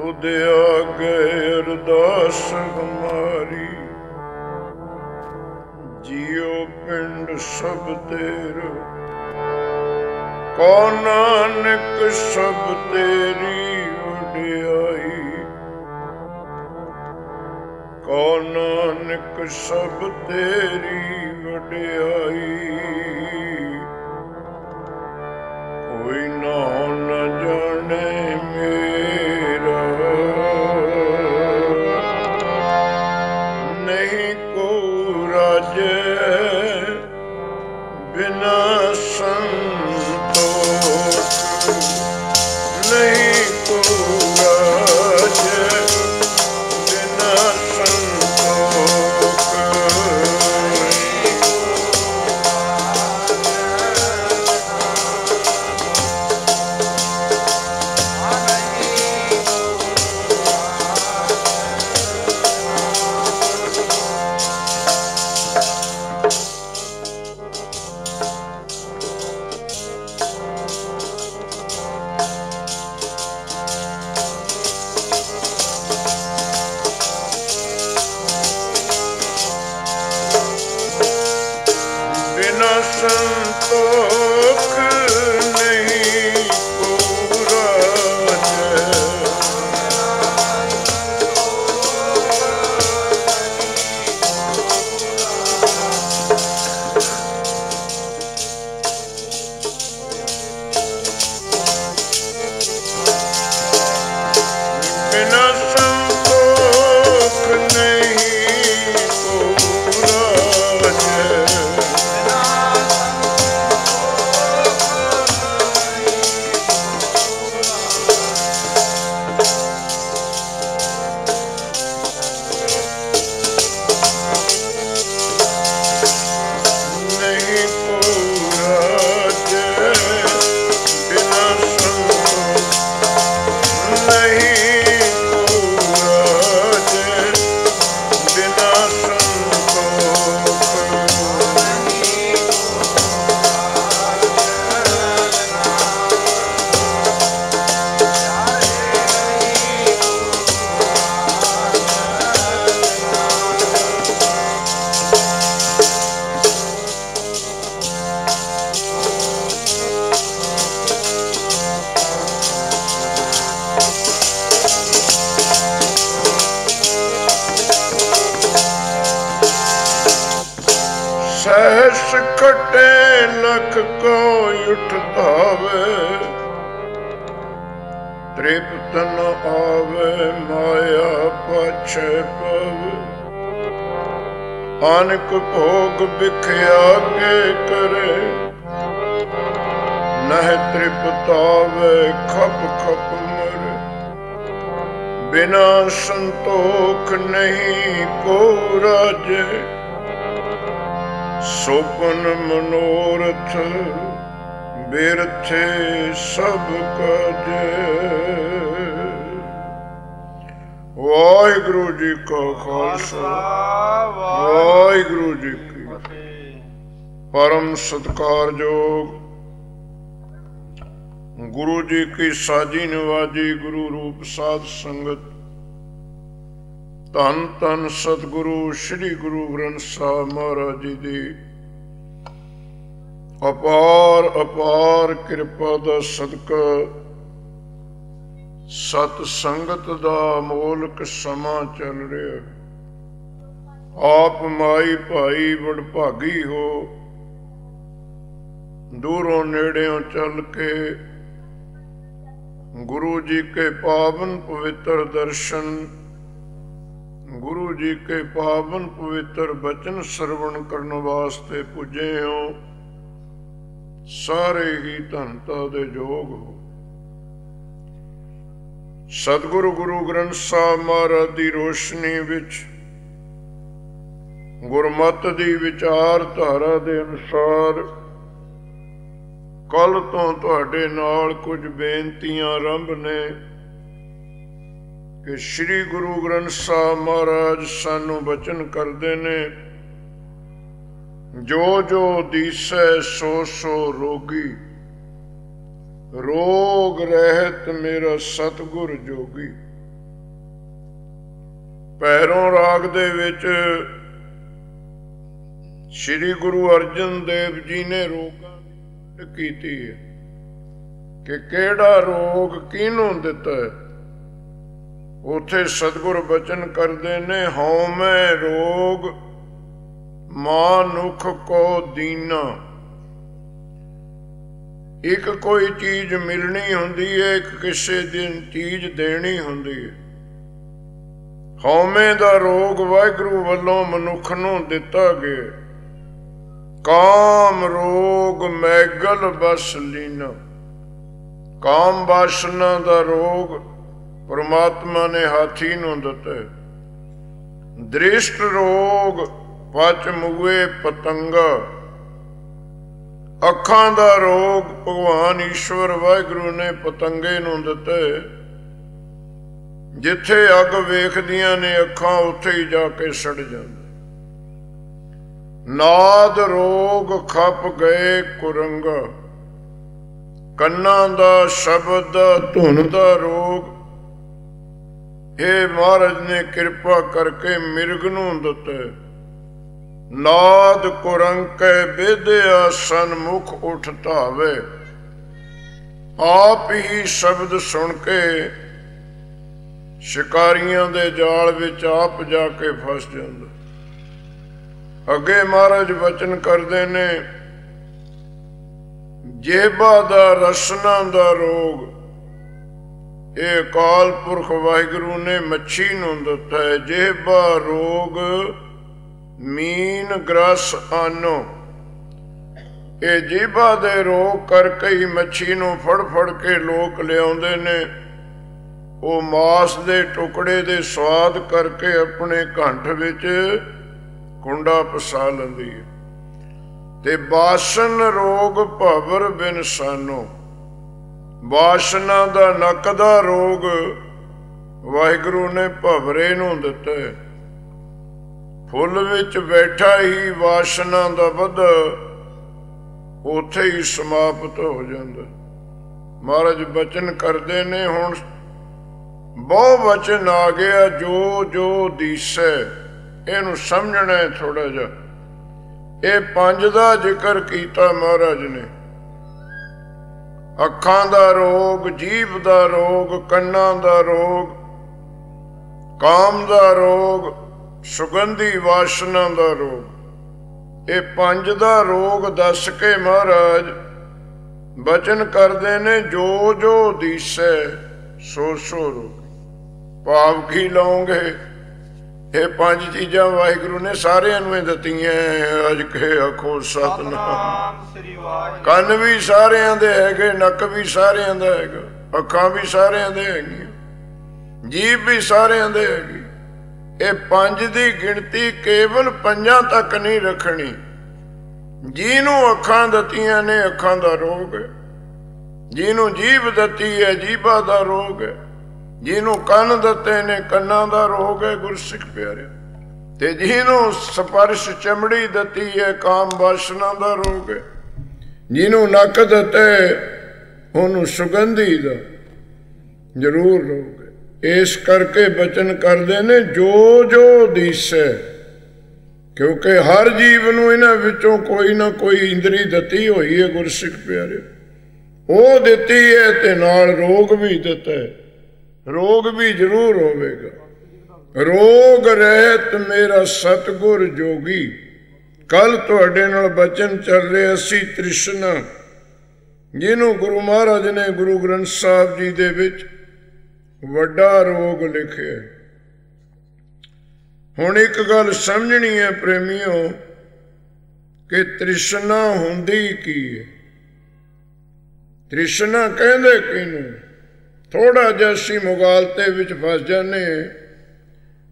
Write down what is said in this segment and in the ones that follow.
ਤੁਧ ਆਗੇ ਅਰਦਾਸ ਹਮਾਰੀ ਜੀਉ ਪਿੰਡ ਸਭ ਤੇਰਾ ਕੋ ਨਾਨਕ ਸਭ ਤੇਰੀ ਉਡਾਈ ਕੋ ਨਾਨਕ ਸਭ ਤੇਰੀ ਉਡਾਈ ਕੋ ਉਠ ਭਾਵੇ ਤ੍ਰਿਪਤ ਨ ਆਵੇ ਮਾਇਆ ਪਛੇ ਪਵ ਅਨਕ ਭੋਗ ਵਿਖਿਆ ਕੇ ਕਰੇ ਨਹਿ ਤ੍ਰਿਪਤਾਵੇ ਖਪ ਖਪ ਮਰ ਬਿਨਾ ਸੰਤੋਖ ਨਹੀਂ ਕੋ ਰਾਜੇ ਸੋਪਨ ਮਨੋਰਥ ਬਿਰਥੇ ਸਭ ਕਜ ਵਾਹਿਗੁਰੂ ਜੀ ਕਾ ਖਾਲਸਾ ਵਾਹਿਗੁਰੂ ਜੀ ਕੀ ਪਰਮ ਸਤਕਾਰਯੋਗ ਗੁਰੂ ਜੀ ਕੀ ਸਾਜੀ ਨਿਵਾਜੀ ਗੁਰੂ ਰੂਪ ਸਾਧ ਸੰਗਤ ਤਨ ਤਨ ਸਤਿਗੁਰੂ ਸ੍ਰੀ ਗੁਰੂ ਗ੍ਰੰਥ ਸਾਹਿਬ ਮਹਾਰਾਜ ਜੀ ਦੀ ਅਪਾਰ ਅਪਾਰ ਕਿਰਪਾ ਦਾ ਸਦਕ ਸਤ ਸੰਗਤ ਦਾ ਮੋਲਕ ਸਮਾਂ ਚੱਲ ਰਿਹਾ ਆਪ ਮਾਈ ਭਾਈ ਬੜ ਭਾਗੀ ਹੋ ਦੂਰੋਂ ਨੇੜਿਓਂ ਚੱਲ ਕੇ ਗੁਰੂ ਜੀ ਕੇ ਪਾਵਨ ਪਵਿੱਤਰ ਦਰਸ਼ਨ ਗੁਰੂ ਜੀ ਕੇ ਪਾਵਨ ਪਵਿੱਤਰ ਬਚਨ ਸਰਵਣ ਕਰਨ ਵਾਸਤੇ ਪੁੱਜੇ ਹੋ ਸਾਰੇ ਹੀ ਧੰਤਾ ਦੇ ਯੋਗ ਹੋ ਸਤਿਗੁਰੂ ਗੁਰੂ ਗ੍ਰੰਥ ਸਾਹਿਬ ਮਹਾਰਾਜ ਦੀ ਰੋਸ਼ਨੀ ਵਿੱਚ ਗੁਰਮਤ ਦੀ ਵਿਚਾਰ ਧਾਰਾ ਦੇ ਅਨੁਸਾਰ ਕੱਲ ਤੋਂ ਤੁਹਾਡੇ ਨਾਲ ਕੁਝ ਬੇਨਤੀਆਂ ਆਰੰਭ ਨੇ ਕਿ ਸ੍ਰੀ ਗੁਰੂ ਗ੍ਰੰਥ ਸਾਹਿਬ ਮਹਾਰਾਜ ਸਾਨੂੰ ਬਚਨ ਕਰਦੇ ਨੇ ਜੋ ਜੋ ਦੀਸੈ ਸੋ ਸੋ ਰੋਗੀ ਰੋਗ ਰਹਿਤ ਮੇਰਾ ਸਤਗੁਰ ਜੋਗੀ ਪੈਰੋਂ ਰਾਗ ਦੇ ਵਿੱਚ ਸ੍ਰੀ ਗੁਰੂ ਅਰਜਨ ਦੇਵ ਜੀ ਨੇ ਰੋਗਾਂ ਦੀ ਕੀਤੀ ਹੈ ਕਿ ਕਿਹੜਾ ਰੋਗ ਕਿਹਨੂੰ ਦਿੱਤਾ ਹੈ ਉਥੇ ਸਤਗੁਰ ਬਚਨ ਕਰਦੇ ਨੇ ਹਉਮੈ ਰੋਗ ਮਾਨੁਖ ਕੋ ਦੀਨ ਇੱਕ ਕੋਈ ਚੀਜ਼ ਮਿਲਣੀ ਹੁੰਦੀ ਹੈ ਇੱਕ ਕਿਸੇ ਦਿਨ ਚੀਜ਼ ਦੇਣੀ ਹੁੰਦੀ ਹੈ ਹਉਮੈ ਦਾ ਰੋਗ ਵਾਹਿਗੁਰੂ ਵੱਲੋਂ ਮਨੁੱਖ ਨੂੰ ਦਿੱਤਾ ਗਿਆ ਕਾਮ ਰੋਗ ਮੈਗਲ ਬਸ ਲੀਨ ਕਾਮ ਬਾਸ਼ਨਾ ਦਾ ਰੋਗ ਪਰਮਾਤਮਾ ਨੇ ਹਾਥੀ ਨੂੰ ਦਿੱਤਾ ਦ੍ਰਿਸ਼ਟ ਰੋਗ ਪਚ ਮੁਗੇ ਪਤੰਗ ਅੱਖਾਂ ਦਾ ਰੋਗ ਭਗਵਾਨ ਈਸ਼ਵਰ ਵਾਹਿਗੁਰੂ ਨੇ ਪਤੰਗੇ ਨੂੰ ਦਿੱਤੇ ਜਿੱਥੇ ਅੱਗ ਵੇਖਦੀਆਂ ਨੇ ਅੱਖਾਂ ਉੱਥੇ ਹੀ ਜਾ ਕੇ ਸੜ ਜਾਂਦੇ ਨਾਦ ਰੋਗ ਖੱਪ ਗਏ ਕੁਰੰਗ ਕੰਨਾਂ ਦਾ ਸ਼ਬਦ ਧੁਨ ਦਾ ਰੋਗ ਇਹ ਮਹਾਰਾਜ ਨੇ ਕਿਰਪਾ ਕਰਕੇ ਮਿਰਗ ਨੂੰ ਦਿੱਤੇ ਨਾਦ ਕੁਰੰਕੈ ਵਿਦਿਆ ਸੰਮੁਖ ਉਠ ਧਾਵੇ ਆਪ ਹੀ ਸ਼ਬਦ ਸੁਣ ਕੇ ਸ਼ਿਕਾਰੀਆਂ ਦੇ ਜਾਲ ਵਿੱਚ ਆਪ ਜਾ ਕੇ ਫਸ ਜਾਂਦਾ ਅੱਗੇ ਮਹਾਰਾਜ ਬਚਨ ਕਰਦੇ ਨੇ ਜੇਬਾ ਦਾ ਰਸਨਾ ਦਾ ਰੋਗ ਇਹ ਕਾਲ ਪੁਰਖ ਵਾਹਿਗੁਰੂ ਨੇ ਮੱਛੀ ਨੂੰ ਦਿੱਤਾ ਹੈ ਜੇਬਾ ਰੋਗ ਮੀਨ ਗ੍ਰਸ ਆਨੋ ਇਹ ਜੀਭਾ ਦੇ ਰੋਗ ਕਰਕੇ ਹੀ ਮੱਛੀ ਨੂੰ ਫੜ ਫੜ ਕੇ ਲੋਕ ਲਿਆਉਂਦੇ ਨੇ ਉਹ ਮਾਸ ਦੇ ਟੁਕੜੇ ਦੇ ਸਵਾਦ ਕਰਕੇ ਆਪਣੇ ਘੰਟ ਵਿੱਚ ਕੁੰਡਾ ਪਸਾ ਲੈਂਦੀ ਹੈ ਤੇ ਬਾਸ਼ਨ ਰੋਗ ਭਵਰ ਬਿਨ ਸਾਨੋ ਬਾਸ਼ਨਾ ਦਾ ਨੱਕ ਦਾ ਰੋਗ ਵਾਹਿਗੁਰੂ ਨੇ ਭਵਰੇ ਨੂੰ ਦਿੱਤਾ ਹੈ ਫੁੱਲ ਵਿੱਚ ਬੈਠਾ ਹੀ ਵਾਸ਼ਨਾ ਦਾ ਬਧ ਉਥੇ ਹੀ ਸਮਾਪਤ ਹੋ ਜਾਂਦਾ ਮਹਾਰਾਜ ਬਚਨ ਕਰਦੇ ਨੇ ਹੁਣ ਬਹੁ ਬਚਨ ਆ ਗਿਆ ਜੋ ਜੋ ਦੀਸੈ ਇਹਨੂੰ ਸਮਝਣਾ ਥੋੜਾ ਜਿਹਾ ਇਹ ਪੰਜ ਦਾ ਜ਼ਿਕਰ ਕੀਤਾ ਮਹਾਰਾਜ ਨੇ ਅੱਖਾਂ ਦਾ ਰੋਗ ਜੀਭ ਦਾ ਰੋਗ ਕੰਨਾਂ ਦਾ ਰੋਗ ਕਾਮ ਦਾ ਰੋਗ ਸੁਗੰਧੀ ਵਾਸ਼ਨਾ ਦਾ ਰੋਗ ਇਹ ਪੰਜ ਦਾ ਰੋਗ ਦੱਸ ਕੇ ਮਹਾਰਾਜ ਬਚਨ ਕਰਦੇ ਨੇ ਜੋ ਜੋ ਦੀਸੈ ਸੋ ਸੋ ਰੋਗ ਪਾਪ ਕੀ ਲਾਉਂਗੇ ਇਹ ਪੰਜ ਚੀਜ਼ਾਂ ਵਾਹਿਗੁਰੂ ਨੇ ਸਾਰਿਆਂ ਨੂੰ ਦਿੱਤੀਆਂ ਅਜ ਕੇ ਆਖੋ ਸਤਨਾਮ ਕੰਨ ਵੀ ਸਾਰਿਆਂ ਦੇ ਹੈਗੇ ਨੱਕ ਵੀ ਸਾਰਿਆਂ ਦਾ ਹੈਗਾ ਅੱਖਾਂ ਵੀ ਸਾਰਿਆਂ ਦੇ ਹੈਗੀਆਂ ਜੀਭ ਵੀ ਸਾਰਿਆਂ ਦੇ ਹੈਗੀ ਇਹ ਪੰਜ ਦੀ ਗਿਣਤੀ ਕੇਵਲ ਪੰਜਾਂ ਤੱਕ ਨਹੀਂ ਰੱਖਣੀ ਜਿਹਨੂੰ ਅੱਖਾਂ ਦਿੱਤੀਆਂ ਨੇ ਅੱਖਾਂ ਦਾ ਰੋਗ ਹੈ ਜਿਹਨੂੰ ਜੀਭ ਦਿੱਤੀ ਹੈ ਜੀਭਾ ਦਾ ਰੋਗ ਹੈ ਜਿਹਨੂੰ ਕੰਨ ਦਿੱਤੇ ਨੇ ਕੰਨਾਂ ਦਾ ਰੋਗ ਹੈ ਗੁਰਸਿੱਖ ਪਿਆਰੇ ਤੇ ਜਿਹਨੂੰ ਸਪਰਸ਼ ਚਮੜੀ ਦਿੱਤੀ ਹੈ ਕਾਮ ਵਾਸ਼ਨਾ ਦਾ ਰੋਗ ਹੈ ਜਿਹਨੂੰ ਨੱਕ ਦਿੱਤੇ ਉਹਨੂੰ ਸੁਗੰਧੀ ਦਾ ਜ਼ਰੂਰ ਰੋਗ ਇਸ ਕਰਕੇ ਬਚਨ ਕਰਦੇ ਨੇ ਜੋ ਜੋ ਦਿਸੇ ਕਿਉਂਕਿ ਹਰ ਜੀਵ ਨੂੰ ਇਹਨਾਂ ਵਿੱਚੋਂ ਕੋਈ ਨਾ ਕੋਈ ਇੰਦਰੀ ਦਿੱਤੀ ਹੋਈ ਹੈ ਗੁਰਸਿੱਖ ਪਿਆਰੇ ਉਹ ਦਿੱਤੀ ਹੈ ਤੇ ਨਾਲ ਰੋਗ ਵੀ ਦਿੱਤਾ ਹੈ ਰੋਗ ਵੀ ਜ਼ਰੂਰ ਹੋਵੇਗਾ ਰੋਗ ਰਹਿਤ ਮੇਰਾ ਸਤਗੁਰ ਜੋਗੀ ਕੱਲ ਤੁਹਾਡੇ ਨਾਲ ਬਚਨ ਚੱਲ ਰਿਹਾ ਅਸੀਂ ਤ੍ਰਿਸ਼ਨਾ ਜਿਹਨੂੰ ਗੁਰੂ ਮਹਾਰਾਜ ਨੇ ਗੁਰੂ ਗ੍ਰੰਥ ਸਾਹਿਬ ਜੀ ਦੇ ਵਿੱਚ ਵੱਡਾ ਰੋਗ ਲਿਖਿਆ ਹੁਣ ਇੱਕ ਗੱਲ ਸਮਝਣੀ ਹੈ ਪ੍ਰੇਮੀਓ ਕਿ ਤ੍ਰਿਸ਼ਨਾ ਹੁੰਦੀ ਕੀ ਹੈ ਤ੍ਰਿਸ਼ਨਾ ਕਹਿੰਦੇ ਨੂੰ ਥੋੜਾ ਜਿਹਾ ਸੀ ਮੁਗਾਲਤੇ ਵਿੱਚ ਫਸ ਜਾਣੇ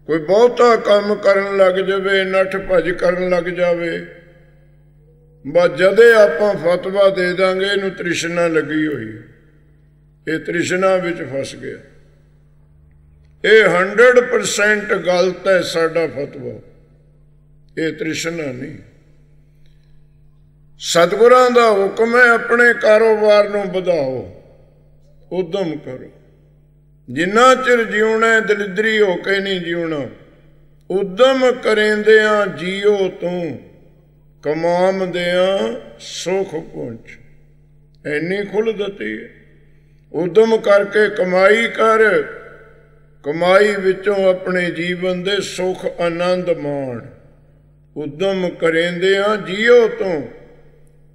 ਕੋਈ ਬਹੁਤਾ ਕੰਮ ਕਰਨ ਲੱਗ ਜਾਵੇ ਨੱਠ ਭੱਜ ਕਰਨ ਲੱਗ ਜਾਵੇ ਬਸ ਜਦੇ ਆਪਾਂ ਫਤਵਾ ਦੇ ਦਾਂਗੇ ਇਹਨੂੰ ਤ੍ਰਿਸ਼ਨਾ ਲੱਗੀ ਹੋਈ ਇਹ ਤ੍ਰਿਸ਼ਨਾ ਵਿੱਚ ਫਸ ਗਿਆ ਇਹ 100% ਗਲਤ ਹੈ ਸਾਡਾ ਫਤਵਾ ਇਹ ਤ੍ਰਿਸ਼ਨਾ ਨਹੀਂ ਸਤਗੁਰਾਂ ਦਾ ਹੁਕਮ ਹੈ ਆਪਣੇ ਕਾਰੋਬਾਰ ਨੂੰ ਵਧਾਓ ਉਦਮ ਕਰੋ ਜਿੰਨਾ ਚਿਰ ਜਿਉਣਾ ਦਲਿਦਰੀ ਹੋ ਕੇ ਨਹੀਂ ਜਿਉਣਾ ਉਦਮ ਕਰੇਂਦਿਆਂ ਜੀਓ ਤੂੰ ਕਮਾਉਂਦਿਆਂ ਸੁਖ ਪਹੁੰਚ ਐਨੀ ਖੁੱਲ ਦਤੀ ਉਦਮ ਕਰਕੇ ਕਮਾਈ ਕਰ ਕਮਾਈ ਵਿੱਚੋਂ ਆਪਣੇ ਜੀਵਨ ਦੇ ਸੁਖ ਆਨੰਦ ਮਾਣ ਉਦਮ ਕਰੇਂਦੇ ਆ ਜੀਓ ਤੋਂ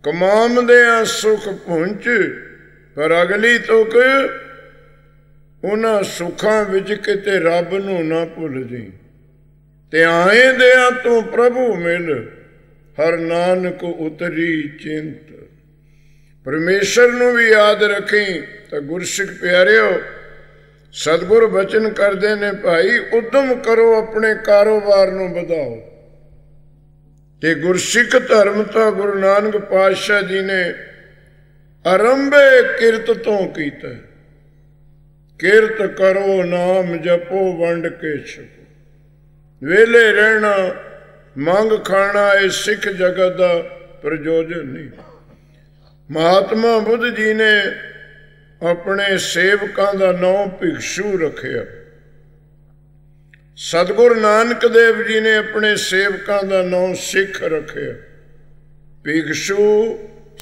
ਕਮਾਉਂਦੇ ਆ ਸੁਖ ਪਹੁੰਚ ਪਰ ਅਗਲੀ ਤੁਕ ਉਹਨਾਂ ਸੁੱਖਾਂ ਵਿੱਚ ਕਿਤੇ ਰੱਬ ਨੂੰ ਨਾ ਭੁੱਲ ਜੀ ਤੇ ਆਏਂਦੇ ਆ ਤੂੰ ਪ੍ਰਭੂ ਮਿਲ ਹਰ ਨਾਨਕ ਉਤਰੀ ਚਿੰਤ ਪਰਮੇਸ਼ਰ ਨੂੰ ਵੀ ਯਾਦ ਰੱਖੀ ਤਾਂ ਗੁਰਸਿੱਖ ਪਿਆਰਿਓ ਸਤਿਗੁਰ ਬਚਨ ਕਰਦੇ ਨੇ ਭਾਈ ਉਦਮ ਕਰੋ ਆਪਣੇ ਕਾਰੋਬਾਰ ਨੂੰ ਵਧਾਓ ਤੇ ਗੁਰਸਿੱਖ ਧਰਮ ਤਾਂ ਗੁਰੂ ਨਾਨਕ ਪਾਤਸ਼ਾਹ ਜੀ ਨੇ ਅਰੰਭੇ ਕਿਰਤ ਤੋਂ ਕੀਤਾ ਕਿਰਤ ਕਰੋ ਨਾਮ ਜਪੋ ਵੰਡ ਕੇ ਛਕੋ ਵੇਲੇ ਰਹਿਣਾ ਮੰਗ ਖਾਣਾ ਇਹ ਸਿੱਖ ਜਗਤ ਦਾ ਪ੍ਰਯੋਜਨ ਨਹੀਂ ਮਹਾਤਮਾ ਬੁੱਧ ਜੀ ਨੇ ਆਪਣੇ ਸੇਵਕਾਂ ਦਾ ਨਾਮ ਭਿਕਸ਼ੂ ਰੱਖਿਆ ਸਤਗੁਰ ਨਾਨਕ ਦੇਵ ਜੀ ਨੇ ਆਪਣੇ ਸੇਵਕਾਂ ਦਾ ਨਾਮ ਸਿੱਖ ਰੱਖਿਆ ਭਿਕਸ਼ੂ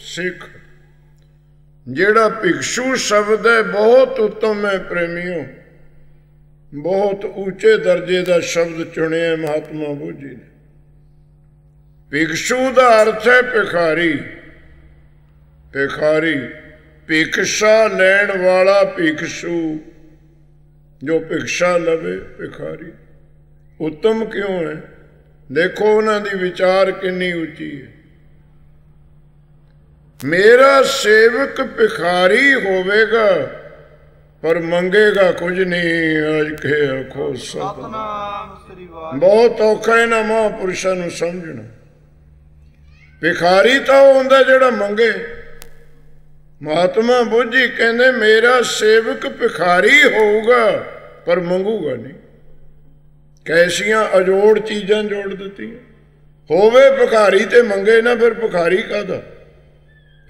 ਸਿੱਖ ਜਿਹੜਾ ਭਿਕਸ਼ੂ ਸ਼ਬਦ ਹੈ ਬਹੁਤ ਉਤਮ ਹੈ ਪ੍ਰੇਮਿਓ ਬਹੁਤ ਉੱਚੇ ਦਰਜੇ ਦਾ ਸ਼ਬਦ ਚੁਣਿਆ ਮਹਾਤਮਾ ਬੁੱਝੀ ਨੇ ਭਿਕਸ਼ੂ ਦਾ ਅਰਥ ਹੈ ਭਿਖਾਰੀ ਭਿਖਾਰੀ ਭਿਕਸ਼ਾ ਲੈਣ ਵਾਲਾ ਭਿਕਸ਼ੂ ਜੋ ਭਿਕਸ਼ਾ ਲਵੇ ਭਿਖਾਰੀ ਉੱਤਮ ਕਿਉਂ ਹੈ ਦੇਖੋ ਉਹਨਾਂ ਦੀ ਵਿਚਾਰ ਕਿੰਨੀ ਉੱਚੀ ਹੈ ਮੇਰਾ ਸੇਵਕ ਭਿਖਾਰੀ ਹੋਵੇਗਾ ਪਰ ਮੰਗੇਗਾ ਕੁਝ ਨਹੀਂ ਅਜ ਕੇ ਆਖੋ ਸਤਨਾਮ ਸ੍ਰੀ ਵਾਹਿਗੁਰੂ ਬਹੁਤ ਔਖਾ ਹੈ ਨਾ ਮਹਾਂਪੁਰਸ਼ਾਂ ਨੂੰ ਸਮਝਣਾ ਭਿਖਾਰੀ ਤਾਂ ਹੁੰਦਾ ਜਿਹੜਾ ਮੰਗੇ ਮਹਾਤਮਾ ਬੁੱਝੀ ਕਹਿੰਦੇ ਮੇਰਾ ਸੇਵਕ ਭਿਖਾਰੀ ਹੋਊਗਾ ਪਰ ਮੰਗੂਗਾ ਨਹੀਂ ਕੈਸੀਆਂ ਅਜੋੜ ਚੀਜ਼ਾਂ ਜੋੜ ਦਿੱਤੀਆਂ ਹੋਵੇ ਭਿਖਾਰੀ ਤੇ ਮੰਗੇ ਨਾ ਫਿਰ ਭਿਖਾਰੀ ਕਾਦਾ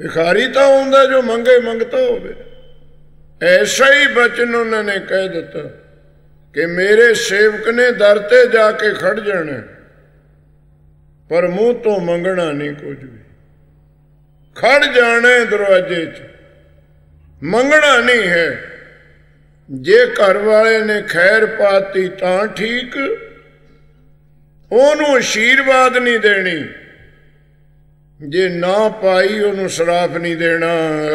ਭਿਖਾਰੀ ਤਾਂ ਹੁੰਦਾ ਜੋ ਮੰਗੇ ਮੰਗਤਾ ਹੋਵੇ ਐਸਾ ਹੀ ਬਚਨ ਉਹਨਾਂ ਨੇ ਕਹਿ ਦਿੱਤਾ ਕਿ ਮੇਰੇ ਸੇਵਕ ਨੇ ਦਰ ਤੇ ਜਾ ਕੇ ਖੜ ਜਾਣਾ ਪਰ ਮੂੰਹ ਤੋਂ ਮੰਗਣਾ ਨਹੀਂ ਕੁਝ ਵੀ ਖੜ ਜਾਣਾ ਦਰਵਾਜ਼ੇ 'ਚ ਮੰਗਣਾ ਨਹੀਂ ਹੈ ਜੇ ਘਰ ਵਾਲੇ ਨੇ ਖੈਰ ਪਾਤੀ ਤਾਂ ਠੀਕ ਉਹਨੂੰ ਅਸ਼ੀਰਵਾਦ ਨਹੀਂ ਦੇਣੀ ਜੇ ਨਾ ਪਾਈ ਉਹਨੂੰ ਸਰਾਫ ਨਹੀਂ ਦੇਣਾ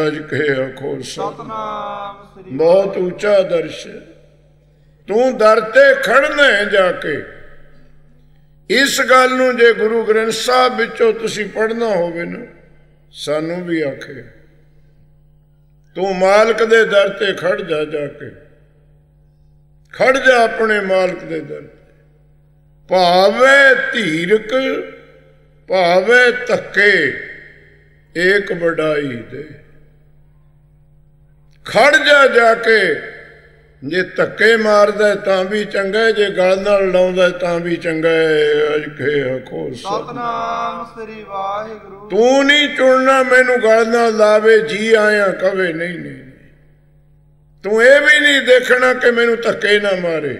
ਅਜ ਕੇ ਆਖੋ ਸਤਨਾਮ ਸ੍ਰੀ ਬਹੁਤ ਉੱਚਾ ਦਰਸ਼ ਤੂੰ ਦਰ ਤੇ ਖੜਨਾ ਜਾ ਕੇ ਇਸ ਗੱਲ ਨੂੰ ਜੇ ਗੁਰੂ ਗ੍ਰੰਥ ਸਾਹਿਬ ਵਿੱਚੋਂ ਤੁਸੀਂ ਪੜ੍ਹਨਾ ਹੋਵੇ ਨਾ ਸਾਨੂੰ ਵੀ ਆਖੇ ਤੂੰ ਮਾਲਕ ਦੇ ਦਰ ਤੇ ਖੜ ਜਾ ਜਾ ਕੇ ਖੜ ਜਾ ਆਪਣੇ ਮਾਲਕ ਦੇ ਦਰ ਭਾਵੇਂ ਧੀਰਕ ਭਾਵੇਂ ਧੱਕੇ ਏਕ ਵਡਾਈ ਦੇ ਖੜ ਜਾ ਜਾ ਕੇ ਜੇ ਧੱਕੇ ਮਾਰਦਾ ਤਾਂ ਵੀ ਚੰਗਾ ਜੇ ਗਲ ਨਾਲ ਲਾਉਂਦਾ ਤਾਂ ਵੀ ਚੰਗਾ ਅਜ ਕੇ ਆਖੋ ਸਤਨਾਮ ਸ੍ਰੀ ਵਾਹਿਗੁਰੂ ਤੂੰ ਨਹੀਂ ਚੁਣਨਾ ਮੈਨੂੰ ਗਲ ਨਾਲ ਲਾਵੇ ਜੀ ਆਇਆ ਕਵੇ ਨਹੀਂ ਨਹੀਂ ਤੂੰ ਇਹ ਵੀ ਨਹੀਂ ਦੇਖਣਾ ਕਿ ਮੈਨੂੰ ਧੱਕੇ ਨਾ ਮਾਰੇ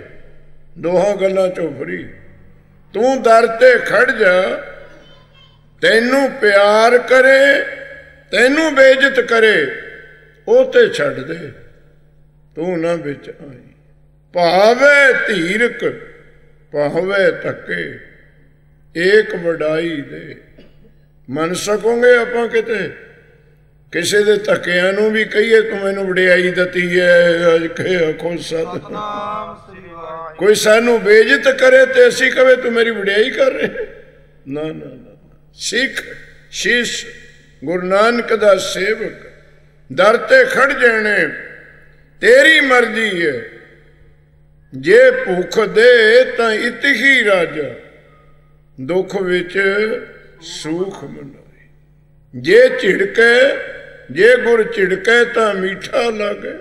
ਦੋਹਾਂ ਗੱਲਾਂ ਚੋਂ ਫਰੀ ਤੂੰ ਦਰ ਤੇ ਖੜ ਜਾ ਤੈਨੂੰ ਪਿਆਰ ਕਰੇ ਤੈਨੂੰ ਬੇਇੱਜ਼ਤ ਕਰੇ ਉਹ ਤੇ ਛੱਡ ਦੇ ਤੂੰ ਨਾ ਵਿੱਚ ਆਈ ਭਾਵੇ ਧੀਰਕ ਭਾਵੇ ਧੱਕੇ ਏਕ ਵਡਾਈ ਦੇ ਮਨ ਸਕੋਗੇ ਆਪਾਂ ਕਿਤੇ ਕਿਸੇ ਦੇ ਧੱਕਿਆਂ ਨੂੰ ਵੀ ਕਹੀਏ ਤੂੰ ਮੈਨੂੰ ਵਡਿਆਈ ਦਿੱਤੀ ਹੈ ਅਜ ਖੇ ਸਤ ਕੋਈ ਸਾਨੂੰ ਬੇਇੱਜ਼ਤ ਕਰੇ ਤੇ ਅਸੀਂ ਕਵੇ ਤੂੰ ਮੇਰੀ ਵਡਿਆਈ ਕਰ ਰਿਹਾ ਨਾ ਨਾ ਸਿੱਖ ਸ਼ਿਸ਼ ਗੁਰੂ ਨਾਨਕ ਦਾ ਸੇਵਕ ਦਰ ਤੇ ਖੜ ਜਾਣੇ ਤੇਰੀ ਮਰਜ਼ੀ ਹੈ ਜੇ ਭੁੱਖ ਦੇ ਤਾਂ ਇਤਹੀ ਰਾਜ ਦੁੱਖ ਵਿੱਚ ਸੁਖ ਮਨਾਏ ਜੇ ਝਿੜਕੇ ਜੇ ਗੁਰ ਝਿੜਕੇ ਤਾਂ ਮਿੱਠਾ ਲੱਗੇ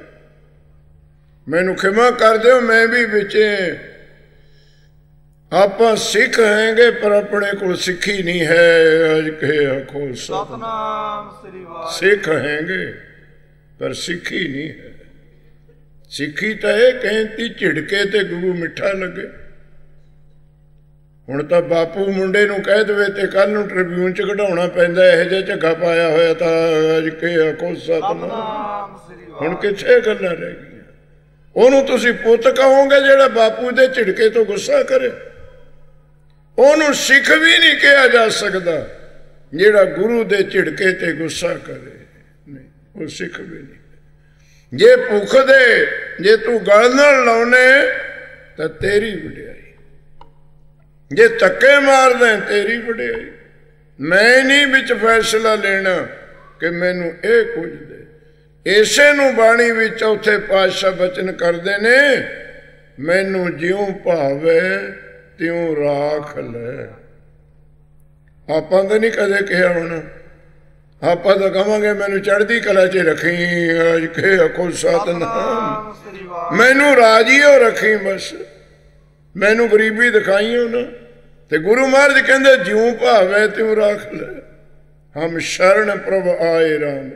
ਮੈਨੂੰ ਖਿਮਾ ਕਰ ਦਿਓ ਮੈਂ ਵੀ ਵਿੱਚ ਆਪਾਂ ਸਿੱਖ ਹੈਗੇ ਪਰ ਆਪਣੇ ਕੋਲ ਸਿੱਖੀ ਨਹੀਂ ਹੈ ਅਜ ਕੇ ਆਖੋ ਸਤਨਾਮ ਸ੍ਰੀ ਵਾਹਿਗੁਰੂ ਸਿੱਖ ਹੈਗੇ ਪਰ ਸਿੱਖੀ ਨਹੀਂ ਹੈ ਸਿੱਖੀ ਤਾਂ ਇਹ ਕਹਿੰਦੀ ਝਿੜਕੇ ਤੇ ਗੁਰੂ ਮਿੱਠਾ ਲੱਗੇ ਹੁਣ ਤਾਂ ਬਾਪੂ ਮੁੰਡੇ ਨੂੰ ਕਹਿ ਦਵੇ ਤੇ ਕੱਲ ਨੂੰ ਟ੍ਰਿਬਿਊਨ ਚ ਘਟਾਉਣਾ ਪੈਂਦਾ ਇਹ ਜੇ ਝੱਗਾ ਪਾਇਆ ਹੋਇਆ ਤਾਂ ਅੱਜ ਕੇ ਕੋ ਸਤਨਾਮ ਹੁਣ ਕਿੱਥੇ ਗੱਲਾਂ ਰਹਿ ਗਈਆਂ ਉਹਨੂੰ ਤੁਸੀਂ ਪੁੱਤ ਕਹੋਗੇ ਜਿਹੜਾ ਬਾਪੂ ਦੇ ਝਿੜਕੇ ਤੋਂ ਗੁੱਸਾ ਕਰੇ ਉਹਨੂੰ ਸਿੱਖ ਵੀ ਨਹੀਂ ਕਿਹਾ ਜਾ ਸਕਦਾ ਜਿਹੜਾ ਗੁਰੂ ਦੇ ਝਿੜਕੇ ਤੇ ਗੁੱਸਾ ਕਰੇ ਨਹੀਂ ਉਹ ਸਿੱਖ ਵੀ ਨਹੀਂ ਜੇ ਭੁੱਖ ਦੇ ਜੇ ਤੂੰ ਗਲ ਨਾਲ ਲਾਉਨੇ ਤਾਂ ਤੇਰੀ ਵਡਿਆਈ ਜੇ ਤੱਕੇ ਮਾਰਦੇ ਤੇਰੀ ਵਡਿਆਈ ਮੈਂ ਨਹੀਂ ਵਿੱਚ ਫੈਸਲਾ ਲੈਣਾ ਕਿ ਮੈਨੂੰ ਇਹ ਕੁਝ ਦੇ ਇਸੇ ਨੂੰ ਬਾਣੀ ਵਿੱਚ ਉਥੇ ਪਾਸ਼ਾ ਬਚਨ ਕਰਦੇ ਨੇ ਮੈਨੂੰ ਜਿਉ ਭਾਵੇ ਤਿਉ ਰਾਖ ਲੈ ਆਪਾਂ ਤਾਂ ਨਹੀਂ ਕਦੇ ਕਿਹਾ ਹੋਣਾ ਆਪਾਂ ਤਾਂ ਕਹਾਂਗੇ ਮੈਨੂੰ ਚੜ੍ਹਦੀ ਕਲਾ 'ਚ ਰੱਖੀ ਅਜ ਕੇ ਅਖੋ ਸਤਨਾਮ ਮੈਨੂੰ ਰਾਜੀ ਹੋ ਰੱਖੀ ਬਸ ਮੈਨੂੰ ਗਰੀਬੀ ਦਿਖਾਈ ਨਾ ਤੇ ਗੁਰੂ ਮਹਾਰਾਜ ਕਹਿੰਦੇ ਜਿਉ ਭਾਵੇਂ ਤਿਉ ਰੱਖ ਲੈ ਹਮ ਸ਼ਰਨ ਪ੍ਰਭ ਆਏ ਰਾਮ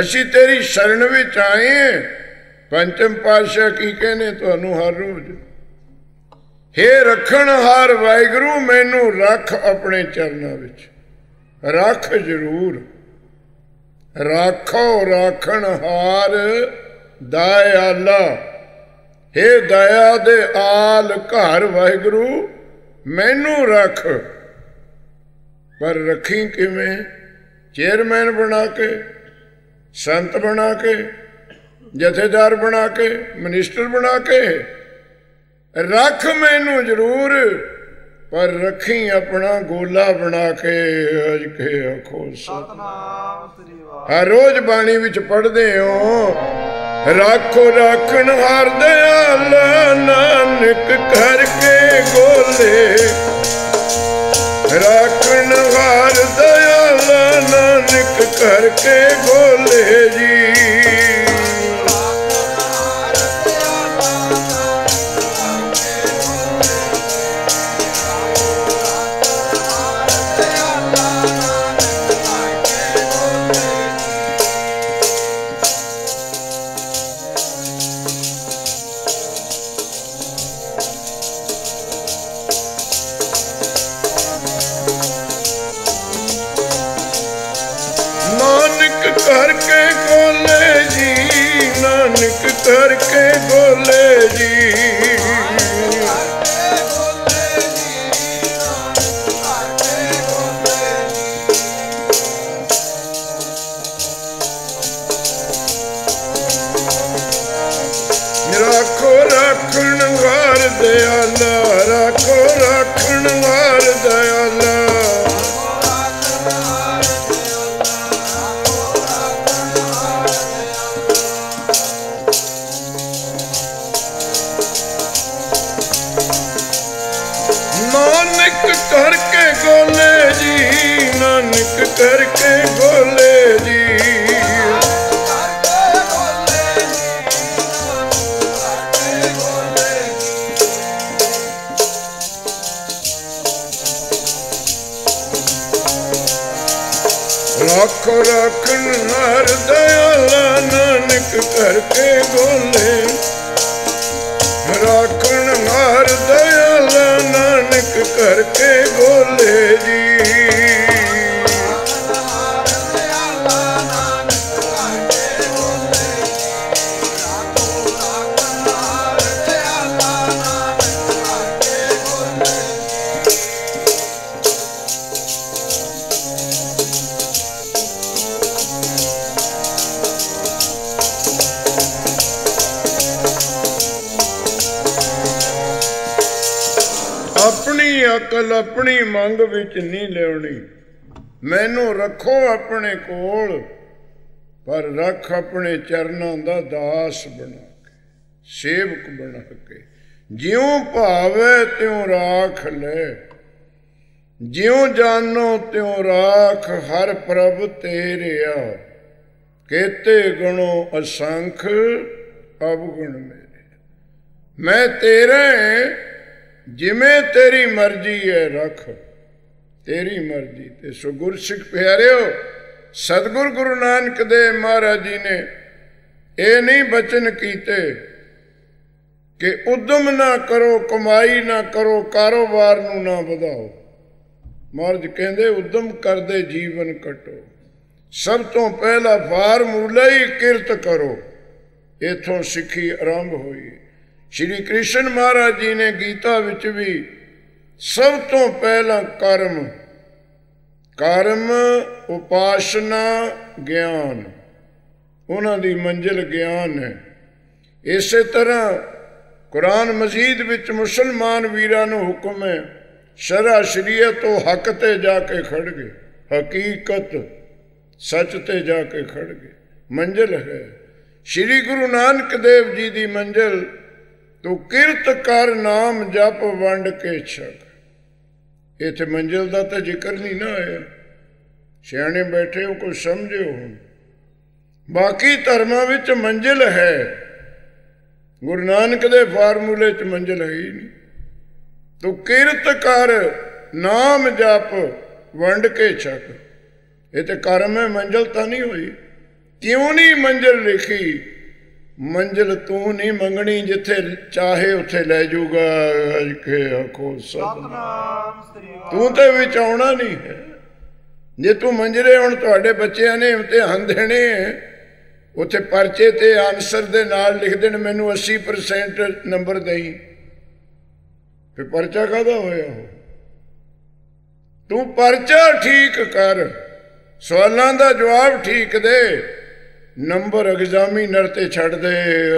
ਅਸੀਂ ਤੇਰੀ ਸ਼ਰਨ ਵਿੱਚ ਆਏ ਪੰਚਮ ਪਾਸ਼ਾ ਕੀ ਕਹਿੰਦੇ ਤੁਹਾਨੂੰ ਹਰ ਰੋਜ਼ ਹੇ ਰਖਣ ਹਾਰ ਵਾਹਿਗੁਰੂ ਮੈਨੂੰ ਰੱਖ ਆਪਣੇ ਚਰਨਾਂ ਵਿੱਚ ਰੱਖ ਜ਼ਰੂਰ ਰੱਖੋ ਰੱਖਣ ਹਾਰ ਦਇਆਲਾ हे ਦਇਆ ਦੇ ਆਲ ਘਰ ਵਾਹਿਗੁਰੂ ਮੈਨੂੰ ਰੱਖ ਪਰ ਰੱਖੀ ਕਿਵੇਂ ਚੇਅਰਮੈਨ ਬਣਾ ਕੇ ਸੰਤ ਬਣਾ ਕੇ ਜਥੇਦਾਰ ਬਣਾ ਕੇ मिनिस्टर ਬਣਾ ਕੇ ਰੱਖ ਮੈਨੂੰ ਜ਼ਰੂਰ ਪਰ ਰਖੀ ਆਪਣਾ ਗੋਲਾ ਬਣਾ ਕੇ ਅਜ ਕੇ ਅਖੋ ਸਤਨਾਮ ਸ੍ਰੀ ਵਾਹਿਗੁਰੂ ਹਰ ਰੋਜ਼ ਬਾਣੀ ਵਿੱਚ ਪੜ੍ਹਦੇ ਹੋ ਰੱਖੋ ਰੱਖਣ ਹਰ ਦਿਆਲ ਨਾਨਕ ਕਰਕੇ ਗੋਲੇ ਰੱਖਣ ਹਰ ਦਿਆਲ ਨਾਨਕ ਕਰਕੇ ਗੋਲੇ ਜੀ ਰੱਖੋ ਆਪਣੇ ਕੋਲ ਪਰ ਰੱਖ ਆਪਣੇ ਚਰਨਾਂ ਦਾ ਦਾਸ ਬਣਾ ਕੇ ਸੇਵਕ ਬਣਾ ਕੇ ਜਿਉ ਭਾਵੇ ਤਿਉ ਰਾਖ ਲੈ ਜਿਉ ਜਾਨੋ ਤਿਉ ਰਾਖ ਹਰ ਪ੍ਰਭ ਤੇਰਿਆ ਕੇਤੇ ਗਣੋ ਅਸੰਖ ਅਵਗੁਣ ਮੇਰੇ ਮੈਂ ਤੇਰੇ ਜਿਵੇਂ ਤੇਰੀ ਮਰਜ਼ੀ ਹੈ ਰੱਖ ਤੇਰੀ ਮਰਜ਼ੀ ਤੇ ਸੋ ਸਿੱਖ ਪਿਆਰਿਓ ਸਤਗੁਰ ਗੁਰੂ ਨਾਨਕ ਦੇ ਮਹਾਰਾਜ ਜੀ ਨੇ ਇਹ ਨਹੀਂ ਬਚਨ ਕੀਤੇ ਕਿ ਉਦਮ ਨਾ ਕਰੋ ਕਮਾਈ ਨਾ ਕਰੋ ਕਾਰੋਬਾਰ ਨੂੰ ਨਾ ਵਧਾਓ ਮਹਾਰਾਜ ਕਹਿੰਦੇ ਉਦਮ ਕਰਦੇ ਜੀਵਨ ਕਟੋ ਸਭ ਤੋਂ ਪਹਿਲਾ ਫਾਰਮੂਲਾ ਹੀ ਕਿਰਤ ਕਰੋ ਇਥੋਂ ਸਿੱਖੀ ਆਰੰਭ ਹੋਈ ਸ਼੍ਰੀ ਕ੍ਰਿਸ਼ਨ ਮਹਾਰਾਜ ਜੀ ਨੇ ਗੀਤਾ ਵਿੱਚ ਵੀ ਸਭ ਤੋਂ ਪਹਿਲਾਂ ਕਰਮ ਕਰਮ ਉਪਾਸ਼ਨਾ ਗਿਆਨ ਉਹਨਾਂ ਦੀ ਮੰਜ਼ਿਲ ਗਿਆਨ ਹੈ ਇਸੇ ਤਰ੍ਹਾਂ ਕੁਰਾਨ ਮਜੀਦ ਵਿੱਚ ਮੁਸਲਮਾਨ ਵੀਰਾਂ ਨੂੰ ਹੁਕਮ ਹੈ ਸ਼ਰਾ ਸ਼ਰੀਅਤ ਤੋਂ ਹੱਕ ਤੇ ਜਾ ਕੇ ਖੜ ਗਏ ਹਕੀਕਤ ਸੱਚ ਤੇ ਜਾ ਕੇ ਖੜ ਗਏ ਮੰਜ਼ਿਲ ਹੈ ਸ਼੍ਰੀ ਗੁਰੂ ਨਾਨਕ ਦੇਵ ਜੀ ਦੀ ਮੰਜ਼ਿਲ ਤੋ ਕਿਰਤ ਕਰ ਨਾਮ ਜਪ ਵੰਡ ਕੇ ਛਕ ਇੱਥੇ ਮੰਜ਼ਿਲ ਦਾ ਤਾਂ ਜ਼ਿਕਰ ਨਹੀਂ ਨਾ ਆਇਆ ਸਿਆਣੇ ਬੈਠੇ ਹੋ ਕੁਝ ਸਮਝਿਓ ਹੁਣ ਬਾਕੀ ਧਰਮਾਂ ਵਿੱਚ ਮੰਜ਼ਿਲ ਹੈ ਗੁਰੂ ਨਾਨਕ ਦੇ ਫਾਰਮੂਲੇ 'ਚ ਮੰਜ਼ਿਲ ਹੈ ਹੀ ਨਹੀਂ ਤੂੰ ਕਿਰਤ ਕਰ ਨਾਮ ਜਪ ਵੰਡ ਕੇ ਛਕ ਇਹ ਤੇ ਕਰਮ ਹੈ ਮੰਜ਼ਿਲ ਤਾਂ ਨਹੀਂ ਹੋਈ ਕਿਉਂ ਨਹੀਂ ਮੰਜ਼ਿਲ ਲਿਖੀ ਮੰਜ਼ਲ ਤੂੰ ਨਹੀਂ ਮੰਗਣੀ ਜਿੱਥੇ ਚਾਹੇ ਉੱਥੇ ਲੈ ਜਾਊਗਾ ਅਜਕੇ ਆਖੋ ਸਤਨਾਮ ਸ੍ਰੀ ਤੂੰ ਤੇ ਵਿੱਚ ਆਉਣਾ ਨਹੀਂ ਹੈ ਜੇ ਤੂੰ ਮੰਜਰੇ ਹੁਣ ਤੁਹਾਡੇ ਬੱਚਿਆਂ ਨੇ ਇਮਤਿਹਾਨ ਦੇਣੇ ਉੱਥੇ ਪਰਚੇ ਤੇ ਆਨਸਰ ਦੇ ਨਾਲ ਲਿਖ ਦੇਣ ਮੈਨੂੰ 80% ਨੰਬਰ ਦੇਈ ਫੇ ਪਰਚਾ ਕਾਦਾ ਹੋਇਆ ਹੋ ਤੂੰ ਪਰਚਾ ਠੀਕ ਕਰ ਸਵਾਲਾਂ ਦਾ ਜਵਾਬ ਠੀਕ ਦੇ ਨੰਬਰ ਨਰ ਤੇ ਛੱਡ ਦੇ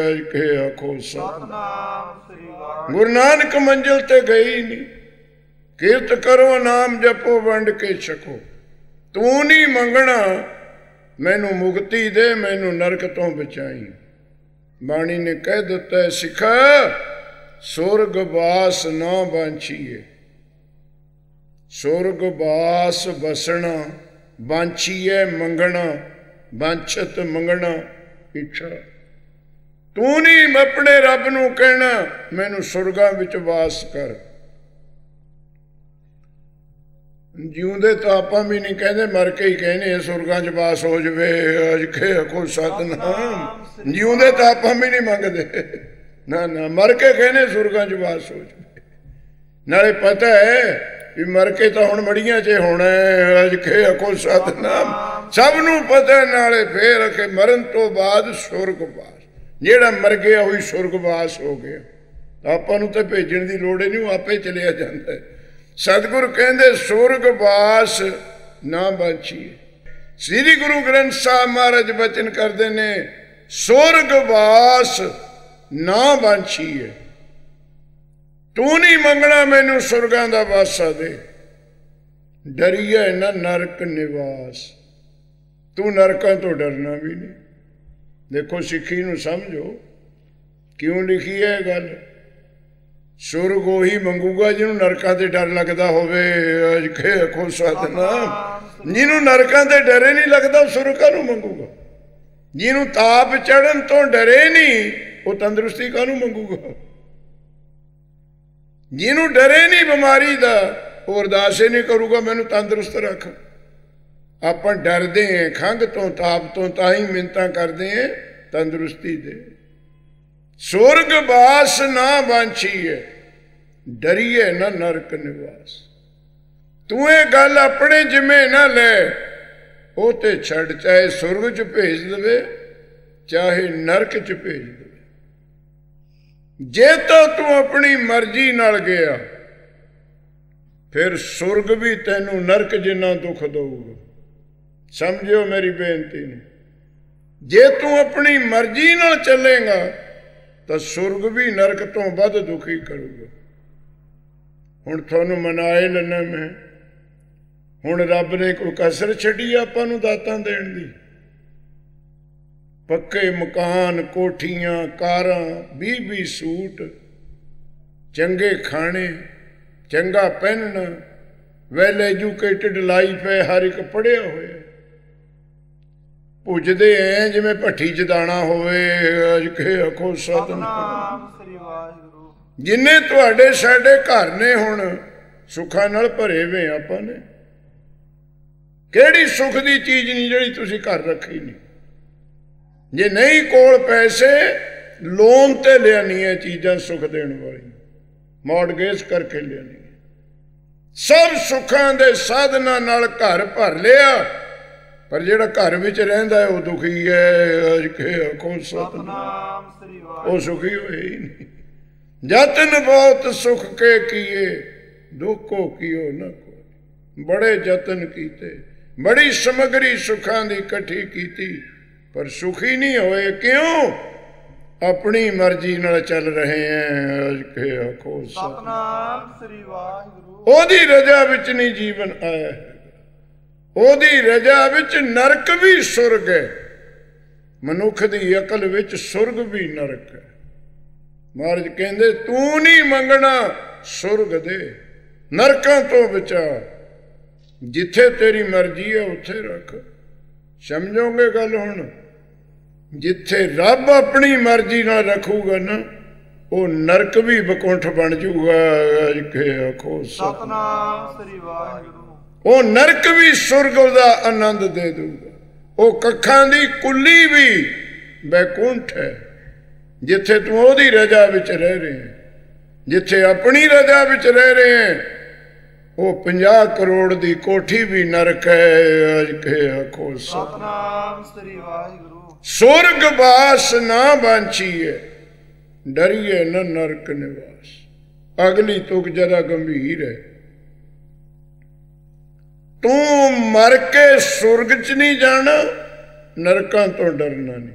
ਅਜ ਕੇ ਆਖੋ ਸਤਨਾਮ ਗੁਰੂ ਨਾਨਕ ਮੰਜ਼ਿਲ ਤੇ ਗਈ ਨਹੀਂ ਕੀਰਤ ਕਰੋ ਨਾਮ ਜਪੋ ਵੰਡ ਕੇ ਛਕੋ ਤੂੰ ਨਹੀਂ ਮੰਗਣਾ ਮੈਨੂੰ ਮੁਕਤੀ ਦੇ ਮੈਨੂੰ ਨਰਕ ਤੋਂ ਬਚਾਈ ਬਾਣੀ ਨੇ ਕਹਿ ਦਿੱਤਾ ਸਿੱਖ ਸੁਰਗ ਬਾਸ ਨਾ ਬਾਂਛੀਏ ਸੁਰਗ ਬਾਸ ਬਸਣਾ ਬਾਂਛੀਏ ਮੰਗਣਾ ਬਾਂਛਤ ਮੰਗਣਾ ਇੱਛਾ ਤੂੰ ਨਹੀਂ ਆਪਣੇ ਰੱਬ ਨੂੰ ਕਹਿਣਾ ਮੈਨੂੰ ਸੁਰਗਾਂ ਵਿੱਚ ਵਾਸ ਕਰ ਜਿਉਂਦੇ ਤਾਂ ਆਪਾਂ ਵੀ ਨਹੀਂ ਕਹਿੰਦੇ ਮਰ ਕੇ ਹੀ ਕਹਿੰਦੇ ਸੁਰਗਾਂ 'ਚ ਵਾਸ ਹੋ ਜਵੇ ਅਜ ਕੇ ਕੋਈ ਸਤਨਾਮ ਜਿਉਂਦੇ ਤਾਂ ਆਪਾਂ ਵੀ ਨਹੀਂ ਮੰਗਦੇ ਨਾ ਨਾ ਮਰ ਕੇ ਕਹਿੰਦੇ ਸੁਰਗਾਂ 'ਚ ਵਾਸ ਹੋ ਜਵੇ ਨਾਲੇ ਪਤਾ ਹੈ ਵੀ ਮਰ ਕੇ ਤਾਂ ਹੁਣ ਮੜੀਆਂ 'ਚ ਹੋਣਾ ਅਜ ਖੇ ਕੋ ਸਤਨਾਮ ਸਭ ਨੂੰ ਪਤਾ ਨਾਲੇ ਫੇਰ ਕਿ ਮਰਨ ਤੋਂ ਬਾਅਦ ਸੁਰਗ ਬਾਸ ਜਿਹੜਾ ਮਰ ਗਿਆ ਸੁਰਗ ਬਾਸ ਹੋ ਗਿਆ ਆਪਾਂ ਨੂੰ ਤਾਂ ਭੇਜਣ ਦੀ ਲੋੜ ਨਹੀਂ ਉਹ ਆਪੇ ਚਲਿਆ ਜਾਂਦਾ ਹੈ ਸਤਿਗੁਰ ਕਹਿੰਦੇ ਸੁਰਗ ਬਾਸ ਨਾ ਬਾਚੀ ਸ੍ਰੀ ਗੁਰੂ ਗ੍ਰੰਥ ਸਾਹਿਬ ਮਹਾਰਾਜ ਬਚਨ ਕਰਦੇ ਨੇ ਸੁਰਗ ਬਾਸ ਨਾ ਹੈ ਤੂੰ ਨਹੀਂ ਮੰਗਣਾ ਮੈਨੂੰ ਸੁਰਗਾਂ ਦਾ ਵਾਸਾ ਦੇ ਡਰੀਏ ਨਾ ਨਰਕ ਨਿਵਾਸ ਤੂੰ ਨਰਕਾਂ ਤੋਂ ਡਰਨਾ ਵੀ ਨਹੀਂ ਦੇਖੋ ਸਿੱਖੀ ਨੂੰ ਸਮਝੋ ਕਿਉਂ ਲਿਖੀ ਹੈ ਗੱਲ ਸੁਰਗ ਉਹੀ ਮੰਗੂਗਾ ਜਿਹਨੂੰ ਨਰਕਾਂ ਤੇ ਡਰ ਲੱਗਦਾ ਹੋਵੇ ਅਜ ਖੇ ਕੋ ਸਤਨਾ ਜਿਹਨੂੰ ਨਰਕਾਂ ਤੇ ਡਰੇ ਨਹੀਂ ਲੱਗਦਾ ਉਹ ਸੁਰਗ ਨੂੰ ਮੰਗੂਗਾ ਜਿਹਨੂੰ ਤਾਪ ਚੜਨ ਤੋਂ ਡਰੇ ਨਹੀਂ ਉਹ ਤੰਦਰੁਸਤੀ ਕਾਹਨੂੰ ਮੰਗੂਗਾ ਜਿਹਨੂੰ ਡਰੇ ਨਹੀਂ ਬਿਮਾਰੀ ਦਾ ਉਹ ਅਰਦਾਸ ਹੀ ਨਹੀਂ ਕਰੂਗਾ ਮੈਨੂੰ ਤੰਦਰੁਸਤ ਰੱਖ ਆਪਾਂ ਡਰਦੇ ਹਾਂ ਖੰਗ ਤੋਂ ਤਾਪ ਤੋਂ ਤਾਂ ਹੀ ਮਿੰਤਾ ਕਰਦੇ ਹਾਂ ਤੰਦਰੁਸਤੀ ਦੇ ਸੁਰਗ ਬਾਸ ਨਾ ਵਾਂਛੀਏ ਡਰੀਏ ਨਾ ਨਰਕ ਨਿਵਾਸ ਤੂੰ ਇਹ ਗੱਲ ਆਪਣੇ ਜਿਵੇਂ ਨਾ ਲੈ ਉਹ ਤੇ ਛੱਡ ਚਾਹੇ ਸੁਰਗ ਚ ਭੇਜ ਦੇਵੇ ਚਾਹੇ ਨਰਕ ਚ ਭੇਜ ਦੇ ਜੇ ਤਾਂ ਤੂੰ ਆਪਣੀ ਮਰਜ਼ੀ ਨਾਲ ਗਿਆ ਫਿਰ ਸੁਰਗ ਵੀ ਤੈਨੂੰ ਨਰਕ ਜਿੰਨਾ ਦੁੱਖ ਦੇਊਗਾ ਸਮਝਿਓ ਮੇਰੀ ਬੇਨਤੀ ਨੂੰ ਜੇ ਤੂੰ ਆਪਣੀ ਮਰਜ਼ੀ ਨਾਲ ਚੱਲੇਗਾ ਤਾਂ ਸੁਰਗ ਵੀ ਨਰਕ ਤੋਂ ਵੱਧ ਦੁਖੀ ਕਰੂਗਾ ਹੁਣ ਤੁਹਾਨੂੰ ਮਨਾਏ ਲੈਣਾ ਮੈਂ ਹੁਣ ਰੱਬ ਨੇ ਕੋਈ ਕਸਰ ਛੱਡੀ ਆਪਾਂ ਨੂੰ ਦਾਤਾਂ ਦੇਣ ਦੀ ਪੱਕੇ ਮਕਾਨ ਕੋਠੀਆਂ ਕਾਰਾਂ ਵੀ ਵੀ ਸੂਟ ਚੰਗੇ ਖਾਣੇ ਚੰਗਾ ਪਹਿਨਣ ਵੈਲ ਐਜੂਕੇਟਿਡ ਲਾਈਫ ਹੈ ਹਰ ਇੱਕ ਪੜਿਆ ਹੋਇਆ ਪੁੱਜਦੇ ਐ ਜਿਵੇਂ ਭੱਠੀ ਚ ਦਾਣਾ ਹੋਵੇ ਕੇ ਅਖੋ ਸਤਨਾਮ ਸ੍ਰੀ ਵਾਹਿਗੁਰੂ ਜਿੰਨੇ ਤੁਹਾਡੇ ਸਾਡੇ ਘਰ ਨੇ ਹੁਣ ਸੁੱਖਾਂ ਨਾਲ ਭਰੇ ਵੇ ਆਪਾਂ ਨੇ ਕਿਹੜੀ ਸੁੱਖ ਦੀ ਚੀਜ਼ ਨਹੀਂ ਜਿਹੜੀ ਤੁਸੀਂ ਘਰ ਰੱਖੀ ਨਹੀਂ ਜੇ ਨਹੀਂ ਕੋਲ ਪੈਸੇ ਲੋਨ ਤੇ ਹੈ ਚੀਜ਼ਾਂ ਸੁਖ ਦੇਣ ਵਾਲੀ ਮਾਰਗੇਜ ਕਰਕੇ ਲੈਣੀ ਸਭ ਸੁੱਖਾਂ ਦੇ ਸਾਧਨਾ ਨਾਲ ਘਰ ਭਰ ਲਿਆ ਪਰ ਜਿਹੜਾ ਘਰ ਵਿੱਚ ਰਹਿੰਦਾ ਹੈ ਉਹ ਦੁਖੀ ਹੈ ਅਜਕੇ ਕੋ ਸਤਨਾਮ ਸ੍ਰੀ ਵਾਹਿਗੁਰੂ ਉਹ ਸੁਖੀ ਹੋਈ ਨਹੀਂ ਜਤਨ ਬਹੁਤ ਸੁਖ ਕੇ ਕੀਏ ਦੁੱਖੋ ਕੀਓ ਨਾ ਕੋਈ ਬੜੇ ਯਤਨ ਕੀਤੇ ਬੜੀ ਸਮਗਰੀ ਸੁੱਖਾਂ ਦੀ ਇਕੱਠੀ ਕੀਤੀ ਪਰ ਸੁਖੀ ਨਹੀਂ ਹੋਏ ਕਿਉਂ ਆਪਣੀ ਮਰਜ਼ੀ ਨਾਲ ਚੱਲ ਰਹੇ ਐ ਅਜ ਕੇ ਆਖੋ ਸਤਨਾਮ ਸ੍ਰੀ ਵਾਹਿਗੁਰੂ ਉਹਦੀ ਰਜਾ ਵਿੱਚ ਨਹੀਂ ਜੀਵਨ ਆਇਆ ਉਹਦੀ ਰਜਾ ਵਿੱਚ ਨਰਕ ਵੀ ਸੁਰਗ ਹੈ ਮਨੁੱਖ ਦੀ ਅਕਲ ਵਿੱਚ ਸੁਰਗ ਵੀ ਨਰਕ ਹੈ ਮਹਾਰਾਜ ਕਹਿੰਦੇ ਤੂੰ ਨਹੀਂ ਮੰਗਣਾ ਸੁਰਗ ਦੇ ਨਰਕਾਂ ਤੋਂ ਬਚਾ ਜਿੱਥੇ ਤੇਰੀ ਮਰਜ਼ੀ ਹੈ ਉੱਥੇ ਰੱਖ ਸਮਝੋਗੇ ਗੱਲ ਹੁਣ ਜਿੱਥੇ ਰੱਬ ਆਪਣੀ ਮਰਜ਼ੀ ਨਾਲ ਰੱਖੂਗਾ ਨਾ ਉਹ ਨਰਕ ਵੀ ਬਕੁੰਠ ਬਣ ਜਾਊਗਾ ਜਿੱਥੇ ਆਖੋ ਸਤਨਾਮ ਸ੍ਰੀ ਵਾਹਿਗੁਰੂ ਉਹ ਨਰਕ ਵੀ ਸੁਰਗ ਦਾ ਆਨੰਦ ਦੇ ਦੂਗਾ ਉਹ ਕੱਖਾਂ ਦੀ ਕੁੱਲੀ ਵੀ ਬੈਕੁੰਠ ਹੈ ਜਿੱਥੇ ਤੂੰ ਉਹਦੀ ਰਜ਼ਾ ਵਿੱਚ ਰਹਿ ਰਹੇ ਹੈ ਜਿੱਥੇ ਆਪਣੀ ਰਜ਼ਾ ਵਿੱਚ ਰਹਿ ਰਹੇ ਹੈ ਉਹ 50 ਕਰੋੜ ਦੀ ਕੋਠੀ ਵੀ ਨਰਕ ਹੈ ਅਜ ਕੇ ਆਖੋ ਸਤਨਾਮ ਸ੍ਰੀ ਵਾਹਿਗੁਰੂ ਸੁਰਗ ਬਾਸ ਨਾ ਬਾਂਚੀਏ ਡਰੀਏ ਨ ਨਰਕ ਨਿਵਾਸ ਅਗਲੀ ਤੁਕ ਜਰਾ ਗੰਭੀਰ ਹੈ ਤੂੰ ਮਰ ਕੇ ਸੁਰਗ ਚ ਨਹੀਂ ਜਾਣਾ ਨਰਕਾਂ ਤੋਂ ਡਰਨਾ ਨਹੀਂ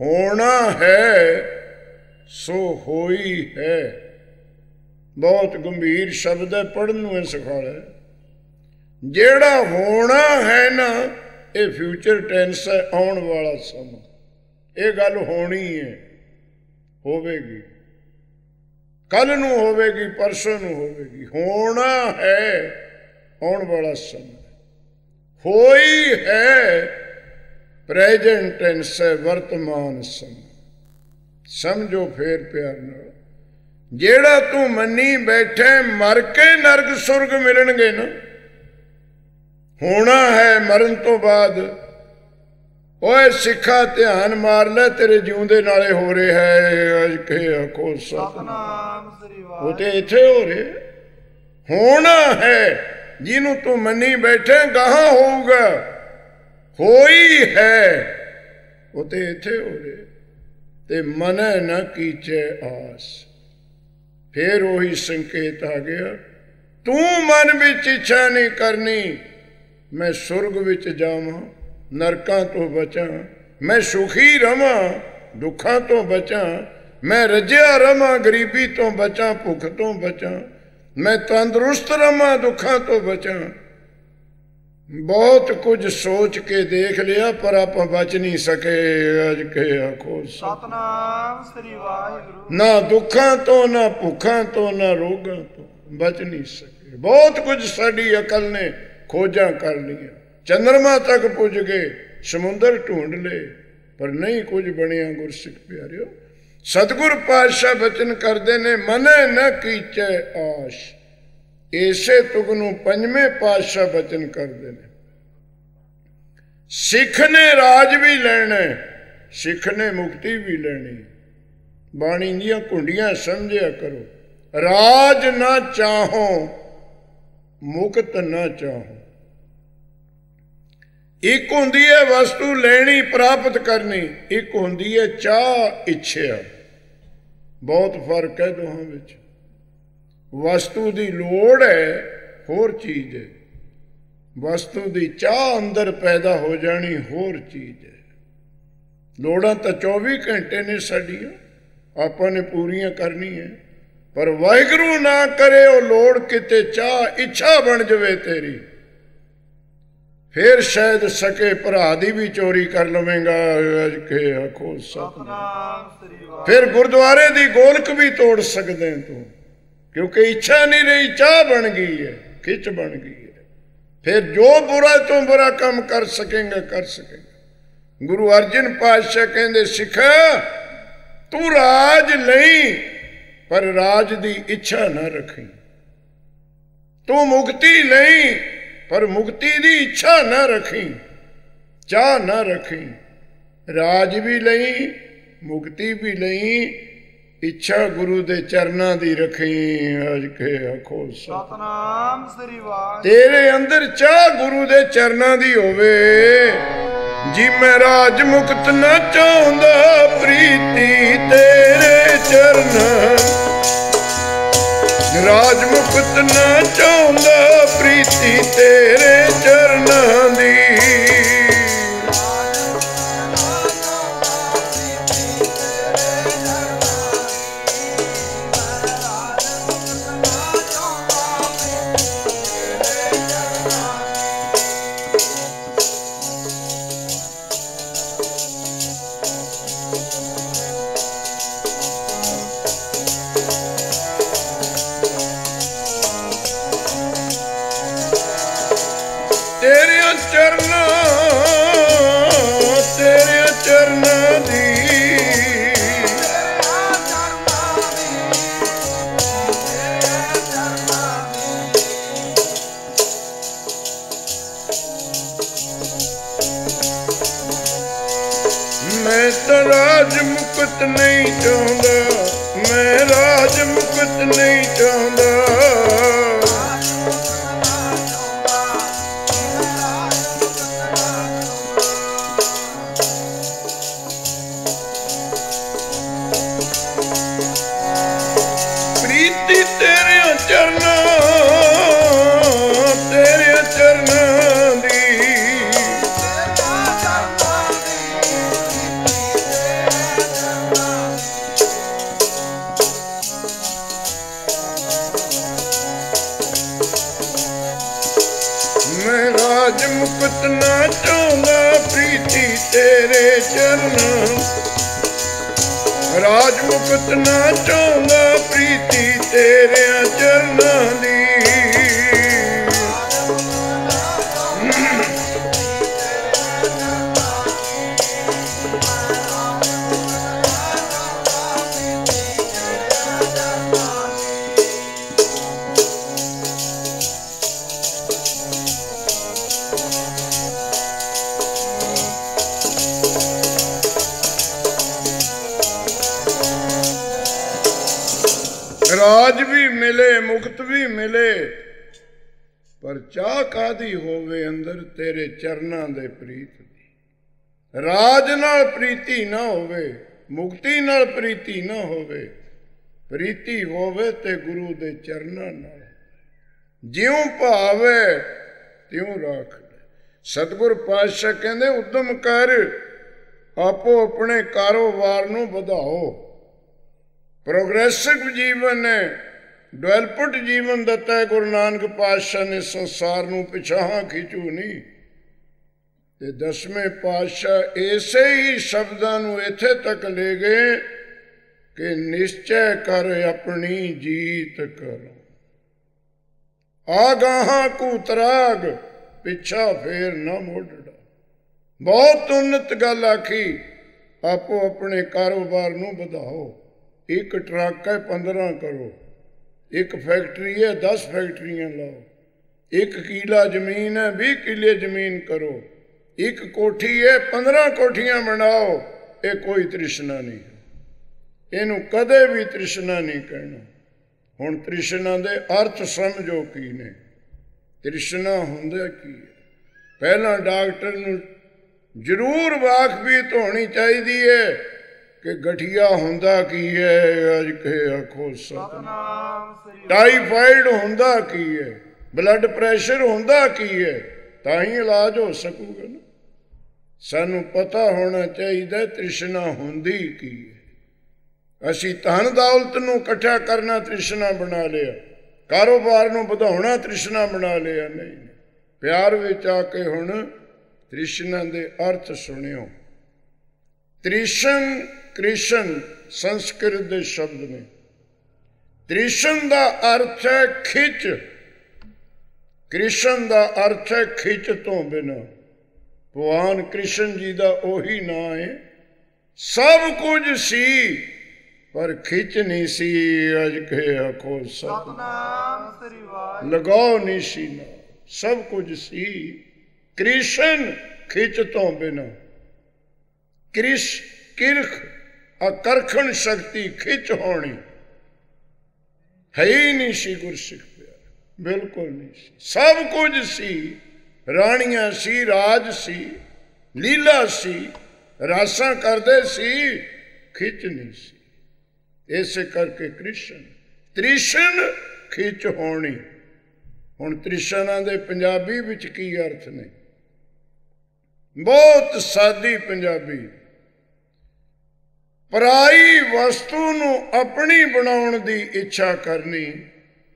ਹੋਣਾ ਹੈ ਸੋ ਹੋਈ ਹੈ ਬਹੁਤ ਗੰਭੀਰ ਸ਼ਬਦ ਹੈ ਪੜਨ ਨੂੰ ਇਹ ਸਿਖਾਣਾ ਜਿਹੜਾ ਹੋਣਾ ਹੈ ਨਾ ਇਹ ਫਿਊਚਰ ਟੈਂਸ ਹੈ ਆਉਣ ਵਾਲਾ ਸਮਾਂ ਇਹ ਗੱਲ ਹੋਣੀ ਹੈ ਹੋਵੇਗੀ ਕੱਲ ਨੂੰ ਹੋਵੇਗੀ ਪਰਸੋਂ ਨੂੰ ਹੋਵੇਗੀ ਹੋਣਾ ਹੈ ਆਉਣ ਵਾਲਾ ਸਮਾਂ ਹੋਈ ਹੈ ਪ੍ਰੈਜ਼ੈਂਟ ਟੈਂਸ ਹੈ ਵਰਤਮਾਨ ਸਮਾਂ ਸਮਝੋ ਫੇਰ ਪਿਆਰ ਨਾਲ ਜਿਹੜਾ ਤੂੰ ਮੰਨੀ ਬੈਠੇ ਮਰ ਕੇ ਨਰਕ ਸੁਰਗ ਮਿਲਣਗੇ ਨਾ ਹੋਣਾ ਹੈ ਮਰਨ ਤੋਂ ਬਾਅਦ ਓਏ ਸਿੱਖਾ ਧਿਆਨ ਮਾਰ ਲੈ ਤੇਰੇ ਜਿਉਂਦੇ ਨਾਲੇ ਹੋ ਰਿਹਾ ਹੈ ਅਜ ਕੇ ਅਖੋ ਸਤਨਾਮ ਸ੍ਰੀ ਵਾਹਿਗੁਰੂ ਉਹ ਤੇ ਇੱਥੇ ਹੋ ਰਿਹਾ ਹੋਣਾ ਹੈ ਜਿਹਨੂੰ ਤੂੰ ਮੰਨੀ ਬੈਠੇ ਗਾਹਾਂ ਹੋਊਗਾ ਹੋਈ ਹੈ ਉਹ ਤੇ ਇੱਥੇ ਹੋ ਰਿਹਾ ਤੇ ਮਨ ਨਾ ਕੀਚੇ ਆਸ ਫੇਰ ਉਹੀ ਸੰਕੇਤ ਆ ਗਿਆ ਤੂੰ ਮਨ ਵਿੱਚ ਇੱਛਾ ਨਹੀਂ ਕਰਨੀ ਮੈਂ ਸੁਰਗ ਵਿੱਚ ਜਾਵਾਂ ਨਰਕਾਂ ਤੋਂ ਬਚਾਂ ਮੈਂ ਸੁਖੀ ਰਵਾਂ ਦੁੱਖਾਂ ਤੋਂ ਬਚਾਂ ਮੈਂ ਰਜਿਆ ਰਵਾਂ ਗਰੀਬੀ ਤੋਂ ਬਚਾਂ ਭੁੱਖ ਤੋਂ ਬਚਾਂ ਮੈਂ ਤੰਦਰੁਸਤ ਰਵਾਂ ਦੁੱਖਾਂ ਤੋਂ ਬਚਾਂ ਬਹੁਤ ਕੁਝ ਸੋਚ ਕੇ ਦੇਖ ਲਿਆ ਪਰ ਆਪਾਂ ਬਚ ਨਹੀਂ ਸਕੇ ਅੱਜ ਕੇ ਆਖੋ ਸਤਨਾਮ ਸ੍ਰੀ ਵਾਹਿਗੁਰੂ ਨਾ ਦੁੱਖਾਂ ਤੋਂ ਨਾ ਭੁੱਖਾਂ ਤੋਂ ਨਾ ਰੋਗਾਂ ਤੋਂ ਬਚ ਨਹੀਂ ਸਕੇ ਬਹੁਤ ਕੁਝ ਸਾਡੀ ਅਕਲ ਨੇ ਖੋਜਾਂ ਕਰ ਲਈਆਂ ਚੰਦਰਮਾ ਤੱਕ ਪੁੱਜ ਗਏ ਸਮੁੰਦਰ ਢੂੰਡ ਲਏ ਪਰ ਨਹੀਂ ਕੁਝ ਬਣਿਆ ਗੁਰਸਿੱਖ ਪਿਆਰਿਓ ਸਤਗੁਰ ਪਾਤਸ਼ਾਹ ਬਚਨ ਕਰਦੇ ਨੇ ਮਨੇ ਨਾ ਕੀਚੈ ਆਸ਼ ਏਸੇ ਤੁਗ ਨੂੰ ਪੰਜਵੇਂ ਪਾਤਸ਼ਾਹ ਬਚਨ ਕਰਦੇ ਨੇ ਸਿੱਖ ਨੇ ਰਾਜ ਵੀ ਲੈਣਾ ਸਿੱਖ ਨੇ ਮੁਕਤੀ ਵੀ ਲੈਣੀ ਬਾਣੀ ਦੀਆਂ ਕੁੰਡੀਆਂ ਸਮਝਿਆ ਕਰੋ ਰਾਜ ਨਾ ਚਾਹੋ ਮੁਕਤ ਨਾ ਚਾਹੋ ਇੱਕ ਹੁੰਦੀ ਹੈ ਵਸਤੂ ਲੈਣੀ ਪ੍ਰਾਪਤ ਕਰਨੀ ਇੱਕ ਹੁੰਦੀ ਹੈ ਚਾਹ ਇੱਛਾ ਬਹੁਤ ਫਰਕ ਹੈ ਦੋਹਾਂ ਵਿੱਚ ਵਸਤੂ ਦੀ ਲੋੜ ਹੈ ਹੋਰ ਚੀਜ਼ ਹੈ ਵਸਤੂ ਦੀ ਚਾਹ ਅੰਦਰ ਪੈਦਾ ਹੋ ਜਾਣੀ ਹੋਰ ਚੀਜ਼ ਹੈ ਲੋੜਾਂ ਤਾਂ 24 ਘੰਟੇ ਨੇ ਸਾਡੀਆਂ ਆਪਾਂ ਨੇ ਪੂਰੀਆਂ ਕਰਨੀ ਹੈ ਪਰ ਵਾਹਿਗੁਰੂ ਨਾ ਕਰੇ ਉਹ ਲੋੜ ਕਿਤੇ ਚਾਹ ਇੱਛਾ ਬਣ ਜਵੇ ਤੇਰੀ ਫੇਰ ਸ਼ਾਇਦ ਸਕੇ ਭਰਾ ਦੀ ਵੀ ਚੋਰੀ ਕਰ ਲਵੇਂਗਾ ਅਜ ਕੇ ਆਖੋ ਸਤਨਾਮ ਫਿਰ ਗੁਰਦੁਆਰੇ ਦੀ ਗੋਲਕ ਵੀ ਤੋੜ ਸਕਦੇ ਤੂੰ ਕਿਉਂਕਿ ਇੱਛਾ ਨਹੀਂ ਰਹੀ ਚਾਹ ਬਣ ਗਈ ਹੈ ਖਿੱਚ ਬਣ ਗਈ ਹੈ ਫਿਰ ਜੋ ਬੁਰਾ ਤੋਂ ਬੁਰਾ ਕੰਮ ਕਰ ਸਕੇਂਗਾ ਕਰ ਸਕੇਂਗਾ ਗੁਰੂ ਅਰਜਨ ਪਾਤਸ਼ਾਹ ਕਹਿੰਦੇ ਸਿੱਖ ਤੂੰ ਰਾਜ ਲਈ ਪਰ ਰਾਜ ਦੀ ਇੱਛਾ ਨਾ ਰੱਖੀ ਤੂੰ ਮੁਕਤੀ ਲਈ ਪਰ ਮੁਕਤੀ ਦੀ ਇੱਛਾ ਨਾ ਰੱਖੀ ਚਾਹ ਨਾ ਰੱਖੀ ਰਾਜ ਵੀ ਲਈ ਮੁਕਤੀ ਵੀ ਲਈ ਇੱਛਾ ਗੁਰੂ ਦੇ ਚਰਨਾਂ ਦੀ ਰੱਖੀ ਅਜ ਕੇ ਆਖੋ ਸਤਨਾਮ ਸ੍ਰੀ ਵਾਹਿਗੁਰੂ ਤੇਰੇ ਅੰਦਰ ਚਾਹ ਗੁਰੂ ਦੇ ਚਰਨਾਂ ਦੀ ਹੋਵੇ ਜੀ ਮੈਂ ਰਾਜ ਮੁਕਤ ਨਾ ਚਾਹੁੰਦਾ ਪ੍ਰੀਤੀ ਤੇਰੇ ਚਰਨਾਂ ਰਾਜ ਮੁਕਤ ਨਾ ਚਾਹੁੰਦਾ ਸੀ ਤੇਰੇ ਚਰਨਾਂ ਦੀ ਮੁਕਤ ਨਹੀਂ ਚਾਹੁੰਦਾ ਮੈਂ ਰਾਜ ਮੁਕਤ ਨਹੀਂ ਚਾਹੁੰਦਾ ਵਤਨਾ ਚਾਹੁੰਦਾ ਪ੍ਰੀਤੀ ਤੇਰੇ ਚਰਨਾਂ ਦੀ ਰਾਜ ਵੀ ਮਿਲੇ ਮੁਕਤ ਵੀ ਮਿਲੇ ਪਰ ਚਾਹ ਕਾਦੀ ਹੋਵੇ ਅੰਦਰ ਤੇਰੇ ਚਰਨਾਂ ਦੇ ਪ੍ਰੀਤ ਦੀ ਰਾਜ ਨਾਲ ਪ੍ਰੀਤੀ ਨਾ ਹੋਵੇ ਮੁਕਤੀ ਨਾਲ ਪ੍ਰੀਤੀ ਨਾ ਹੋਵੇ ਪ੍ਰੀਤੀ ਹੋਵੇ ਤੇ ਗੁਰੂ ਦੇ ਚਰਨਾਂ ਨਾਲ ਜਿਉਂ ਭਾਵੇ ਤਿਉਂ ਰੱਖ ਸਤਿਗੁਰ ਪਾਤਸ਼ਾਹ ਕਹਿੰਦੇ ਉਦਮ ਕਰ ਆਪੋ ਆਪਣੇ ਕਾਰੋਬਾਰ ਨੂੰ ਵਧਾਓ ਪ੍ਰੋਗਰੈਸਿਵ ਜੀਵਨ ਹੈ ਡਵੈਲਪਡ ਜੀਵਨ ਦਿੱਤਾ ਹੈ ਗੁਰੂ ਨਾਨਕ ਪਾਤਸ਼ਾਹ ਨੇ ਸੰਸਾਰ ਨੂੰ ਪਿਛਾਹਾਂ ਖਿਚੂ ਨਹੀਂ ਤੇ ਦਸਵੇਂ ਪਾਤਸ਼ਾਹ ਐਸੇ ਹੀ ਸ਼ਬਦਾਂ ਨੂੰ ਇੱਥੇ ਤੱਕ ਲੈ ਗਏ ਕਿ ਨਿਸ਼ਚੈ ਕਰ ਆਪਣੀ ਜੀਤ ਕਰ ਆਗਾਹਾਂ ਕੂ ਤਰਾਗ ਪਿਛਾ ਫੇਰ ਨਾ ਮੋੜੜਾ ਬਹੁਤ ਉન્નਤ ਗੱਲ ਆਖੀ ਆਪੋ ਆਪਣੇ ਕਾਰੋਬਾਰ ਨੂੰ ਵਧਾਓ ਇੱਕ ਟਰੱਕ ਹੈ 15 ਕਰੋ ਇੱਕ ਫੈਕਟਰੀ ਹੈ 10 ਫੈਕਟਰੀਆਂ ਲਾਓ ਇੱਕ ਕਿਲਾ ਜ਼ਮੀਨ ਹੈ 20 ਕਿਲੇ ਜ਼ਮੀਨ ਕਰੋ ਇੱਕ ਕੋਠੀ ਹੈ 15 ਕੋਠੀਆਂ ਬਣਾਓ ਇਹ ਕੋਈ ਤ੍ਰਿਸ਼ਨਾ ਨਹੀਂ ਇਹਨੂੰ ਕਦੇ ਵੀ ਤ੍ਰਿਸ਼ਨਾ ਨਹੀਂ ਕਹਿਣਾ ਹੁਣ ਤ੍ਰਿਸ਼ਨਾ ਦੇ ਅਰਥ ਸਮਝੋ ਕੀ ਨੇ ਤ੍ਰਿਸ਼ਨਾ ਹੁੰਦਾ ਕੀ ਹੈ ਪਹਿਲਾਂ ਡਾਕਟਰ ਨੂੰ ਜ਼ਰੂਰ ਵਾਕਫੀਤ ਹੋਣੀ ਚਾਹੀਦੀ ਹੈ ਕਿ ਗਠੀਆ ਹੁੰਦਾ ਕੀ ਹੈ ਅੱਜ ਕੇ ਆਖੋ ਸਤਨਾਮ ਟਾਈਫਾਈਡ ਹੁੰਦਾ ਕੀ ਹੈ ਬਲੱਡ ਪ੍ਰੈਸ਼ਰ ਹੁੰਦਾ ਕੀ ਹੈ ਤਾਂ ਹੀ ਇਲਾਜ ਹੋ ਸਕੂਗਾ ਨਾ ਸਾਨੂੰ ਪਤਾ ਹੋਣਾ ਚਾਹੀਦਾ ਤ੍ਰਿਸ਼ਨਾ ਹੁੰਦੀ ਕੀ ਹੈ ਅਸੀਂ ਧਨ ਦੌਲਤ ਨੂੰ ਇਕੱਠਾ ਕਰਨਾ ਤ੍ਰਿਸ਼ਨਾ ਬਣਾ ਲਿਆ ਕਾਰੋਬਾਰ ਨੂੰ ਵਧਾਉਣਾ ਤ੍ਰਿਸ਼ਨਾ ਬਣਾ ਲਿਆ ਨਹੀਂ ਪਿਆਰ ਵਿੱਚ ਆ ਕੇ ਹੁਣ ਤ੍ਰਿਸ਼ਨਾ ਦੇ ਅਰਥ ਸੁਣਿਓ ਤ੍ਰਿਸ਼ਨ ਕ੍ਰਿਸ਼ਨ ਸੰਸਕ੍ਰਿਤ ਦੇ ਸ਼ਬਦ ਨੇ ਕ੍ਰਿਸ਼ਨ ਦਾ ਅਰਥ ਹੈ ਖਿੱਚ ਕ੍ਰਿਸ਼ਨ ਦਾ ਅਰਥ ਹੈ ਖਿੱਚ ਤੋਂ ਬਿਨਾ ਭਗਵਾਨ ਕ੍ਰਿਸ਼ਨ ਜੀ ਦਾ ਉਹੀ ਨਾਮ ਹੈ ਸਭ ਕੁਝ ਸੀ ਪਰ ਖਿੱਚ ਨਹੀਂ ਸੀ ਅਜ ਕੇ ਆਖੋ ਸਤਨਾਮ ਸ੍ਰੀ ਵਾਹਿਗੁਰੂ ਲਗਾਉ ਨਹੀਂ ਸੀ ਨਾ ਸਭ ਕੁਝ ਸੀ ਕ੍ਰਿਸ਼ਨ ਖਿੱਚ ਤੋਂ ਬਿਨਾ ਕ੍ਰਿਸ਼ ਕਿਰਖ ਆਕਰਖਣ ਸ਼ਕਤੀ ਖਿੱਚ ਹੋਣੀ ਹੈ ਹੀ ਨਹੀਂ ਸੀ ਗੁਰਸਿੱਖ ਪਿਆਰ ਬਿਲਕੁਲ ਨਹੀਂ ਸੀ ਸਭ ਕੁਝ ਸੀ ਰਾਣੀਆਂ ਸੀ ਰਾਜ ਸੀ ਲੀਲਾ ਸੀ ਰਾਸਾਂ ਕਰਦੇ ਸੀ ਖਿੱਚ ਨਹੀਂ ਸੀ ਇਸੇ ਕਰਕੇ ਕ੍ਰਿਸ਼ਨ ਤ੍ਰਿਸ਼ਨ ਖਿੱਚ ਹੋਣੀ ਹੁਣ ਤ੍ਰਿਸ਼ਨਾ ਦੇ ਪੰਜਾਬੀ ਵਿੱਚ ਕੀ ਅਰਥ ਨੇ ਬਹੁਤ ਸਾਦੀ ਪੰਜਾਬੀ ਪਰਾਈ ਵਸਤੂ ਨੂੰ ਆਪਣੀ ਬਣਾਉਣ ਦੀ ਇੱਛਾ ਕਰਨੀ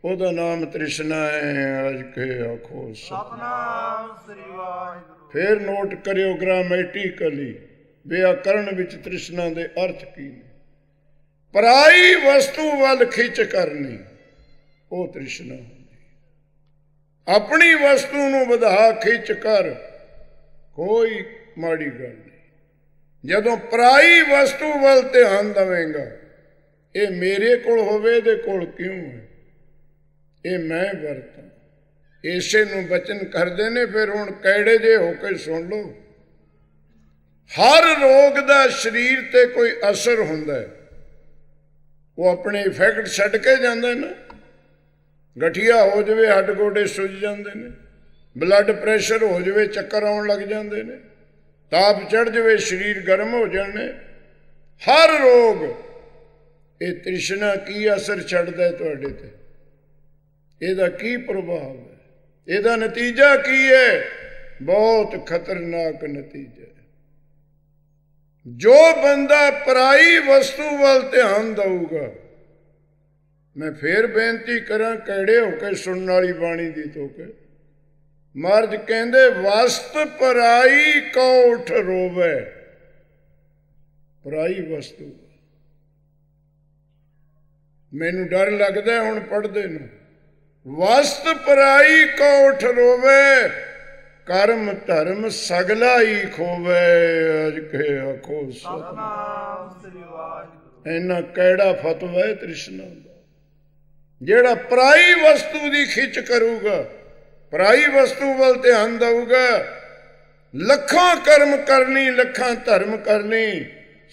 ਉਹਦਾ ਨਾਮ ਤ੍ਰਿਸ਼ਨਾ ਹੈ ਅਜ ਕੇ ਆਖੋ ਸਤਨਾਮ ਸ੍ਰੀ ਵਾਹਿਗੁਰੂ ਫਿਰ ਨੋਟ ਕਰਿਓ ਗ੍ਰਾਮੈਟਿਕਲੀ ਵਿਆਕਰਣ ਵਿੱਚ ਤ੍ਰਿਸ਼ਨਾ ਦੇ ਅਰਥ ਕੀ ਨੇ ਪਰਾਈ ਵਸਤੂ ਵੱਲ ਖਿੱਚ ਕਰਨੀ ਉਹ ਤ੍ਰਿਸ਼ਨਾ ਹੁੰਦੀ ਆਪਣੀ ਵਸਤੂ ਨੂੰ ਵਧਾ ਖਿੱਚ ਕਰ ਕੋਈ ਮਾੜੀ ਗੱਲ ਜਦੋਂ ਪਰਾਈ ਵਸਤੂ ਵੱਲ ਧਿਆਨ ਦਵੇਂਗਾ ਇਹ ਮੇਰੇ ਕੋਲ ਹੋਵੇ ਦੇ ਕੋਲ ਕਿਉਂ ਹੈ ਇਹ ਮੈਂ ਵਰਤਾਂ ਇਸੇ ਨੂੰ ਬਚਨ ਕਰਦੇ ਨੇ ਫਿਰ ਹੁਣ ਕਿਹੜੇ ਜੇ ਹੋ ਕੇ ਸੁਣ ਲਓ ਹਰ ਰੋਗ ਦਾ ਸਰੀਰ ਤੇ ਕੋਈ ਅਸਰ ਹੁੰਦਾ ਹੈ ਉਹ ਆਪਣੇ ਇਫੈਕਟ ਛੱਡ ਕੇ ਜਾਂਦੇ ਨੇ ਗਠੀਆ ਹੋ ਜਵੇ ਹੱਡ ਗੋਡੇ ਸੁੱਜ ਜਾਂਦੇ ਨੇ ਬਲੱਡ ਪ੍ਰੈਸ਼ਰ ਹੋ ਜਵੇ ਚੱਕਰ ਆਉਣ ਲੱਗ ਜਾਂਦੇ ਨੇ ਤਾਪ ਚੜ ਜਵੇ ਸਰੀਰ ਗਰਮ ਹੋ ਜਾਣੇ ਹਰ ਰੋਗ ਇਹ ਤ੍ਰਿਸ਼ਨਾ ਕੀ ਅਸਰ ਛੱਡਦਾ ਤੁਹਾਡੇ ਤੇ ਇਹਦਾ ਕੀ ਪ੍ਰਭਾਵ ਹੈ ਇਹਦਾ ਨਤੀਜਾ ਕੀ ਹੈ ਬਹੁਤ ਖਤਰਨਾਕ ਨਤੀਜਾ ਜੋ ਬੰਦਾ ਪਰਾਈ ਵਸਤੂ ਵੱਲ ਧਿਆਨ ਦਊਗਾ ਮੈਂ ਫੇਰ ਬੇਨਤੀ ਕਰਾਂ ਕਿਹੜੇ ਹੋ ਕੇ ਸੁਣਨ ਵਾਲੀ ਬਾਣੀ ਦੀ ਤੋਕੇ ਮਰਦ ਕਹਿੰਦੇ ਵਸਤ ਪਰਾਈ ਕੋ ਉਠ ਰੋਵੇ ਪਰਾਈ ਵਸਤੂ ਮੈਨੂੰ ਡਰ ਲੱਗਦਾ ਹੁਣ ਪੜਦੇ ਨੂੰ ਵਸਤ ਪਰਾਈ ਕੋ ਉਠ ਰੋਵੇ ਕਰਮ ਧਰਮ ਸਗਲਾ ਹੀ ਖੋਵੇ ਅਜ ਕੇ ਆਖੋ ਸਤਨਾਮ ਇਹਨਾਂ ਕਿਹੜਾ ਫਤਵਾ ਹੈ ਤ੍ਰਿਸ਼ਨਾ ਦਾ ਜਿਹੜਾ ਪਰਾਈ ਵਸਤੂ ਦੀ ਖਿੱਚ ਕਰੂਗਾ ਪ੍ਰਾਈ ਵਸਤੂ ਵੱਲ ਧਿਆਨ ਦਊਗਾ ਲੱਖਾਂ ਕਰਮ ਕਰਨੀ ਲੱਖਾਂ ਧਰਮ ਕਰਨੀ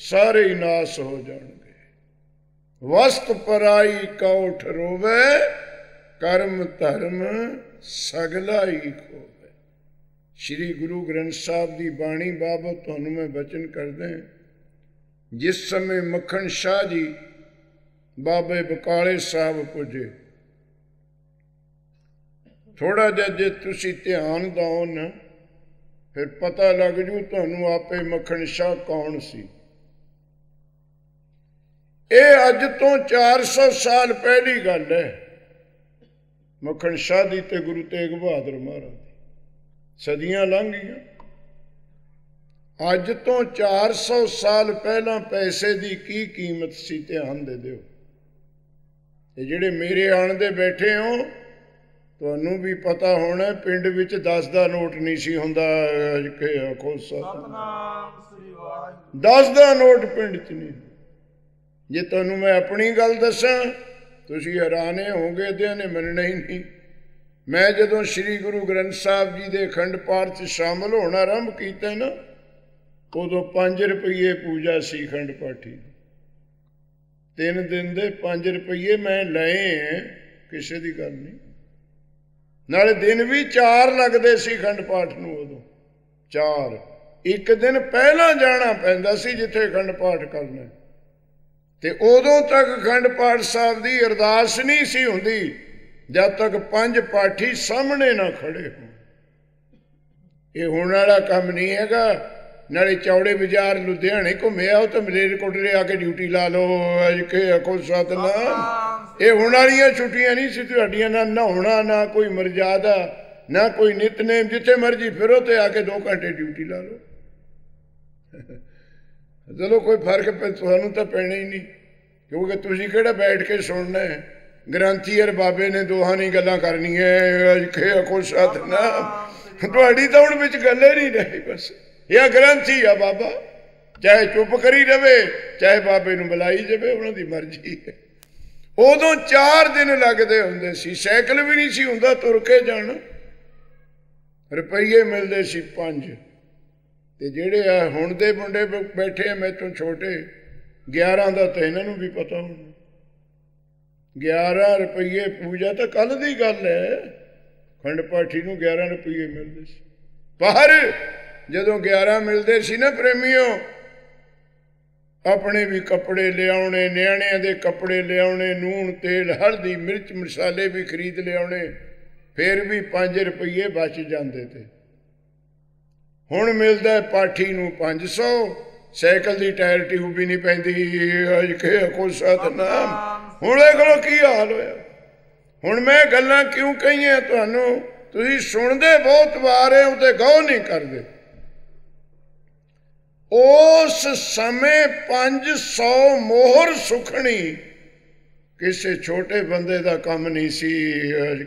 ਸਾਰੇ ਹੀ ਨਾਸ ਹੋ ਜਾਣਗੇ ਵਸਤ ਪਰਾਈ ਕੌਠ ਰੋਵੇ ਕਰਮ ਧਰਮ ਸਗਲਾ ਹੀ ਖੋਵੇ ਸ੍ਰੀ ਗੁਰੂ ਗ੍ਰੰਥ ਸਾਹਿਬ ਦੀ ਬਾਣੀ ਬਾਬਤ ਤੁਹਾਨੂੰ ਮੈਂ ਬਚਨ ਕਰਦੇ ਜਿਸ ਸਮੇਂ ਮੱਖਣ ਸ਼ਾਹ ਜੀ ਬਾਬੇ ਬਕਾਲੇ ਸਾਹਿਬ ਪੁੱਜੇ ਥੋੜਾ ਜਿਹਾ ਜੇ ਤੁਸੀਂ ਧਿਆਨ ਦਿਓ ਨਾ ਫਿਰ ਪਤਾ ਲੱਗ ਜੂ ਤੁਹਾਨੂੰ ਆਪੇ ਮੱਖਣ ਸ਼ਾਹ ਕੌਣ ਸੀ ਇਹ ਅੱਜ ਤੋਂ 400 ਸਾਲ ਪਹਿਲੀ ਗੱਲ ਹੈ ਮੱਖਣ ਸ਼ਾਹ ਦੀ ਤੇ ਗੁਰੂ ਤੇਗ ਬਹਾਦਰ ਮਹਾਰਾਜ ਦੀ ਸਦੀਆਂ ਲੰਘ ਗਈਆਂ ਅੱਜ ਤੋਂ 400 ਸਾਲ ਪਹਿਲਾਂ ਪੈਸੇ ਦੀ ਕੀ ਕੀਮਤ ਸੀ ਧਿਆਨ ਦੇ ਦਿਓ ਤੇ ਜਿਹੜੇ ਮੇਰੇ ਆਣ ਦੇ ਬੈਠੇ ਹੋ ਤੁਹਾਨੂੰ ਵੀ ਪਤਾ ਹੋਣਾ ਪਿੰਡ ਵਿੱਚ 10 ਦਾ ਨੋਟ ਨਹੀਂ ਸੀ ਹੁੰਦਾ ਕਿ ਆਖੋ ਸਤਨਾਮ ਸ੍ਰੀ ਵਾਹਿਗੁਰੂ 10 ਦਾ ਨੋਟ ਪਿੰਡ 'ਚ ਨਹੀਂ ਜੇ ਤੁਹਾਨੂੰ ਮੈਂ ਆਪਣੀ ਗੱਲ ਦੱਸਾਂ ਤੁਸੀਂ ਹੈਰਾਨੇ ਹੋਗੇ ਤੇ ਇਹਨੇ ਮੰਨਣਾ ਹੀ ਨਹੀਂ ਮੈਂ ਜਦੋਂ ਸ੍ਰੀ ਗੁਰੂ ਗ੍ਰੰਥ ਸਾਹਿਬ ਜੀ ਦੇ ਅਖੰਡ ਪਾਠ 'ਚ ਸ਼ਾਮਲ ਹੋਣਾ ਆਰੰਭ ਕੀਤਾ ਨਾ ਉਦੋਂ 5 ਰੁਪਏ ਪੂਜਾ ਸੀ ਅਖੰਡ ਪਾਠੀ ਤਿੰਨ ਦਿਨ ਦੇ 5 ਰੁਪਏ ਮੈਂ ਲਏ ਕਿਸੇ ਦੀ ਗੱਲ ਨਹੀਂ ਨਾਲੇ ਦਿਨ ਵੀ ਚਾਰ ਲੱਗਦੇ ਸੀ ਖੰਡ ਪਾਠ ਨੂੰ ਉਦੋਂ ਚਾਰ ਇੱਕ ਦਿਨ ਪਹਿਲਾਂ ਜਾਣਾ ਪੈਂਦਾ ਸੀ ਜਿੱਥੇ ਖੰਡ ਪਾਠ ਕਰਨਾ ਤੇ ਉਦੋਂ ਤੱਕ ਖੰਡ ਪਾਠ ਸਾਹਿਬ ਦੀ ਅਰਦਾਸ ਨਹੀਂ ਸੀ ਹੁੰਦੀ ਜਦ ਤੱਕ ਪੰਜ ਪਾਠੀ ਸਾਹਮਣੇ ਨਾ ਖੜੇ ਹੋਣ ਇਹ ਹੁਣ ਵਾਲਾ ਕੰਮ ਨਹੀਂ ਹੈਗਾ ਨਾਲੇ ਚੌੜੇ ਬਾਜ਼ਾਰ ਲੁਧਿਆਣੇ ਘੁੰਮੇ ਉਹ ਤਾਂ ਮਲੇਰ ਕੋਟਰੇ ਆ ਕੇ ਡਿਊਟੀ ਲਾ ਲਓ ਕੇ ਅਖੋ ਸਤਨਾਮ ਇਹ ਹੁਣ ਵਾਲੀਆਂ ਛੁੱਟੀਆਂ ਨਹੀਂ ਸੀ ਤੁਹਾਡੀਆਂ ਨਾ ਨਹਾਉਣਾ ਨਾ ਕੋਈ ਮਰਜ਼ਾਦਾ ਨਾ ਕੋਈ ਨਿਤਨੇਮ ਜਿੱਥੇ ਮਰਜੀ ਫਿਰੋ ਤੇ ਆ ਕੇ 2 ਘੰਟੇ ਡਿਊਟੀ ਲਾ ਲਓ ਚਲੋ ਕੋਈ ਫਰਕ ਪੈ ਤੁਹਾਨੂੰ ਤਾਂ ਪੈਣਾ ਹੀ ਨਹੀਂ ਕਿਉਂਕਿ ਤੁਸੀਂ ਕਿਹੜਾ ਬੈਠ ਕੇ ਸੁਣਨਾ ਹੈ ਗ੍ਰੰਥੀ ਅਰ ਬਾਬੇ ਨੇ ਦੋਹਾਂ ਨਹੀਂ ਗੱਲਾਂ ਕਰਨੀਆਂ ਖੇ ਅਖੋ ਸਤਨਾਮ ਤੁਹਾਡੀ ਤਾਂ ਹੁਣ ਵਿੱਚ ਗੱਲੇ ਨਹੀਂ ਰਹੀ ਬਸ ਇਹ ਗ੍ਰੰਥੀ ਆ ਬਾਬਾ ਚਾਹੇ ਚੁੱਪ ਕਰੀ ਰਵੇ ਚਾਹੇ ਬਾਬੇ ਨੂੰ ਬੁਲਾਈ ਜਵੇ ਉਹਨਾਂ ਦੀ ਮਰਜ਼ੀ ਹੈ ਉਦੋਂ 4 ਦਿਨ ਲੱਗਦੇ ਹੁੰਦੇ ਸੀ ਸਾਈਕਲ ਵੀ ਨਹੀਂ ਸੀ ਹੁੰਦਾ ਤੁਰ ਕੇ ਜਾਣ ਰੁਪਈਏ ਮਿਲਦੇ ਸੀ 5 ਤੇ ਜਿਹੜੇ ਆ ਹੁਣ ਦੇ ਮੁੰਡੇ ਬੈਠੇ ਆ ਤੋਂ ਛੋਟੇ 11 ਦਾ ਤਾਂ ਇਹਨਾਂ ਨੂੰ ਵੀ ਪਤਾ ਹੋਣਾ 11 ਰੁਪਈਏ ਪੂਜਾ ਤਾਂ ਕੱਲ ਦੀ ਗੱਲ ਹੈ ਖੰਡ ਪਾਠੀ ਨੂੰ 11 ਰੁਪਈਏ ਮਿਲਦੇ ਸੀ ਬਾਹਰ ਜਦੋਂ 11 ਮਿਲਦੇ ਸੀ ਨਾ ਪ੍ਰੇਮੀਓ ਆਪਣੇ ਵੀ ਕੱਪੜੇ ਲਿਆਉਣੇ ਨਿਆਣਿਆਂ ਦੇ ਕੱਪੜੇ ਲਿਆਉਣੇ ਨੂਣ ਤੇਲ ਹਲਦੀ ਮਿਰਚ ਮਸਾਲੇ ਵੀ ਖਰੀਦ ਲਿਆਉਣੇ ਫੇਰ ਵੀ 5 ਰੁਪਏ ਬਚ ਜਾਂਦੇ ਤੇ ਹੁਣ ਮਿਲਦਾ ਪਾਠੀ ਨੂੰ 500 ਸਾਈਕਲ ਦੀ ਟਾਇਰ ਟਿਊਬ ਵੀ ਨਹੀਂ ਪੈਂਦੀ ਅੱਜ ਕੇ ਕੋ ਸਤਨਾਮ ਹੁਣ ਇਹ ਕੋ ਕੀ ਹਾਲ ਹੋਇਆ ਹੁਣ ਮੈਂ ਗੱਲਾਂ ਕਿਉਂ ਕਹੀਆਂ ਤੁਹਾਨੂੰ ਤੁਸੀਂ ਸੁਣਦੇ ਬਹੁਤ ਵਾਰ ਹੈ ਤੇ ਗੌਰ ਨਹੀਂ ਕਰਦੇ ਉਸ ਸਮੇਂ 500 ਮੋਹਰ ਸੁਖਣੀ ਕਿਸੇ ਛੋਟੇ ਬੰਦੇ ਦਾ ਕੰਮ ਨਹੀਂ ਸੀ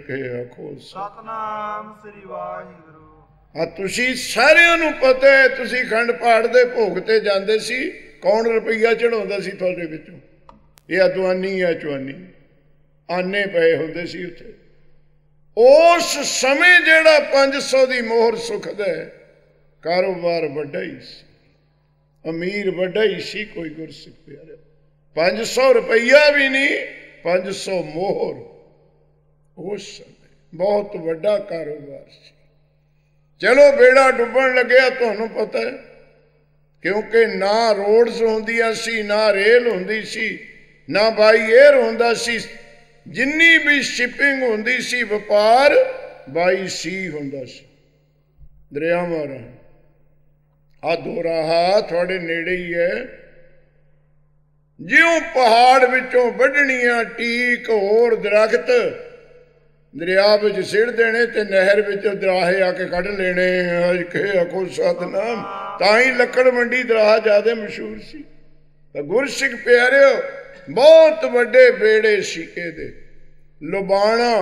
ਕੇ ਆਖੋ ਸਤਨਾਮ ਸ੍ਰੀ ਵਾਹਿਗੁਰੂ ਆ ਤੁਸੀਂ ਸਾਰਿਆਂ ਨੂੰ ਪਤਾ ਹੈ ਤੁਸੀਂ ਖੰਡ ਪਾੜ ਦੇ ਭੋਗ ਤੇ ਜਾਂਦੇ ਸੀ ਕੌਣ ਰੁਪਈਆ ਚੜਾਉਂਦਾ ਸੀ ਤੁਹਾਡੇ ਵਿੱਚੋਂ ਇਹ ਅਦਵਾਨੀ ਆ ਚਵਾਨੀ ਆਨੇ ਪਏ ਹੁੰਦੇ ਸੀ ਉੱਥੇ ਉਸ ਸਮੇਂ ਜਿਹੜਾ 500 ਦੀ ਮੋਹਰ ਸੁਖਦਾ ਕਾਰੋਬਾਰ ਵੱਡਾ ਹੀ ਸੀ ਅਮੀਰ ਵੱਡਾ ਹੀ ਸੀ ਕੋਈ ਗੁਰਸਿੱਖ ਪਿਆਰੇ 500 ਰੁਪਈਆ ਵੀ ਨਹੀਂ 500 ਮੋਹਰ ਉਸ ਸਮੇਂ ਬਹੁਤ ਵੱਡਾ ਕਾਰੋਬਾਰ ਸੀ ਚਲੋ ਬੇੜਾ ਡੁੱਬਣ ਲੱਗਿਆ ਤੁਹਾਨੂੰ ਪਤਾ ਹੈ ਕਿਉਂਕਿ ਨਾ ਰੋਡਸ ਹੁੰਦੀਆਂ ਸੀ ਨਾ ਰੇਲ ਹੁੰਦੀ ਸੀ ਨਾ ਬਾਈ 에ਅਰ ਹੁੰਦਾ ਸੀ ਜਿੰਨੀ ਵੀ ਸ਼ਿਪਿੰਗ ਹੁੰਦੀ ਸੀ ਵਪਾਰ ਬਾਈ ਸੀ ਹੁੰਦਾ ਸੀ ਦਰਿਆਵਾਂ ਰਾਹੀਂ ਆ ਦੋਰਾਹਾ ਤੁਹਾਡੇ ਨੇੜੇ ਹੀ ਹੈ ਜਿਉਂ ਪਹਾੜ ਵਿੱਚੋਂ ਵੱਢਣੀਆਂ ਟੀਕ ਹੋਰ ਦਰਖਤ ਦਰਿਆ ਵਿੱਚ ਸਿੜ ਦੇਣੇ ਤੇ ਨਹਿਰ ਵਿੱਚੋਂ ਦਰਾਹੇ ਆ ਕੇ ਕੱਢ ਲੈਣੇ ਕੇ ਅਕੋ ਸਤਨਾਮ ਤਾਂ ਹੀ ਲੱਕੜ ਮੰਡੀ ਦਰਾਹਾ ਜਿਆਦੇ ਮਸ਼ਹੂਰ ਸੀ ਤਾਂ ਗੁਰਸਿੱਖ ਪਿਆਰਿਓ ਬਹੁਤ ਵੱਡੇ ਬੇੜੇ ਸੀਕੇ ਦੇ ਲੁਬਾਣਾ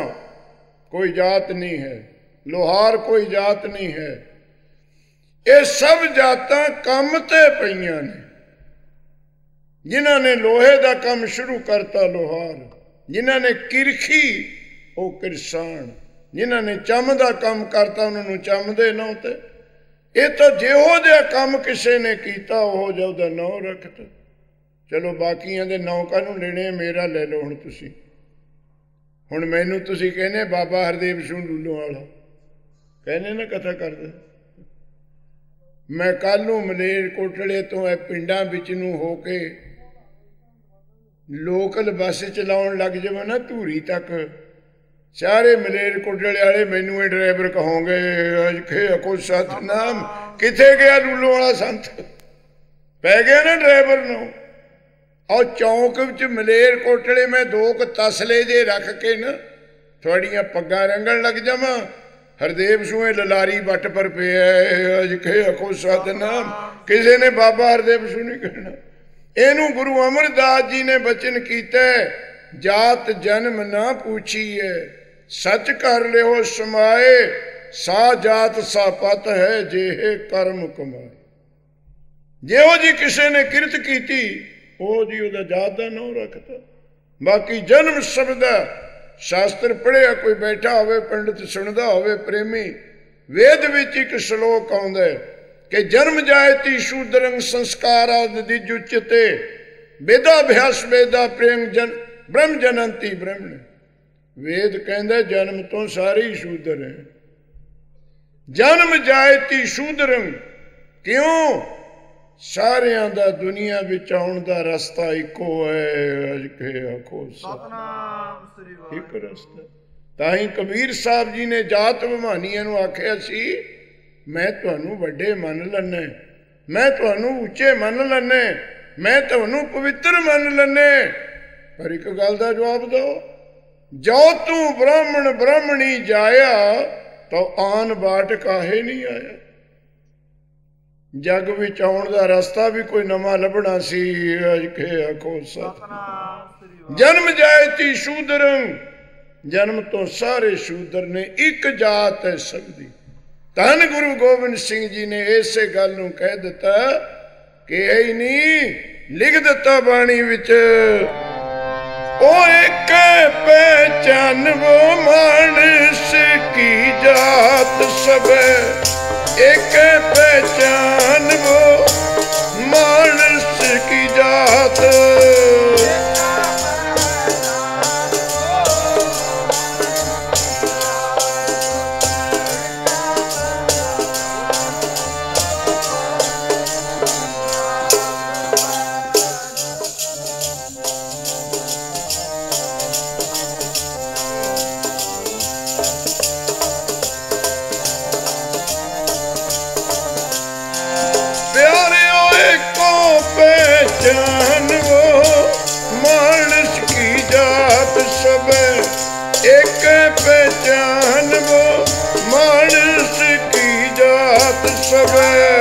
ਕੋਈ ਜਾਤ ਨਹੀਂ ਹੈ ਲੋਹਾਰ ਕੋਈ ਜਾਤ ਨਹੀਂ ਹੈ ਇਹ ਸਭ ਜਾਤਾਂ ਕੰਮ ਤੇ ਪਈਆਂ ਨੇ ਜਿਨ੍ਹਾਂ ਨੇ ਲੋਹੇ ਦਾ ਕੰਮ ਸ਼ੁਰੂ ਕਰਤਾ ਲੋਹਾਰ ਜਿਨ੍ਹਾਂ ਨੇ ਕਿਰਖੀ ਉਹ ਕਿਰਸਾਨ ਜਿਨ੍ਹਾਂ ਨੇ ਚੰਮ ਦਾ ਕੰਮ ਕਰਤਾ ਉਹਨਾਂ ਨੂੰ ਚੰਮ ਦੇ ਨਾਂ ਤੇ ਇਹ ਤਾਂ ਜਿਹੋ ਜਿਹਾ ਕੰਮ ਕਿਸੇ ਨੇ ਕੀਤਾ ਉਹ ਦਾ ਨਾਂ ਰੱਖਤ ਚਲੋ ਬਾਕੀਆਂ ਦੇ ਨਾਂ ਕਾਹਨੂੰ ਲੈਣੇ ਮੇਰਾ ਲੈ ਲਓ ਹੁਣ ਤੁਸੀਂ ਹੁਣ ਮੈਨੂੰ ਤੁਸੀਂ ਕਹਿੰਦੇ ਬਾਬਾ ਹਰਦੀਪ ਸਿੰਘ ਲੂਲੋ ਵਾਲਾ ਕਹਿੰਦੇ ਨਾ ਕਥਾ ਕਰਦੇ ਮੈਂ ਕੱਲ ਨੂੰ ਮਲੇਰ ਕੋਟਲੇ ਤੋਂ ਇਹ ਪਿੰਡਾਂ ਵਿੱਚ ਨੂੰ ਹੋ ਕੇ ਲੋਕਲ ਬੱਸ ਚਲਾਉਣ ਲੱਗ ਜਾਵਾਂ ਨਾ ਧੂਰੀ ਤੱਕ ਸਾਰੇ ਮਲੇਰ ਕੋਟਲੇ ਵਾਲੇ ਮੈਨੂੰ ਇਹ ਡਰਾਈਵਰ ਕਹੋਗੇ ਖੇ ਕੋ ਸਤਨਾਮ ਕਿੱਥੇ ਗਿਆ ਲੂਲੋ ਵਾਲਾ ਸੰਤ ਪੈ ਗਿਆ ਨਾ ਡਰਾਈਵਰ ਨੂੰ ਔਰ ਚੌਂਕ ਵਿੱਚ ਮਲੇਰ ਕੋਟਲੇ ਮੈਂ ਦੋ ਕ ਤਸਲੇ ਦੇ ਰੱਖ ਕੇ ਨਾ ਥੋੜੀਆਂ ਪੱਗਾਂ ਰੰਗਣ ਲੱਗ ਜਾਵਾਂ ਹਰਦੇਵ ਸੂਏ ਲਲਾਰੀ ਵੱਟ ਪਰ ਪਿਆ ਅਜ ਕੇ ਕੋ ਸਤਨਾਮ ਕਿਸੇ ਨੇ ਬਾਬਾ ਹਰਦੇਵ ਸੂ ਨਹੀਂ ਕਹਿਣਾ ਇਹਨੂੰ ਗੁਰੂ ਅਮਰਦਾਸ ਜੀ ਨੇ ਬਚਨ ਕੀਤਾ ਜਾਤ ਜਨਮ ਨਾ ਪੂਛੀਏ ਸੱਚ ਕਰ ਲਿਓ ਸਮਾਏ ਸਾ ਜਾਤ ਸਾ ਪਤ ਹੈ ਜੇ ਕਰਮ ਕਮਾਏ ਜੇ ਉਹ ਜੀ ਕਿਸੇ ਨੇ ਕਿਰਤ ਕੀਤੀ ਉਹ ਜੀ ਉਹਦਾ ਜਾਤ ਦਾ ਨਾਮ ਰੱਖਦਾ ਬਾਕੀ ਜਨਮ ਸ਼ਬਦ ਸ਼ਾਸਤਰ ਪੜਿਆ ਕੋਈ ਬੈਠਾ ਹੋਵੇ ਪੰਡਿਤ ਸੁਣਦਾ ਹੋਵੇ ਪ੍ਰੇਮੀ ਵੇਦ ਵਿੱਚ ਇੱਕ ਸ਼ਲੋਕ ਆਉਂਦਾ ਹੈ ਕਿ ਜਨਮ ਜਾਇਤੀ ਸ਼ੂਦਰੰ ਸੰਸਕਾਰ ਆਦਿ ਦੀ ਜੁਚਤੇ ਵੇਦਾ ਅਭਿਆਸ ਵੇਦਾ ਪ੍ਰੇਮ ਜਨ ਬ੍ਰਹਮ ਜਨੰਤੀ ਬ੍ਰਹਮ ਵੇਦ ਕਹਿੰਦਾ ਜਨਮ ਤੋਂ ਸਾਰੇ ਹੀ ਸ਼ੂਦਰ ਹੈ ਜਨਮ ਜਾਇਤੀ ਸ਼ੂਦਰੰ ਕਿਉਂ ਸਾਰਿਆਂ ਦਾ ਦੁਨੀਆ ਵਿੱਚ ਆਉਣ ਦਾ ਰਸਤਾ ਇੱਕੋ ਹੈ ਅਜ ਕੇ ਆਖੋ ਸਤਨਾਮ ਸ੍ਰੀ ਵਾਹਿਗੁਰੂ ਇੱਕ ਰਸਤਾ ਤਾਂ ਹੀ ਕਬੀਰ ਸਾਹਿਬ ਜੀ ਨੇ ਜਾਤ ਬਿਮਾਨੀਆਂ ਨੂੰ ਆਖਿਆ ਸੀ ਮੈਂ ਤੁਹਾਨੂੰ ਵੱਡੇ ਮੰਨ ਲੈਣਾ ਮੈਂ ਤੁਹਾਨੂੰ ਉੱਚੇ ਮੰਨ ਲੈਣਾ ਮੈਂ ਤੁਹਾਨੂੰ ਪਵਿੱਤਰ ਮੰਨ ਲੈਣਾ ਪਰ ਇੱਕ ਗੱਲ ਦਾ ਜਵਾਬ ਦਿਓ ਜੋ ਤੂੰ ਬ੍ਰਾਹਮਣ ਬ੍ਰਾਹਮਣੀ ਜਾਇਆ ਤੋ ਆਨ ਬਾਟ ਕਾਹੇ ਨਹੀਂ ਆਇਆ ਜਗ ਵਿੱਚ ਆਉਣ ਦਾ ਰਸਤਾ ਵੀ ਕੋਈ ਨਵਾਂ ਲੱਭਣਾ ਸੀ ਅਜ ਕੇ ਆਖੋ ਸਤ ਜਨਮ ਜਾਇਤੀ ਸ਼ੂਦਰੰ ਜਨਮ ਤੋਂ ਸਾਰੇ ਸ਼ੂਦਰ ਨੇ ਇੱਕ ਜਾਤ ਹੈ ਸਭ ਦੀ ਤਨ ਗੁਰੂ ਗੋਬਿੰਦ ਸਿੰਘ ਜੀ ਨੇ ਇਸੇ ਗੱਲ ਨੂੰ ਕਹਿ ਦਿੱਤਾ ਕਿ ਐ ਨਹੀਂ ਲਿਖ ਦਿੱਤਾ ਬਾਣੀ ਵਿੱਚ ਉਹ ਇੱਕ ਪਹਿਚਾਨ ਵੋ ਮਾਨਸ ਕੀ ਜਾਤ ਸਭੇ ਇੱਕ ਪਹਿਚਾਨ ਵੋ ਮਾਨਸ ਕੀ ਜਾਤ de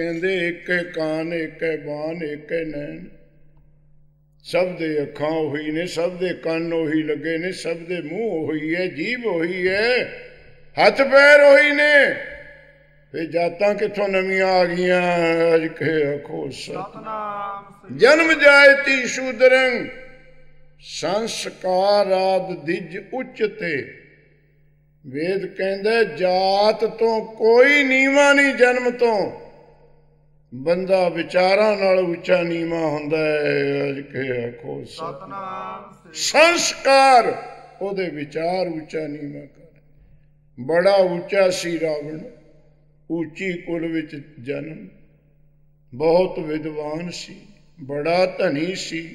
ਕਹਿੰਦੇ ਇੱਕ ਕਾਨ ਏਕੈ ਬਾਨ ਇੱਕ ਨੈਣ ਸਭ ਦੇ ਅੱਖਾਂ ਉਹੀ ਨੇ ਸਭ ਦੇ ਕੰਨ ਉਹੀ ਲੱਗੇ ਨੇ ਸਭ ਦੇ ਮੂੰਹ ਉਹੀ ਹੈ ਜੀਭ ਉਹੀ ਹੈ ਹੱਥ ਪੈਰ ਉਹੀ ਨੇ ਫੇ ਜਾਤਾਂ ਕਿੱਥੋਂ ਨਵੀਆਂ ਆ ਗਈਆਂ ਅਜ ਕੇ ਅਖੋ ਸਤਨਾਮ ਜਨਮ ਜਾਇਤੀ ਸ਼ੂਦਰੰ ਸੰਸਕਾਰ ਆਦ ਦਿਜ ਉਚਤੇ ਵੇਦ ਕਹਿੰਦਾ ਜਾਤ ਤੋਂ ਕੋਈ ਨੀਵਾ ਨਹੀਂ ਜਨਮ ਤੋਂ ਬੰਦਾ ਵਿਚਾਰਾਂ ਨਾਲ ਉੱਚਾ ਨੀਵਾ ਹੁੰਦਾ ਹੈ ਅਜ ਕੇ ਆਖੋ ਸਤਨਾਮ ਸੰਸਕਾਰ ਉਹਦੇ ਵਿਚਾਰ ਉੱਚਾ ਨੀਵਾ ਕਰ ਬੜਾ ਉੱਚਾ ਸੀ ਰਾਵਣ ਉੱਚੀ ਕੁਲ ਵਿੱਚ ਜਨਮ ਬਹੁਤ ਵਿਦਵਾਨ ਸੀ ਬੜਾ ਧਨੀ ਸੀ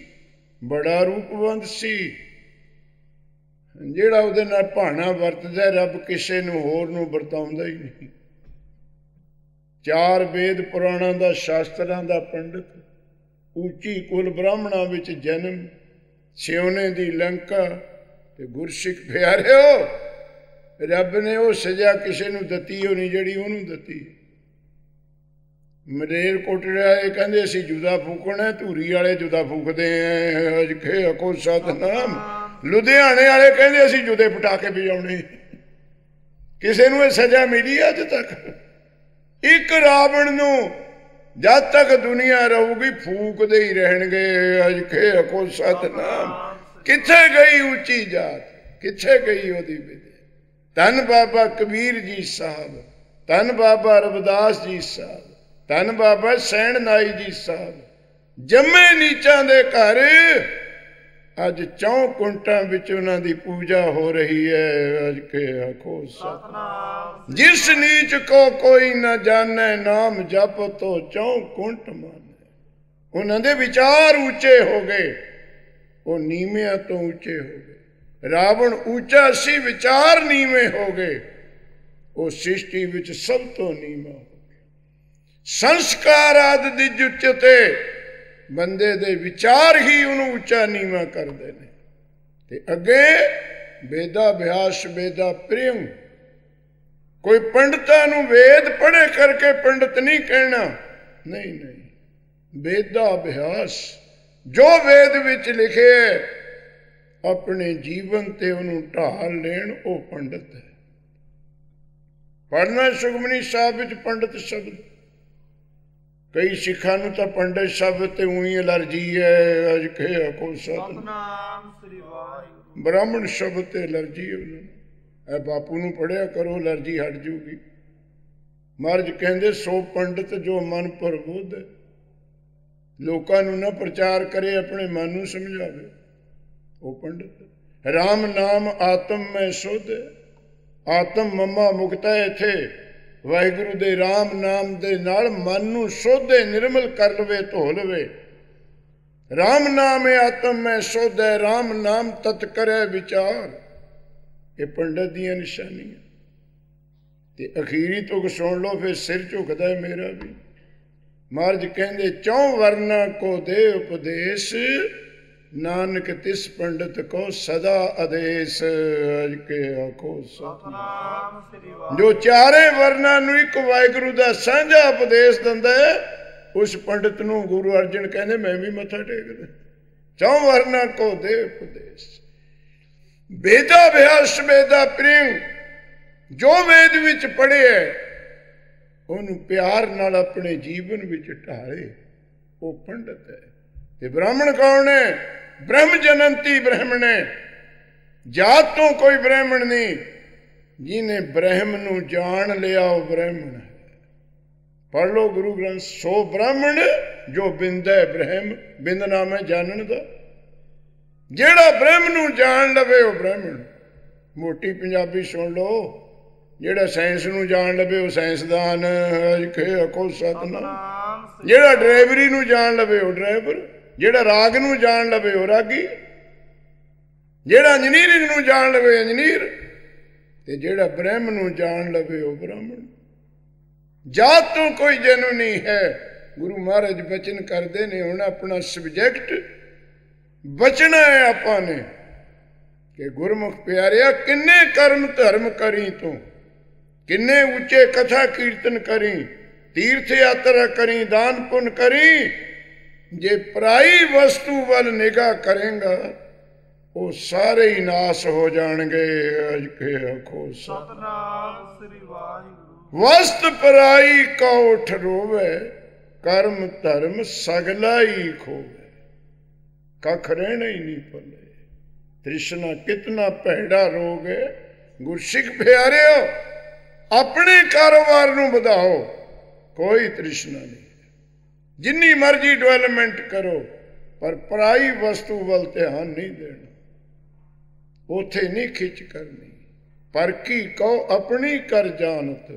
ਬੜਾ ਰੂਪਵੰਤ ਸੀ ਜਿਹੜਾ ਉਹਦੇ ਨਾਲ ਭਾਣਾ ਵਰਤਦਾ ਰੱਬ ਕਿਸੇ ਨੂੰ ਹੋਰ ਨੂੰ ਵਰਤਾਉਂਦਾ ਹੀ ਨਹੀਂ ਚਾਰ ਵੇਦ ਪੁਰਾਣਾਂ ਦਾ ਸ਼ਾਸਤਰਾਂ ਦਾ ਪੰਡਿਤ ਉੱਚੀ ਕੁਲ ਬ੍ਰਾਹਮਣਾ ਵਿੱਚ ਜਨਮ ਸਿਉਨੇ ਦੀ ਲੰਕਾ ਤੇ ਗੁਰਸਿੱਖ ਪਿਆਰਿਓ ਰੱਬ ਨੇ ਉਹ ਸਜ਼ਾ ਕਿਸੇ ਨੂੰ ਦਿੱਤੀ ਹੋਣੀ ਜਿਹੜੀ ਉਹਨੂੰ ਦਿੱਤੀ ਮਰੇਰ ਕੋਟੜਾ ਇਹ ਕਹਿੰਦੇ ਅਸੀਂ ਜੁਦਾ ਫੂਕਣਾ ਧੂਰੀ ਵਾਲੇ ਜੁਦਾ ਫੂਕਦੇ ਆਂ ਅਜ ਖੇ ਕੋ ਸਤਨਾਮ ਲੁਧਿਆਣੇ ਵਾਲੇ ਕਹਿੰਦੇ ਅਸੀਂ ਜੁਦੇ ਪਟਾਕੇ ਵਜਾਉਣੇ ਕਿਸੇ ਨੂੰ ਇਹ ਸਜ਼ਾ ਮਿਲੀ ਅੱਜ ਤੱਕ ਇੱਕ ਰਾਵਣ ਨੂੰ ਜਦ ਤੱਕ ਦੁਨੀਆ ਰਹੂਗੀ ਫੂਕਦੇ ਹੀ ਰਹਿਣਗੇ ਅਜਖੇ ਕੋ ਸਤਨਾਮ ਕਿੱਥੇ ਗਈ ਉੱਚੀ ਜਾਤ ਕਿੱਥੇ ਗਈ ਉਹਦੀ ਵਿਦਿਆ ਧੰਨ ਬਾਬਾ ਕਬੀਰ ਜੀ ਸਾਹਿਬ ਧੰਨ ਬਾਬਾ ਰਵਿਦਾਸ ਜੀ ਸਾਹਿਬ ਧੰਨ ਬਾਬਾ ਸੈਣ ਨਾਈ ਜੀ ਸਾਹਿਬ ਜੰਮੇ ਨੀਚਾਂ ਦੇ ਘਰ ਅੱਜ ਚੌ ਕੁੰਟਾਂ ਵਿੱਚ ਉਹਨਾਂ ਦੀ ਪੂਜਾ ਹੋ ਰਹੀ ਹੈ ਅੱਜ ਕੇ ਆਖੋ ਸਤਨਾਮ ਜਿਸ ਨੀਚ ਕੋ ਕੋਈ ਨਾ ਜਾਣੈ ਨਾਮ ਜਪ ਤੋ ਚੌ ਕੁੰਟ ਮਾਨੈ ਉਹਨਾਂ ਦੇ ਵਿਚਾਰ ਉੱਚੇ ਹੋ ਗਏ ਉਹ ਨੀਵੇਂ ਤੋਂ ਉੱਚੇ ਹੋ ਗਏ ਰਾਵਣ ਉੱਚਾ ਸੀ ਵਿਚਾਰ ਨੀਵੇਂ ਹੋ ਗਏ ਉਹ ਸ੍ਰਿਸ਼ਟੀ ਵਿੱਚ ਸਭ ਤੋਂ ਨੀਵਾਂ ਹੋ ਗਿਆ ਸੰਸਕਾਰ ਆਦਿ ਦੀ ਤੇ ਬੰਦੇ ਦੇ ਵਿਚਾਰ ਹੀ ਉਹਨੂੰ ਉੱਚਾ ਨੀਵਾ ਕਰਦੇ ਨੇ ਤੇ ਅੱਗੇ ਵੇਦਾ ਅਭਿਆਸ ਵੇਦਾ ਪ੍ਰੇਮ ਕੋਈ ਪੰਡਤਾਂ ਨੂੰ ਵੇਦ ਪੜ੍ਹੇ ਕਰਕੇ ਪੰਡਤ ਨਹੀਂ ਕਹਿਣਾ ਨਹੀਂ ਨਹੀਂ ਵੇਦਾ ਅਭਿਆਸ ਜੋ ਵੇਦ ਵਿੱਚ ਲਿਖਿਆ ਆਪਣੇ ਜੀਵਨ ਤੇ ਉਹਨੂੰ ਢਾਲ ਲੈਣ ਉਹ ਪੰਡਤ ਹੈ ਪੜਨਾ ਸੁਖਮਨੀ ਸਾਹਿਬ ਵਿੱਚ ਪੰਡਤ ਸ਼ਬਦ ਕਈ ਸਿੱਖਾਂ ਨੂੰ ਤਾਂ ਪੰਡਤ ਸ਼ਬਦ ਤੇ ਉਹੀ ਅਲਰਜੀ ਹੈ ਅਜ ਕੇ ਕੋ ਨਾਮ ਸ੍ਰੀ ਵਾਹਿਗੁਰੂ ਬ੍ਰਾਹਮਣ ਸ਼ਬਦ ਤੇ ਅਲਰਜੀ ਹੈ ਉਹਨੂੰ ਐ ਬਾਪੂ ਨੂੰ ਪੜਿਆ ਕਰੋ ਅਲਰਜੀ ਹਟ ਜੂਗੀ ਮਹਾਰਜ ਕਹਿੰਦੇ ਸੋ ਪੰਡਤ ਜੋ ਮਨ ਪਰਬੁੱਧ ਲੋਕਾਂ ਨੂੰ ਨਾ ਪ੍ਰਚਾਰ ਕਰੇ ਆਪਣੇ ਮਨ ਨੂੰ ਸਮਝਾਵੇ ਉਹ ਪੰਡਤ RAM ਨਾਮ ਆਤਮ ਮੈਂ ਸੁਧ ਆਤਮ ਮਮਾ ਮੁਕਤਾ ਇਥੇ ਵਾਹਿਗੁਰੂ ਦੇ RAM ਨਾਮ ਦੇ ਨਾਲ ਮਨ ਨੂੰ ਸੋਧੇ ਨਿਰਮਲ ਕਰ ਲਵੇ ਧੋ ਲਵੇ RAM ਨਾਮ ਹੈ ਆਤਮ ਮੈਂ ਸੋਧੇ RAM ਨਾਮ ਤਤ ਕਰੇ ਵਿਚਾਰ ਇਹ ਪੰਡਤ ਦੀਆਂ ਨਿਸ਼ਾਨੀਆਂ ਤੇ ਅਖੀਰੀ ਤੁਕ ਸੁਣ ਲਓ ਫਿਰ ਸਿਰ ਝੁਕਦਾ ਹੈ ਮੇਰਾ ਵੀ ਮਹਾਰਜ ਕਹਿੰਦੇ ਚੌ ਵਰਨਾ ਕੋ ਦੇ ਉਪਦੇਸ਼ ਨਾਨਕ ਤਿਸ ਪੰਡਤ ਕੋ ਸਦਾ ਆਦੇਸ਼ ਅਜ ਕੇ ਆਖੋ ਸਤਨਾਮ ਜੋ ਚਾਰੇ ਵਰਨਾਂ ਨੂੰ ਇੱਕ ਵਾਹਿਗੁਰੂ ਦਾ ਸਾਂਝਾ ਉਪਦੇਸ਼ ਦਿੰਦਾ ਹੈ ਉਸ ਪੰਡਤ ਨੂੰ ਗੁਰੂ ਅਰਜਨ ਕਹਿੰਦੇ ਮੈਂ ਵੀ ਮੱਥਾ ਟੇਕਦਾ ਚੌ ਵਰਨਾ ਕੋ ਦੇ ਉਪਦੇਸ਼ ਬੇਦਾ ਵਿਆਸ ਬੇਦਾ ਪ੍ਰੇਮ ਜੋ ਵੇਦ ਵਿੱਚ ਪੜਿਆ ਉਹਨੂੰ ਪਿਆਰ ਨਾਲ ਆਪਣੇ ਜੀਵਨ ਵਿੱਚ ਢਾਲੇ ਉਹ ਪੰਡਤ ਹੈ ਤੇ ਬ੍ਰਾਹਮਣ ਕੌਣ ਹੈ ਬ੍ਰਹਮ ਜਨੰਤੀ ਬ੍ਰਹਮਣੇ ਜਾਤ ਤੋਂ ਕੋਈ ਬ੍ਰਹਮਣ ਨਹੀਂ ਜਿਨੇ ਬ੍ਰਹਮ ਨੂੰ ਜਾਣ ਲਿਆ ਉਹ ਬ੍ਰਹਮਣ ਹੈ ਪੜ ਲੋ ਗੁਰੂ ਗ੍ਰੰਥ ਸੋ ਬ੍ਰਹਮਣ ਜੋ ਬਿੰਦੈ ਬ੍ਰਹਮ ਬਿੰਦ ਨਾਮੈ ਜਾਣਨ ਦਾ ਜਿਹੜਾ ਬ੍ਰਹਮ ਨੂੰ ਜਾਣ ਲਵੇ ਉਹ ਬ੍ਰਹਮਣ ਮੋਟੀ ਪੰਜਾਬੀ ਸੁਣ ਲੋ ਜਿਹੜਾ ਸਾਇੰਸ ਨੂੰ ਜਾਣ ਲਵੇ ਉਹ ਸਾਇੰਸਦਾਨ ਅਖੇ ਅਕੋ ਸਤਨਾਮ ਜਿਹੜਾ ਡਰਾਈਵਰੀ ਨੂੰ ਜਾਣ ਲਵੇ ਉਹ ਡਰਾਈਵਰ ਜਿਹੜਾ ਰਾਗ ਨੂੰ ਜਾਣ ਲਵੇ ਉਹ ਰਾਗੀ ਜਿਹੜਾ ਇੰਜੀਨੀਅਰਿੰਗ ਨੂੰ ਜਾਣ ਲਵੇ ਇੰਜੀਨੀਅਰ ਤੇ ਜਿਹੜਾ ਬ੍ਰਹਮ ਨੂੰ ਜਾਣ ਲਵੇ ਉਹ ਬ੍ਰਾਹਮਣ ਜਾਤ ਤੋਂ ਕੋਈ ਜਨੂ ਨਹੀਂ ਹੈ ਗੁਰੂ ਮਹਾਰਾਜ ਬਚਨ ਕਰਦੇ ਨੇ ਹੁਣ ਆਪਣਾ ਸਬਜੈਕਟ ਬਚਣਾ ਹੈ ਆਪਾਂ ਨੇ ਕਿ ਗੁਰਮੁਖ ਪਿਆਰਿਆ ਕਿੰਨੇ ਕਰਮ ਧਰਮ ਕਰੀ ਤੂੰ ਕਿੰਨੇ ਉੱਚੇ ਕਥਾ ਕੀਰਤਨ ਕਰੀ ਤੀਰਥ ਯਾਤਰਾ ਕਰੀ ਦਾਨ ਪੁੰਨ ਕਰੀ ਜੇ ਪ੍ਰਾਈ ਵਸਤੂ ਵੱਲ ਨਿਗਾਹ ਕਰੇਗਾ ਉਹ ਸਾਰੇ ਹੀ ਨਾਸ ਹੋ ਜਾਣਗੇ ਅਜ ਕੇ ਆਖੋ ਸਤਨਾਮ ਸ੍ਰੀ ਵਾਹਿਗੁਰੂ ਵਸਤ ਕਾ ਉਠ ਰੋਵੇ ਕਰਮ ਧਰਮ ਸਗਲਾ ਹੀ ਖੋਵੇ ਕੱਖ ਰਹਿਣਾ ਹੀ ਨਹੀਂ ਪੱਲੇ ਤ੍ਰਿਸ਼ਨਾ ਕਿਤਨਾ ਭੈੜਾ ਰੋਗ ਹੈ ਗੁਰਸਿੱਖ ਪਿਆਰਿਓ ਆਪਣੇ ਕਾਰੋਬਾਰ ਨੂੰ ਵਧਾਓ ਕੋਈ ਤ੍ਰਿਸ਼ਨਾ ਨਹੀਂ ਜਿੰਨੀ ਮਰਜ਼ੀ ਡਿਵੈਲਪਮੈਂਟ ਕਰੋ ਪਰ ਪਰਾਈ ਵਸਤੂ ਵੱਲ ਧਿਆਨ ਨਹੀਂ ਦੇਣਾ ਉਥੇ ਨਹੀਂ ਖਿੱਚ ਕਰਨੀ ਪਰ ਕੀ ਕਹੋ ਆਪਣੀ ਕਰ ਜਾਣਤ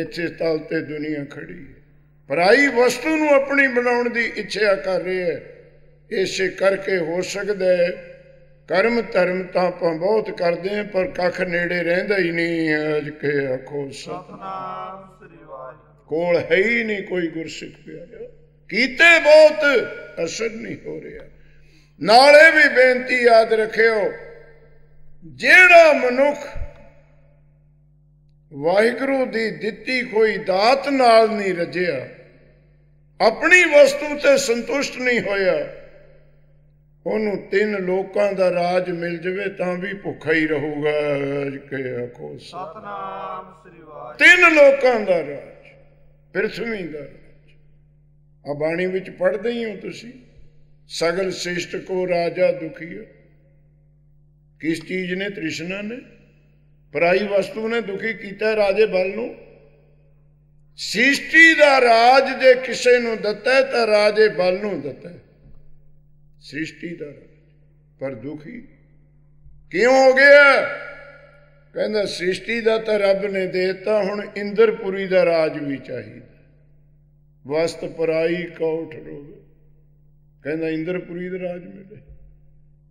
ਇੱਥੇ ਤਲ ਤੇ ਦੁਨੀਆ ਖੜੀ ਹੈ ਪਰਾਈ ਵਸਤੂ ਨੂੰ ਆਪਣੀ ਬਣਾਉਣ ਦੀ ਇੱਛਾ ਕਰ ਰਹੀ ਹੈ ਇਸੇ ਕਰਕੇ ਹੋ ਸਕਦਾ ਹੈ ਕਰਮ ਧਰਮ ਤਾਂ ਆਪਾਂ ਬਹੁਤ ਕਰਦੇ ਆਂ ਪਰ ਕੱਖ ਨੇੜੇ ਰਹਿੰਦਾ ਹੀ ਨਹੀਂ ਅਜ ਕੇ ਆਖੋ ਸਤਨਾਮ ਸ੍ਰੀ ਕੋਲ ਹੈ ਹੀ ਨਹੀਂ ਕੋਈ ਗੁਰਸਿੱਖ ਪਿਆਰਾ ਕੀਤੇ ਬਹੁਤ ਅਸਰ ਨਹੀਂ ਹੋ ਰਿਹਾ ਨਾਲੇ ਵੀ ਬੇਨਤੀ ਯਾਦ ਰੱਖਿਓ ਜਿਹੜਾ ਮਨੁੱਖ ਵਾਹਿਗੁਰੂ ਦੀ ਦਿੱਤੀ ਕੋਈ ਦਾਤ ਨਾਲ ਨਹੀਂ ਰਜਿਆ ਆਪਣੀ ਵਸਤੂ ਤੇ ਸੰਤੁਸ਼ਟ ਨਹੀਂ ਹੋਇਆ ਉਹਨੂੰ ਤਿੰਨ ਲੋਕਾਂ ਦਾ ਰਾਜ ਮਿਲ ਜਵੇ ਤਾਂ ਵੀ ਭੁੱਖਾ ਹੀ ਰਹੂਗਾ ਕਿ ਆਖੋ ਸਤਨਾਮ ਸ੍ਰੀ ਵਾਹਿਗੁਰੂ ਤਿੰਨ ਲੋਕਾਂ ਦਾ ਰਾਜ ਪ੍ਰਥਵੀ ਦਾ ਆ ਬਾਣੀ ਵਿੱਚ ਪੜਦੇ ਹੀ ਹੋ ਤੁਸੀਂ ਸਗਲ ਸ੍ਰਿਸ਼ਟ ਕੋ ਰਾਜਾ ਦੁਖੀ ਕਿਸ ਚੀਜ਼ ਨੇ ਤ੍ਰਿਸ਼ਨਾ ਨੇ ਪਰਾਈ ਵਸਤੂ ਨੇ ਦੁਖੀ ਕੀਤਾ ਰਾਜੇ ਬਲ ਨੂੰ ਸ੍ਰਿਸ਼ਟੀ ਦਾ ਰਾਜ ਜੇ ਕਿਸੇ ਨੂੰ ਦਿੱਤਾ ਤਾਂ ਰਾਜੇ ਬਲ ਨੂੰ ਦਿੱਤਾ ਸ੍ਰਿਸ਼ਟੀ ਦਾ ਪਰ ਦੁਖੀ ਕਿਉਂ ਹੋ ਗਿਆ ਕਹਿੰਦਾ ਸ੍ਰਿਸ਼ਟੀ ਦਾ ਤਾਂ ਰੱਬ ਨੇ ਦੇਤਾ ਹੁਣ ਇੰਦਰਪੁਰੀ ਦਾ ਰਾਜ ਵੀ ਚਾਹੀਦਾ ਵਸਤ ਪਰਾਈ ਕੋਠ ਰੋਗ ਕਹਿੰਦਾ ਇੰਦਰਪੁਰੀ ਦਾ ਰਾਜ ਮਿਲੇ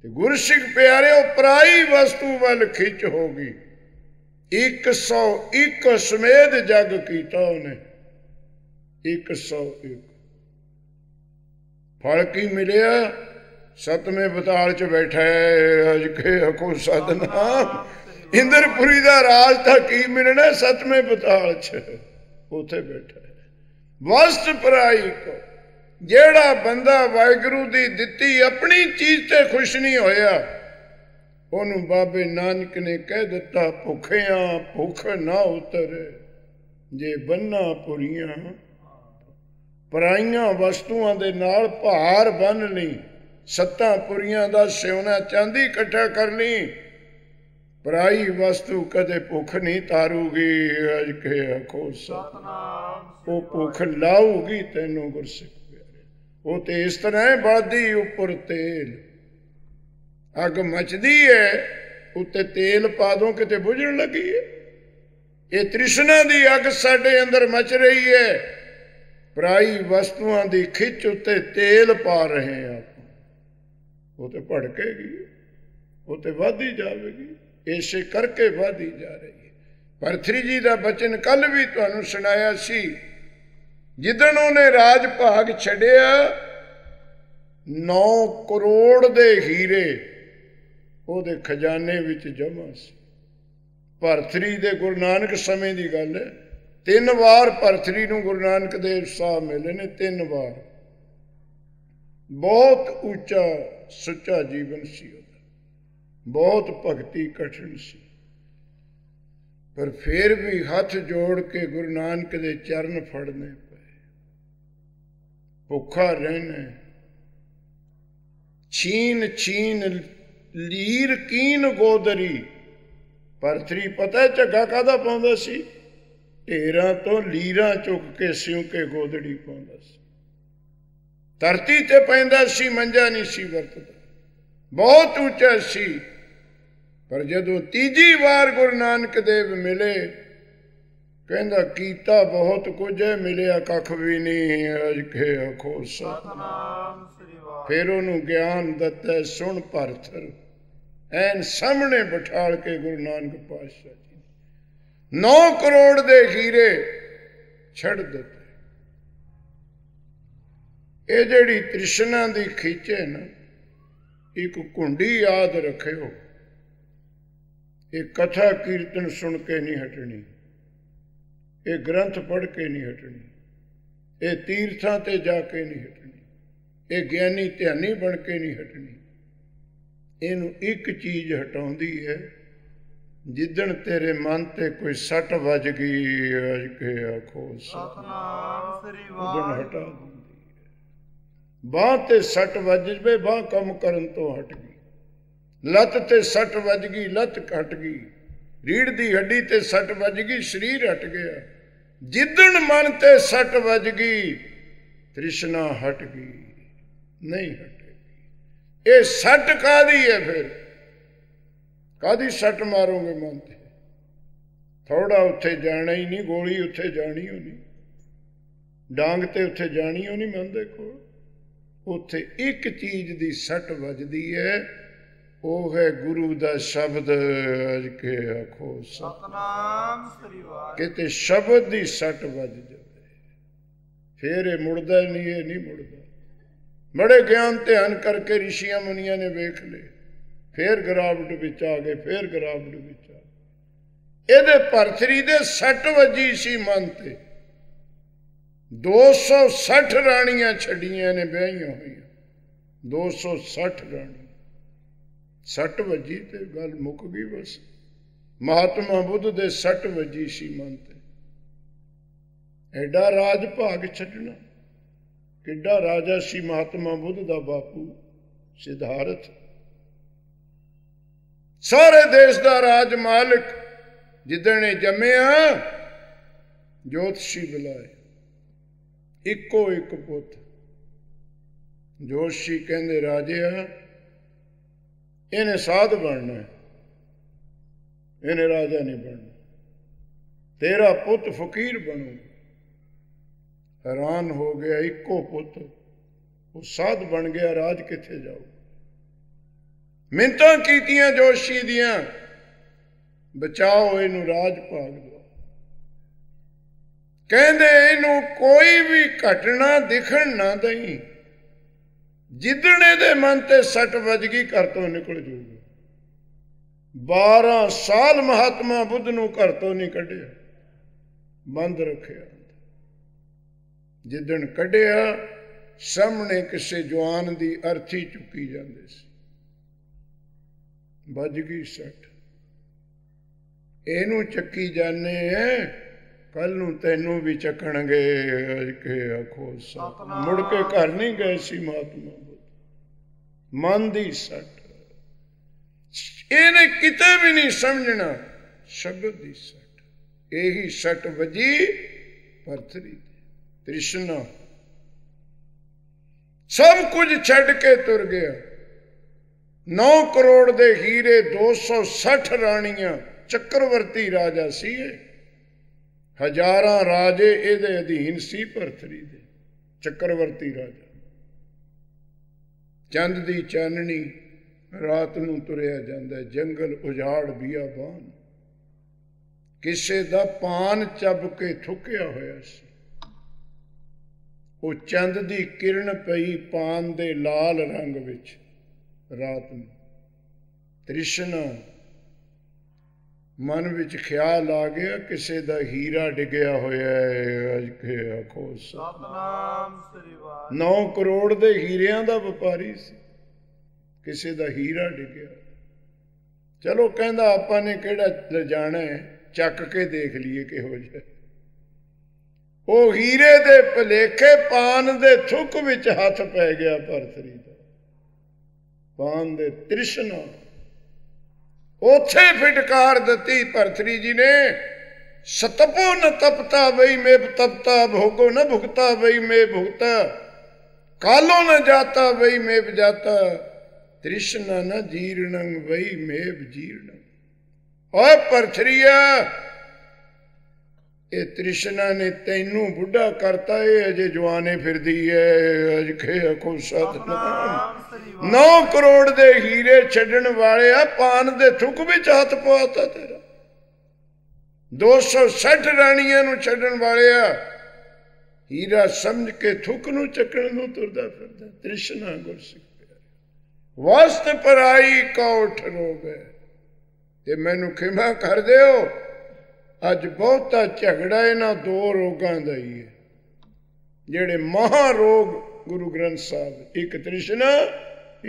ਤੇ ਗੁਰਸਿੱਖ ਉਹ ਪਰਾਈ ਵਸਤੂ ਵੱਲ ਖਿੱਚ ਹੋ ਗਈ 101 ਸਮੇਦ ਜਗ ਕੀਤਾ ਉਹਨੇ 101 ਫਲ ਕੀ ਮਿਲਿਆ ਸਤਵੇਂ ਬਤਾਲ 'ਚ ਬੈਠਾ ਅਜਕੇ ਹਕੂ ਸਦਨਾ ਇੰਦਰਪੁਰੀ ਦਾ ਰਾਜ ਤਾਂ ਕੀ ਮਿਲਣਾ ਸਤਵੇਂ ਪਤਾਲ 'ਚ ਉਥੇ ਬੈਠਾ ਹੈ ਵਸਤ ਪਰਾਈ ਕੋ ਜਿਹੜਾ ਬੰਦਾ ਵਾਹਿਗੁਰੂ ਦੀ ਦਿੱਤੀ ਆਪਣੀ ਚੀਜ਼ ਤੇ ਖੁਸ਼ ਨਹੀਂ ਹੋਇਆ ਉਹਨੂੰ ਬਾਬੇ ਨਾਨਕ ਨੇ ਕਹਿ ਦਿੱਤਾ ਭੁੱਖਿਆਂ ਭੁੱਖ ਨਾ ਉਤਰੇ ਜੇ ਬੰਨਾ ਪੁਰੀਆਂ ਪਰਾਈਆਂ ਵਸਤੂਆਂ ਦੇ ਨਾਲ ਭਾਰ ਬੰਨ ਲਈ ਸੱਤਾਂ ਪੁਰੀਆਂ ਦਾ ਸਿਉਣਾ ਚਾਂਦੀ ਇਕੱਠਾ ਕਰ ਲਈ ਪਰਾਈ ਵਸਤੂ ਕਦੇ ਭੁੱਖ ਨਹੀਂ ਤਾਰੂਗੀ ਅਜ ਕੇ ਆਖੋ ਸਤਨਾਮ ਉਹ ਭੁੱਖ ਲਾਊਗੀ ਤੈਨੂੰ ਗੁਰਸਿੱਖ ਪਿਆਰੇ ਉਹ ਤੇ ਇਸ ਤਰ੍ਹਾਂ ਬਾਦੀ ਉੱਪਰ ਤੇਲ ਅਗ ਮਚਦੀ ਹੈ ਉੱਤੇ ਤੇਲ ਪਾ ਦੋ ਕਿਤੇ ਬੁਝਣ ਲੱਗੀ ਹੈ ਇਹ ਤ੍ਰਿਸ਼ਨਾ ਦੀ ਅਗ ਸਾਡੇ ਅੰਦਰ ਮਚ ਰਹੀ ਹੈ ਪਰਾਈ ਵਸਤੂਆਂ ਦੀ ਖਿੱਚ ਉੱਤੇ ਤੇਲ ਪਾ ਰਹੇ ਆ ਉਹ ਤੇ ਭੜਕੇਗੀ ਉਹ ਤੇ ਵਧੀ ਜਾਵੇਗੀ ਇਸੇ ਕਰਕੇ ਵਧੀ ਜਾ ਰਹੀ ਹੈ ਪਰਥਰੀ ਜੀ ਦਾ ਬਚਨ ਕੱਲ ਵੀ ਤੁਹਾਨੂੰ ਸੁਣਾਇਆ ਸੀ ਜਿੱਦਣ ਉਹਨੇ ਰਾਜ ਭਾਗ ਛੱਡਿਆ 9 ਕਰੋੜ ਦੇ ਹੀਰੇ ਉਹਦੇ ਖਜ਼ਾਨੇ ਵਿੱਚ ਜਮ੍ਹਾਂ ਸੀ ਭਰਤਰੀ ਦੇ ਗੁਰੂ ਨਾਨਕ ਸਮੇਂ ਦੀ ਗੱਲ ਹੈ ਤਿੰਨ ਵਾਰ ਭਰਤਰੀ ਨੂੰ ਗੁਰੂ ਨਾਨਕ ਦੇਵ ਸਾਹਿਬ ਮਿਲੇ ਨੇ ਤਿੰਨ ਵਾਰ ਬਹੁਤ ਉੱਚਾ ਸੱਚਾ ਜੀਵਨ ਸੀ ਉਹਦਾ ਬਹੁਤ ਭਗਤੀ ਕਠਿਨ ਸੀ ਪਰ ਫਿਰ ਵੀ ਹੱਥ ਜੋੜ ਕੇ ਗੁਰੂ ਨਾਨਕ ਦੇ ਚਰਨ ਫੜਨੇ ਪਏ ਭੁੱਖਾ ਰਹਿਣਾ ਛੀਨ ਛੀਨ ਲੀਰ ਕੀਨ ਗੋਦਰੀ ਤਰੀ ਪਤਾ ਝੱਗਾ ਕਾਦਾ ਪਾਉਂਦਾ ਸੀ ਢੇਰਾਂ ਤੋਂ ਲੀਰਾਂ ਚੁੱਕ ਕੇ ਸਿਉਂ ਕੇ ਗੋਦੜੀ ਪਾਉਂਦਾ ਸੀ ਧਰਤੀ ਤੇ ਪੈਂਦਾ ਸੀ ਮੰਜਾ ਨਹੀਂ ਸੀ ਵਰਤਦਾ ਬਹੁਤ ਉੱਚਾ ਸੀ ਪਰ ਜਦੋਂ ਤੀਜੀ ਵਾਰ ਗੁਰੂ ਨਾਨਕ ਦੇਵ ਮਿਲੇ ਕਹਿੰਦਾ ਕੀਤਾ ਬਹੁਤ ਕੁਝ ਹੈ ਮਿਲਿਆ ਕੱਖ ਵੀ ਨਹੀਂ ਅਜ ਕੇ ਅਖੋ ਸਤਨਾਮ ਸ੍ਰੀ ਵਾਹਿਗੁਰੂ ਫਿਰ ਉਹਨੂੰ ਗਿਆਨ ਦਿੱਤਾ ਸੁਣ ਪਰਥਰ ਐਨ ਸਾਹਮਣੇ ਬਿਠਾਲ ਕੇ ਗੁਰੂ ਨਾਨਕ ਪਾਤਸ਼ਾਹ ਜੀ 9 ਕਰੋੜ ਦੇ ਹੀਰੇ ਛੱਡ ਦਿੱਤੇ ਇਹ ਜਿਹੜੀ ਤ੍ਰਿਸ਼ਨਾ ਦੀ ਖਿੱਚੇ ਨਾ ਇੱਕ ਕੁੰਡੀ ਯਾਦ ਰੱਖਿਓ ਇਹ ਕਥਾ ਕੀਰਤਨ ਸੁਣ ਕੇ ਨਹੀਂ ਹਟਣੀ ਇਹ ਗ੍ਰੰਥ ਪੜ੍ਹ ਕੇ ਨਹੀਂ ਹਟਣੀ ਇਹ ਤੀਰਥਾਂ ਤੇ ਜਾ ਕੇ ਨਹੀਂ ਹਟਣੀ ਇਹ ਗਿਆਨੀ ਧਿਆਨੀ ਬਣ ਕੇ ਨਹੀਂ ਹਟਣੀ ਇਹਨੂੰ ਇੱਕ ਚੀਜ਼ ਹਟਾਉਂਦੀ ਹੈ ਜਿੱਦਣ ਤੇਰੇ ਮਨ ਤੇ ਕੋਈ ਸੱਟ ਵੱਜ ਗਈ ਅਜ ਕੇ ਆਖੋ ਸਤਨਾਮ ਸ੍ਰੀ ਵਾਹਿਗੁਰੂ ਹਟਾ ਦਿੰਦੀ ਹੈ ਬਾਹ ਤੇ ਸੱਟ ਵੱਜ ਜਵੇ ਬਾਹ ਕੰਮ ਕਰਨ ਤੋਂ ਹਟ ਗਈ ਲੱਤ ਤੇ ਸੱਟ ਵੱਜ ਗਈ ਲੱਤ ਘਟ ਗਈ ਰੀੜ ਦੀ ਹੱਡੀ ਤੇ ਸੱਟ ਵੱਜ ਗਈ ਸਰੀਰ ਹਟ ਗਿਆ ਜਿੱਦਣ ਮਨ ਤੇ ਸੱਟ ਵੱਜ ਗਈ ਤ੍ਰਿਸ਼ਨਾ ਹਟ ਗਈ ਨਹੀਂ ਹਟੇ ਇਹ ਸੱਟ ਕਾਦੀ ਹੈ ਫਿਰ ਕਾਦੀ ਸੱਟ ਮਾਰੋਗੇ ਮਨ ਤੇ ਥੋੜਾ ਉੱਥੇ ਜਾਣਾ ਹੀ ਨਹੀਂ ਗੋਲੀ ਉੱਥੇ ਜਾਣੀ ਹੋਣੀ ਡਾਂਗ ਤੇ ਉੱਥੇ ਜਾਣੀ ਹੋਣੀ ਮਨ ਦੇ ਕੋਲ ਉੱਥੇ ਇੱਕ ਚੀਜ਼ ਦੀ ਸੱਟ ਵੱਜਦੀ ਹੈ ਉਹ ਹੈ ਗੁਰੂ ਦਾ ਸ਼ਬਦ ਅਜ ਕੇ ਆਖੋ ਸਤਨਾਮ ਸ੍ਰੀ ਵਾਹਿਗੁਰੂ ਕਿਤੇ ਸ਼ਬਦ ਦੀ ਸੱਟ ਵੱਜ ਜਾਵੇ ਫੇਰ ਇਹ ਮੁੜਦਾ ਨਹੀਂ ਇਹ ਨਹੀਂ ਮੁੜਦਾ ਮੜੇ ਗਿਆਨ ਧਿਆਨ ਕਰਕੇ ਰਿਸ਼ੀਆਂ ਮੁਨੀਆਂ ਨੇ ਵੇਖ ਲਏ ਫੇਰ ਗਰਾਵਟ ਵਿੱਚ ਆ ਗਏ ਫੇਰ ਗਰਾਵਟ ਵਿੱਚ ਆ ਇਹਦੇ ਪਰਥਰੀ ਦੇ ਸੱਟ ਵੱਜੀ ਸੀ ਮਨ ਤੇ 260 ਰਾਣੀਆਂ ਛੱਡੀਆਂ ਨੇ ਵਿਆਹੀਆਂ ਹੋਈਆਂ 260 ਰਾਣੀਆਂ ਸੱਟ ਵੱਜੀ ਤੇ ਗੱਲ ਮੁੱਕ ਗਈ ਬਸ ਮਹਾਤਮਾ ਬੁੱਧ ਦੇ ਸੱਟ ਵੱਜੀ ਸੀ ਮਨ ਤੇ ਐਡਾ ਰਾਜ ਭਾਗ ਛੱਡਣਾ ਕਿੱਡਾ ਰਾਜਾ ਸੀ ਮਹਾਤਮਾ ਬੁੱਧ ਦਾ ਬਾਪੂ ਸਿਧਾਰਥ ਸਾਰੇ ਦੇਸ਼ ਦਾ ਰਾਜ ਮਾਲਕ ਜਿੱਦਣ ਇਹ ਜੰਮਿਆ ਜੋਤਸ਼ੀ ਬੁਲਾਏ ਇੱਕੋ ਇੱਕ ਪੁੱਤ ਜੋਤਸ਼ੀ ਕਹਿੰਦੇ ਰਾਜਿਆ ਇਹਨੇ ਸਾਧ ਬਣਨਾ ਇਹਨੇ ਰਾਜਾ ਨਹੀਂ ਬਣਨਾ ਤੇਰਾ ਪੁੱਤ ਫਕੀਰ ਬਣੂ ਹੈਰਾਨ ਹੋ ਗਿਆ ਇੱਕੋ ਪੁੱਤ ਉਹ ਸਾਧ ਬਣ ਗਿਆ ਰਾਜ ਕਿੱਥੇ ਜਾਊ ਮਿੰਤਾਂ ਕੀਤੀਆਂ ਜੋਸ਼ੀ ਦੀਆਂ ਬਚਾਓ ਇਹਨੂੰ ਰਾਜ ਭਾਗ ਦਿਓ ਕਹਿੰਦੇ ਇਹਨੂੰ ਕੋਈ ਵੀ ਘਟਨਾ ਦਿਖਣ ਨਾ ਦੇਈ ਜਿੱਦਣੇ ਦੇ ਮਨ ਤੇ ਸੱਟ ਵੱਜ ਗਈ ਘਰ ਤੋਂ ਨਿਕਲ ਜੂਗੀ 12 ਸਾਲ ਮਹਾਤਮਾ ਬੁੱਧ ਨੂੰ ਘਰ ਤੋਂ ਨਹੀਂ ਕੱਢਿਆ ਬੰਦ ਰੱਖਿਆ ਜਿੱਦਣ ਕੱਢਿਆ ਸਾਹਮਣੇ ਕਿਸੇ ਜਵਾਨ ਦੀ ਅਰਥੀ ਚੁੱਕੀ ਜਾਂਦੇ ਸੀ ਵੱਜ ਗਈ ਸੱਟ ਇਹਨੂੰ ਚੱਕੀ ਜਾਣੇ ਐ ਕੱਲ ਨੂੰ ਤੈਨੂੰ ਵੀ ਚੱਕਣਗੇ ਅਜ ਕੇ ਆਖੋ ਮੁੜ ਕੇ ਘਰ ਨਹੀਂ ਗਏ ਸੀ ਮਹਾਤਮਾ ਮਨ ਦੀ ਸੱਟ ਇਹਨੇ ਕਿਤੇ ਵੀ ਨਹੀਂ ਸਮਝਣਾ ਸ਼ਬਦ ਦੀ ਸੱਟ ਇਹੀ ਸੱਟ ਵਜੀ ਪਰਥਰੀ ਤ੍ਰਿਸ਼ਨ ਕ੍ਰਿਸ਼ਨ ਸਭ ਕੁਝ ਛੱਡ ਕੇ ਤੁਰ ਗਿਆ 9 ਕਰੋੜ ਦੇ ਹੀਰੇ 260 ਰਾਣੀਆਂ ਚੱਕਰਵਰਤੀ ਰਾਜਾ ਸੀ ਇਹ ਹਜ਼ਾਰਾਂ ਰਾਜੇ ਇਹਦੇ ਅਧੀਨ ਸੀ ਪਰਥਰੀ ਦੇ ਚੱਕਰਵਰਤੀ ਰਾਜਾ ਚੰਦ ਦੀ ਚਾਨਣੀ ਰਾਤ ਨੂੰ ਤੁਰਿਆ ਜਾਂਦਾ ਜੰਗਲ ਉਜਾੜ ਬਿਆਬਾਨ ਕਿਸੇ ਦਾ ਪਾਨ ਚੱਬ ਕੇ ਥੁੱਕਿਆ ਹੋਇਆ ਸੀ ਉਹ ਚੰਦ ਦੀ ਕਿਰਨ ਪਈ ਪਾਨ ਦੇ ਲਾਲ ਰੰਗ ਵਿੱਚ ਰਾਤ ਨੂੰ ਤ੍ਰਿਸ਼ਨਾ ਮਨ ਵਿੱਚ ਖਿਆਲ ਆ ਗਿਆ ਕਿਸੇ ਦਾ ਹੀਰਾ ਡਿੱਗਿਆ ਹੋਇਆ ਹੈ ਅੱਜ ਕੇ ਆਖੋ ਸਤਨਾਮ ਸ੍ਰੀ ਵਾਹਿਗੁਰੂ 9 ਕਰੋੜ ਦੇ ਹੀਰਿਆਂ ਦਾ ਵਪਾਰੀ ਸੀ ਕਿਸੇ ਦਾ ਹੀਰਾ ਡਿੱਗਿਆ ਚਲੋ ਕਹਿੰਦਾ ਆਪਾਂ ਨੇ ਕਿਹੜਾ ਲਿਜਾਣਾ ਚੱਕ ਕੇ ਦੇਖ ਲਈਏ ਕਿਹੋ ਜਿਹਾ ਉਹ ਹੀਰੇ ਦੇ ਭਲੇਖੇ ਪਾਨ ਦੇ ਥੁੱਕ ਵਿੱਚ ਹੱਥ ਪੈ ਗਿਆ ਪਰਤਰੀ ਦਾ ਪਾਨ ਦੇ ਤ੍ਰਿਸ਼ਨਾ ਉਥੇ ਫਟਕਾਰ ਦਿੱਤੀ ਭਰਤਰੀ ਜੀ ਨੇ ਸਤਪੋ ਨ ਤਪਤਾ ਬਈ ਮੇ ਤਪਤਾ ਭੋਗੋ ਨ ਭੁਗਤਾ ਬਈ ਮੇ ਭੁਗਤਾ ਕਾਲੋ ਨ ਜਾਤਾ ਬਈ ਮੇ ਜਾਤਾ ਤ੍ਰਿਸ਼ਨ ਨ ਜੀਰਣੰ ਬਈ ਮੇ ਜੀਰਣੰ ਓਏ ਪਰਥਰੀਆ ਇਹ ਤ੍ਰਿਸ਼ਨਾ ਨੇ ਤੈਨੂੰ ਬੁੱਢਾ ਕਰਤਾ ਇਹ ਅਜੇ ਜਵਾਨੇ ਫਿਰਦੀ ਐ ਅਜ ਖੇ ਅਖੋ ਸਤਨਾਮ 9 ਕਰੋੜ ਦੇ ਹੀਰੇ ਛੱਡਣ ਵਾਲਿਆ ਪਾਨ ਦੇ ਥੁੱਕ ਵਿੱਚ ਹੱਥ ਪਵਾਤਾ ਤੇਰਾ 260 ਰਾਣੀਆਂ ਨੂੰ ਛੱਡਣ ਵਾਲਿਆ ਹੀਰਾ ਸਮਝ ਕੇ ਥੁੱਕ ਨੂੰ ਚੱਕਣ ਨੂੰ ਤੁਰਦਾ ਫਿਰਦਾ ਤ੍ਰਿਸ਼ਨਾ ਗੁਰਸਿੱਖ ਪਿਆਰੇ ਵਾਸਤੇ ਪਰਾਈ ਕੌਠ ਰੋਗ ਤੇ ਮੈਨੂੰ ਖਿਮਾ ਕਰ ਦਿਓ ਅੱਜ ਬਹੁਤਾ ਝਗੜਾ ਇਹਨਾਂ ਦੋ ਰੋਗਾਂ ਦਾ ਹੀ ਹੈ ਜਿਹੜੇ ਮਹਾ ਰੋਗ ਗੁਰੂ ਗ੍ਰੰਥ ਸਾਹਿਬ ਇੱਕ ਤ੍ਰਿਸ਼ਨਾ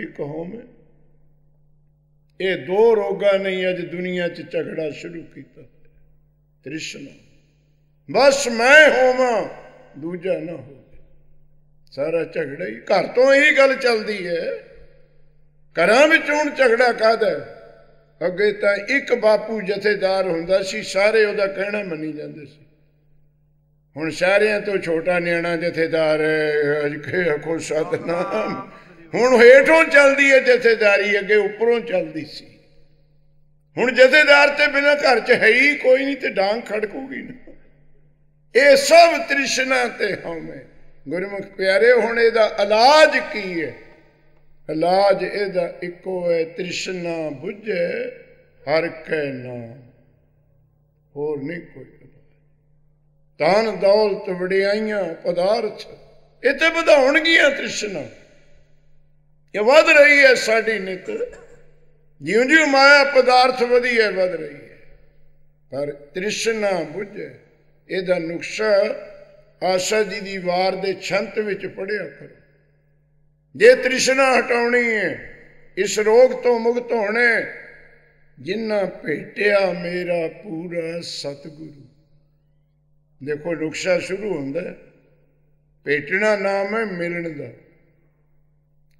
ਇੱਕ ਹੋਮ ਇਹ ਦੋ ਰੋਗਾਂ ਨੇ ਅੱਜ ਦੁਨੀਆ 'ਚ ਝਗੜਾ ਸ਼ੁਰੂ ਕੀਤਾ ਤ੍ਰਿਸ਼ਨਾ ਬਸ ਮੈਂ ਹੋਵਾਂ ਦੂਜਾ ਨਾ ਹੋਵੇ ਸਾਰਾ ਝਗੜਾ ਹੀ ਘਰ ਤੋਂ ਇਹੀ ਗੱਲ ਚੱਲਦੀ ਹੈ ਘਰਾਂ ਵਿੱਚ ਹੁਣ ਝਗੜਾ ਕਾਹਦਾ ਹੈ ਅੱਗੇ ਤਾਂ ਇੱਕ ਬਾਪੂ ਜਥੇਦਾਰ ਹੁੰਦਾ ਸੀ ਸਾਰੇ ਉਹਦਾ ਕਹਿਣਾ ਮੰਨੀ ਜਾਂਦੇ ਸੀ ਹੁਣ ਸਾਰਿਆਂ ਤੋਂ ਛੋਟਾ ਨਿਆਣਾ ਜਥੇਦਾਰ ਅਜਕੇ ਅਖੋ ਸਤਨਾਮ ਹੁਣ ਹੇਠੋਂ ਚੱਲਦੀ ਹੈ ਜਥੇਦਾਰੀ ਅੱਗੇ ਉੱਪਰੋਂ ਚੱਲਦੀ ਸੀ ਹੁਣ ਜਥੇਦਾਰ ਤੇ ਬਿਨਾ ਘਰ 'ਚ ਹੈ ਹੀ ਕੋਈ ਨਹੀਂ ਤੇ ਡਾਂਗ ਖੜਕੂਗੀ ਨਾ ਇਹ ਸਭ ਤ੍ਰਿਸ਼ਨਾ ਤੇ ਹਉਮੈ ਗੁਰਮੁਖ ਪਿਆਰੇ ਹੁਣ ਇਹਦਾ ਇਲਾਜ ਕੀ ਹੈ ਇਲਾਜ ਇਹਦਾ ਇੱਕੋ ਹੈ ਤ੍ਰਿਸ਼ਨਾ 부ਝੇ ਹਰ ਕੈ ਨਾਮ ਹੋਰ ਨਹੀਂ ਕੋਈ ਦਾਨ ਦੌਲਤ ਵੜਿਆਈਆਂ ਪਦਾਰਥ ਇਹ ਤੇ ਵਧਾਉਣਗੀਆਂ ਤ੍ਰਿਸ਼ਨਾ ਇਹ ਵਧ ਰਹੀ ਹੈ ਸਾਡੀ ਨਿਤ ਜਿਉਂ ਜਿਉਂ ਮਾਇਆ ਪਦਾਰਥ ਵਧੀ ਹੈ ਵਧ ਰਹੀ ਹੈ ਪਰ ਤ੍ਰਿਸ਼ਨਾ 부ਝੇ ਇਹਦਾ ਨੁਕਸ਼ਾ ਆਸ਼ਾ ਜੀ ਦੀ ਵਾਰ ਦੇ ਛੰਤ ਵਿੱਚ ਪੜਿਆ ਕਰੋ ਜੇ ਤ੍ਰਿਸ਼ਨਾ ਹਟਾਉਣੀ ਹੈ ਇਸ ਰੋਗ ਤੋਂ ਮੁਕਤ ਹੋਣੇ ਜਿਨ੍ਹਾਂ ਭੇਟਿਆ ਮੇਰਾ ਪੂਰਾ ਸਤਿਗੁਰੂ ਦੇਖੋ ਰੁਕਸ਼ਾ ਸ਼ੁਰੂ ਹੁੰਦਾ ਹੈ ਭੇਟਣਾ ਨਾਮ ਹੈ ਮਿਲਣ ਦਾ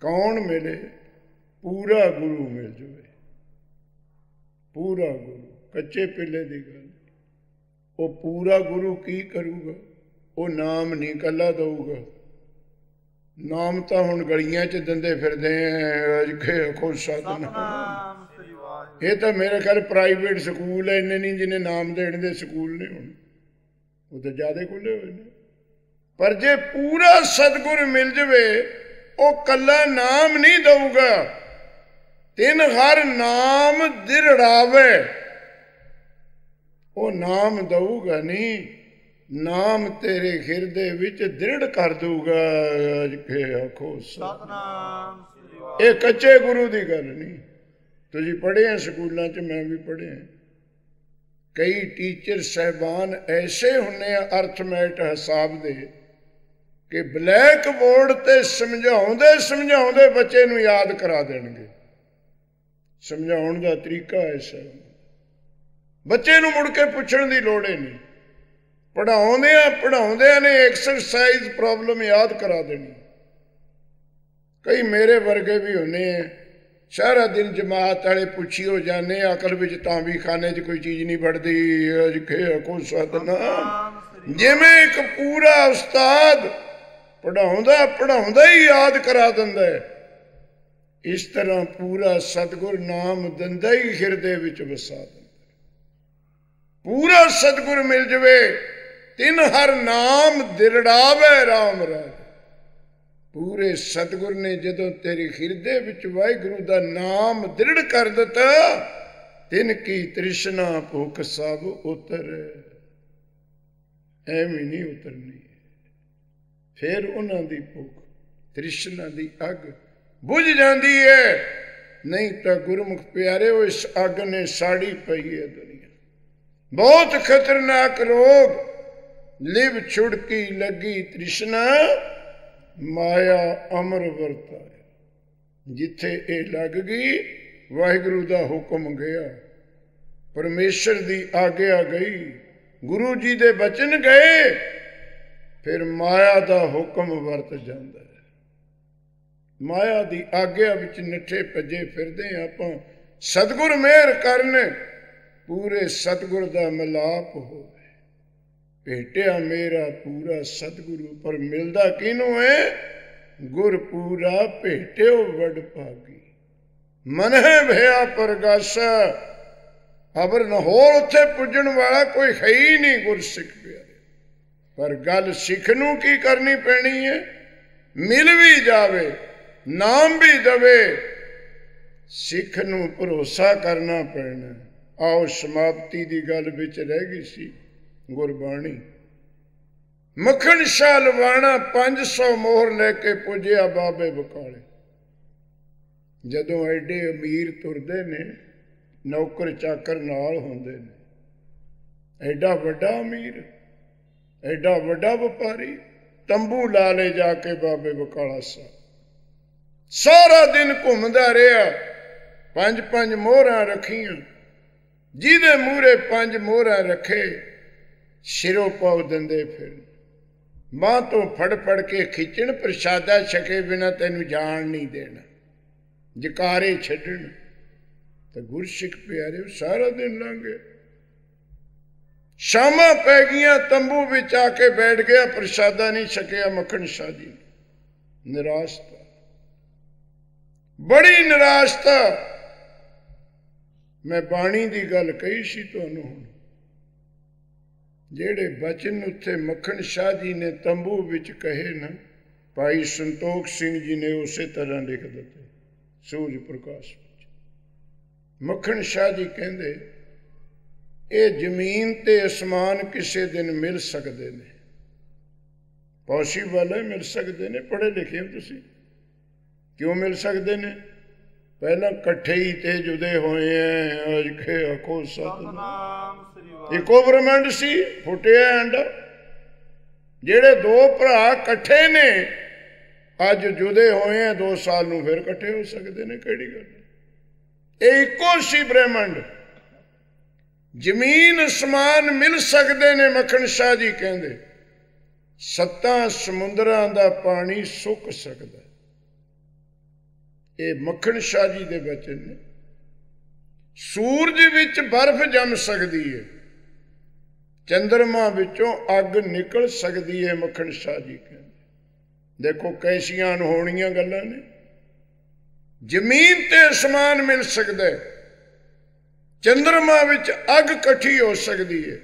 ਕੌਣ ਮਿਲੇ ਪੂਰਾ ਗੁਰੂ ਮਿਲ ਜਵੇ ਪੂਰਾ ਗੁਰੂ ਕੱਚੇ ਪਿੱਲੇ ਦੀ ਗੱਲ ਉਹ ਪੂਰਾ ਗੁਰੂ ਕੀ ਕਰੂਗਾ ਉਹ ਨਾਮ ਨਹੀਂ ਕੱਲਾ ਦਊਗਾ ਨਾਮ ਤਾਂ ਹੁਣ ਗਲੀਆਂ 'ਚ ਦਿੰਦੇ ਫਿਰਦੇ ਅਜਖੇ ਖੁਦ ਸਤਨਾਮ ਇਹ ਤਾਂ ਮੇਰੇ ਘਰ ਪ੍ਰਾਈਵੇਟ ਸਕੂਲ ਐ ਇੰਨੇ ਨਹੀਂ ਜਿੰਨੇ ਨਾਮ ਦੇਣ ਦੇ ਸਕੂਲ ਨੇ ਹੁਣ ਉਹ ਤਾਂ ਜ਼ਿਆਦਾ ਖੁੱਲੇ ਹੋਏ ਨੇ ਪਰ ਜੇ ਪੂਰਾ ਸਤਗੁਰ ਮਿਲ ਜਵੇ ਉਹ ਕੱਲਾ ਨਾਮ ਨਹੀਂ ਦਊਗਾ ਤਿੰਨ ਹਰ ਨਾਮ ਦਿਰੜਾਵੇ ਉਹ ਨਾਮ ਦਊਗਾ ਨਹੀਂ ਨਾਮ ਤੇਰੇ ਹਿਰਦੇ ਵਿੱਚ ਦ੍ਰਿੜ ਕਰ ਦੂਗਾ ਕੇ ਆਖੋ ਸਤਨਾਮ ਇਹ ਕੱਚੇ ਗੁਰੂ ਦੀ ਗੱਲ ਨਹੀਂ ਤੁਸੀਂ ਪੜ੍ਹੇ ਸਕੂਲਾਂ 'ਚ ਮੈਂ ਵੀ ਪੜ੍ਹਿਆ ਕਈ ਟੀਚਰ ਸਹਿਬਾਨ ਐਸੇ ਹੁੰਨੇ ਆ ਅਰਥਮੈਟ ਹਿਸਾਬ ਦੇ ਕਿ ਬਲੈਕ ਬੋਰਡ ਤੇ ਸਮਝਾਉਂਦੇ ਸਮਝਾਉਂਦੇ ਬੱਚੇ ਨੂੰ ਯਾਦ ਕਰਾ ਦੇਣਗੇ ਸਮਝਾਉਣ ਦਾ ਤਰੀਕਾ ਐਸਾ ਬੱਚੇ ਨੂੰ ਮੁੜ ਕੇ ਪੁੱਛਣ ਦੀ ਲੋੜ ਨਹੀਂ ਪੜਾਉਂਦੇ ਆ ਪੜਾਉਂਦੇ ਨੇ ਐਕਸਰਸਾਈਜ਼ ਪ੍ਰੋਬਲਮ ਯਾਦ ਕਰਾ ਦੇਣੀ ਕਈ ਮੇਰੇ ਵਰਗੇ ਵੀ ਹੁੰਨੇ ਆ ਸਾਰਾ ਦਿਨ ਜਮਾਤ ਵਾਲੇ ਪੁੱਛੀ ਹੋ ਆ ਅਕਲ ਵਿੱਚ ਤਾਂ ਵੀ ਖਾਨੇ 'ਚ ਕੋਈ ਚੀਜ਼ ਨਹੀਂ ਵੜਦੀ ਖੇ ਕੋ ਸਤਨਾ ਜਿਵੇਂ ਇੱਕ ਪੂਰਾ ਉਸਤਾਦ ਪੜਾਉਂਦਾ ਪੜਾਉਂਦਾ ਹੀ ਯਾਦ ਕਰਾ ਦਿੰਦਾ ਇਸ ਤਰ੍ਹਾਂ ਪੂਰਾ ਸਤਗੁਰ ਨਾਮ ਦੰਦਾ ਹੀ ਹਿਰਦੇ ਵਿੱਚ ਵਸਾ ਦਿੰਦਾ ਪੂਰਾ ਸਤਗੁਰ ਮਿਲ ਜਵੇ ਤਿਨ ਹਰ ਨਾਮ ਦਿਰੜਾਵੇ ਰਾਮ ਰਾਮ ਪੂਰੇ ਸਤਗੁਰ ਨੇ ਜਦੋਂ ਤੇਰੇ ਹਿਰਦੇ ਵਿੱਚ ਵਾਹਿਗੁਰੂ ਦਾ ਨਾਮ ਦ੍ਰਿੜ ਕਰ ਦਿੱਤਾ ਤਿਨ ਕੀ ਤ੍ਰਿਸ਼ਨਾ ਭੁਖ ਸਭ ਉਤਰ ਐਵੇਂ ਨਹੀਂ ਉਤਰਨੀ ਫਿਰ ਉਹਨਾਂ ਦੀ ਭੁੱਖ ਤ੍ਰਿਸ਼ਨਾ ਦੀ ਅੱਗ ਬੁਝ ਜਾਂਦੀ ਹੈ ਨਹੀਂ ਤਾਂ ਗੁਰਮੁਖ ਪਿਆਰੇ ਉਹ ਇਸ ਅੱਗ ਨੇ ਸਾੜੀ ਪਈ ਹੈ ਦੁਨੀਆ ਬਹੁਤ ਖਤਰਨਾਕ ਰੋਗ ਲਿਵ ਛੁੜਕੀ ਲੱਗੀ ਤ੍ਰਿਸ਼ਨਾ ਮਾਇਆ ਅਮਰ ਵਰਤਾਇ ਜਿੱਥੇ ਇਹ ਲੱਗ ਗਈ ਵਾਹਿਗੁਰੂ ਦਾ ਹੁਕਮ ਗਿਆ ਪਰਮੇਸ਼ਰ ਦੀ ਆਗਿਆ ਗਈ ਗੁਰੂ ਜੀ ਦੇ ਬਚਨ ਗਏ ਫਿਰ ਮਾਇਆ ਦਾ ਹੁਕਮ ਵਰਤ ਜਾਂਦਾ ਹੈ ਮਾਇਆ ਦੀ ਆਗਿਆ ਵਿੱਚ ਨਿੱਠੇ ਭੱਜੇ ਫਿਰਦੇ ਆਪਾਂ ਸਤਗੁਰ ਮਿਹਰ ਕਰਨ ਪੂਰੇ ਸਤਗੁਰ ਦਾ ਮਿਲਾਪ ਹੋਵੇ ਭੇਟਿਆ ਮੇਰਾ ਪੂਰਾ ਸਤਿਗੁਰੂ ਪਰ ਮਿਲਦਾ ਕਿਨੂੰ ਹੈ ਗੁਰ ਪੂਰਾ ਭੇਟਿਓ ਵਡ ਭਾਗੀ ਮਨਹਿ ਭਿਆ ਭਇਆ ਅਬਰ ਨ ਹੋਰ ਉੱਥੇ ਪੁੱਜਣ ਵਾਲਾ ਕੋਈ ਹੈ ਹੀ ਨਹੀਂ ਸਿੱਖ ਪਿਆਰੇ ਪਰ ਗੱਲ ਸਿੱਖ ਨੂੰ ਕੀ ਕਰਨੀ ਪੈਣੀ ਹੈ ਮਿਲ ਵੀ ਜਾਵੇ ਨਾਮ ਵੀ ਦਵੇ ਸਿੱਖ ਨੂੰ ਭਰੋਸਾ ਕਰਨਾ ਪੈਣਾ ਆਉ ਸਮਾਪਤੀ ਦੀ ਗੱਲ ਵਿੱਚ ਰਹਿ ਗਈ ਸੀ ਗੁਰਬਾਣੀ ਮੱਖਣ ਸ਼ਾਲ ਵਾਣਾ 500 ਮੋਹਰ ਲੈ ਕੇ ਪੁੱਜਿਆ ਬਾਬੇ ਬਕਾਲੇ ਜਦੋਂ ਐਡੇ ਅਮੀਰ ਤੁਰਦੇ ਨੇ ਨੌਕਰ ਚਾਕਰ ਨਾਲ ਹੁੰਦੇ ਨੇ ਐਡਾ ਵੱਡਾ ਅਮੀਰ ਐਡਾ ਵੱਡਾ ਵਪਾਰੀ ਤੰਬੂ ਲਾ ਲੈ ਜਾ ਕੇ ਬਾਬੇ ਬਕਾਲਾ ਸਾਹਿਬ ਸਾਰਾ ਦਿਨ ਘੁੰਮਦਾ ਰਿਹਾ ਪੰਜ ਪੰਜ ਮੋਹਰਾਂ ਰੱਖੀਆਂ ਜਿਹਦੇ ਮੂਹਰੇ ਪੰਜ ਮੋਹਰਾਂ ਰੱਖੇ ਸਿਰੋਂ ਪਾਉ ਦਿੰਦੇ ਫਿਰ ਮਾਂ ਤੋਂ ਫੜ ਫੜ ਕੇ ਖਿੱਚਣ ਪ੍ਰਸ਼ਾਦਾ ਛਕੇ ਬਿਨਾ ਤੈਨੂੰ ਜਾਣ ਨਹੀਂ ਦੇਣਾ ਜਕਾਰੇ ਛੱਡਣ ਤੇ ਗੁਰਸਿੱਖ ਪਿਆਰੇ ਸਾਰਾ ਦਿਨ ਲੰਘੇ ਸ਼ਾਮਾਂ ਪੈ ਗਈਆਂ ਤੰਬੂ ਵਿੱਚ ਆ ਕੇ ਬੈਠ ਗਿਆ ਪ੍ਰਸ਼ਾਦਾ ਨਹੀਂ ਛਕਿਆ ਮੱਖਣ ਸ਼ਾਦੀ ਨਿਰਾਸ਼ਤਾ ਬੜੀ ਨਿਰਾਸ਼ਤਾ ਮੈਂ ਬਾਣੀ ਦੀ ਗੱਲ ਕਹੀ ਸੀ ਤੁਹਾਨੂੰ ਜਿਹੜੇ ਬਚਨ ਉੱਤੇ ਮੱਖਣ ਸ਼ਾਹ ਜੀ ਨੇ ਤੰਬੂ ਵਿੱਚ ਕਹੇ ਨਾ ਭਾਈ ਸੰਤੋਖ ਸਿੰਘ ਜੀ ਨੇ ਉਸੇ ਤਰ੍ਹਾਂ ਲਿਖ ਦਿੱਤੇ ਸੂਰਜ ਪ੍ਰਕਾਸ਼ ਵਿੱਚ ਮੱਖਣ ਸ਼ਾਹ ਜੀ ਕਹਿੰਦੇ ਇਹ ਜ਼ਮੀਨ ਤੇ ਅਸਮਾਨ ਕਿਸੇ ਦਿਨ ਮਿਲ ਸਕਦੇ ਨੇ ਪੋਸੀਬਲ ਹੈ ਮਿਲ ਸਕਦੇ ਨੇ ਪੜ੍ਹੇ ਲਿਖੇ ਹੋ ਤੁਸੀਂ ਕਿਉਂ ਮਿਲ ਸਕਦੇ ਨੇ ਪਹਿਲਾਂ ਇਕੱਠੇ ਹੀ ਤੇ ਜੁਦੇ ਹੋਏ ਐ ਅਜਖੇ ਆਖੋ ਅਖੋ ਸਤਨਾਮ ਇੱਕੋ ਬ੍ਰਹਮੰਡ ਸੀ ਫੁੱਟਿਆ ਐਂਡ ਜਿਹੜੇ ਦੋ ਭਰਾ ਇਕੱਠੇ ਨੇ ਅੱਜ ਜੁਦੇ ਹੋਏ ਆ 2 ਸਾਲ ਨੂੰ ਫਿਰ ਇਕੱਠੇ ਹੋ ਸਕਦੇ ਨੇ ਕਿਹੜੀ ਗੱਲ ਇਹ ਇੱਕੋ ਸੀ ਬ੍ਰਹਿਮੰਡ ਜ਼ਮੀਨ ਅਸਮਾਨ ਮਿਲ ਸਕਦੇ ਨੇ ਮੱਖਣ ਸ਼ਾਹ ਜੀ ਕਹਿੰਦੇ ਸੱਤਾਂ ਸਮੁੰਦਰਾਂ ਦਾ ਪਾਣੀ ਸੁੱਕ ਸਕਦਾ ਇਹ ਮੱਖਣ ਸ਼ਾਹ ਜੀ ਦੇ ਬਚਨ ਨੇ ਸੂਰਜ ਵਿੱਚ ਬਰਫ਼ ਜੰਮ ਸਕਦੀ ਹੈ ਚੰਦਰਮਾ ਵਿੱਚੋਂ ਅੱਗ ਨਿਕਲ ਸਕਦੀ ਹੈ ਮੱਖਣ ਸ਼ਾਹ ਜੀ ਕਹਿੰਦੇ ਦੇਖੋ ਕੈਸੀਆਂ ਹੋਣੀਆਂ ਗੱਲਾਂ ਨੇ ਜ਼ਮੀਨ ਤੇ ਅਸਮਾਨ ਮਿਲ ਸਕਦਾ ਚੰਦਰਮਾ ਵਿੱਚ ਅੱਗ ਇਕੱਠੀ ਹੋ ਸਕਦੀ ਹੈ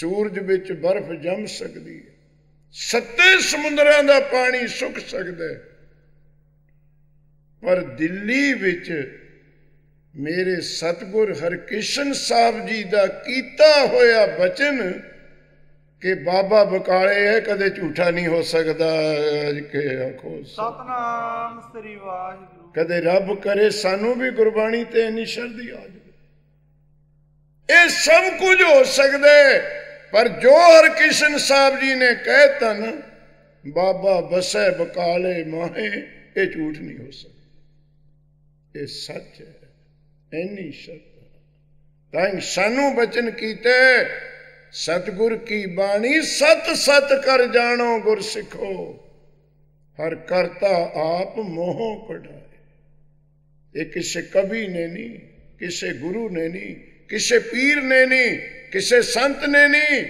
ਸੂਰਜ ਵਿੱਚ ਬਰਫ਼ ਜੰਮ ਸਕਦੀ ਹੈ ਸੱਤੇ ਸਮੁੰਦਰਾਂ ਦਾ ਪਾਣੀ ਸੁੱਕ ਸਕਦਾ ਪਰ ਦਿੱਲੀ ਵਿੱਚ ਮੇਰੇ ਸਤਗੁਰ ਹਰਕਿਸ਼ਨ ਸਾਹਿਬ ਜੀ ਦਾ ਕੀਤਾ ਹੋਇਆ ਬਚਨ ਕਿ ਬਾਬਾ ਬਕਾਲੇ ਹੈ ਕਦੇ ਝੂਠਾ ਨਹੀਂ ਹੋ ਸਕਦਾ ਕਿ ਆਖੋ ਸਤਨਾਮ ਸ੍ਰੀ ਵਾਹਿਗੁਰੂ ਕਦੇ ਰੱਬ ਕਰੇ ਸਾਨੂੰ ਵੀ ਗੁਰਬਾਣੀ ਤੇ ਇਨੀ ਸ਼ਰਧੀ ਆ ਜਾਵੇ ਇਹ ਸਭ ਕੁਝ ਹੋ ਸਕਦਾ ਪਰ ਜੋ ਹਰਕਿਸ਼ਨ ਸਾਹਿਬ ਜੀ ਨੇ ਕਹਿਤਾ ਨਾ ਬਾਬਾ ਬਸੈ ਬਕਾਲੇ ਮਾਹੇ ਇਹ ਝੂਠ ਨਹੀਂ ਹੋ ਸਕਦਾ ਇਹ ਸੱਚ ਹੈ ਐਨੀ ਸ਼ਰਤ ਤਾਂ ਸਾਨੂੰ ਬਚਨ ਕੀਤੇ ਸਤਗੁਰ ਕੀ ਬਾਣੀ ਸਤ ਸਤ ਕਰ ਜਾਣੋ ਗੁਰ ਸਿੱਖੋ ਹਰ ਕਰਤਾ ਆਪ ਮੋਹ ਕਢਾਏ ਇਹ ਕਿਸੇ ਕਵੀ ਨੇ ਨਹੀਂ ਕਿਸੇ ਗੁਰੂ ਨੇ ਨਹੀਂ ਕਿਸੇ ਪੀਰ ਨੇ ਨਹੀਂ ਕਿਸੇ ਸੰਤ ਨੇ ਨਹੀਂ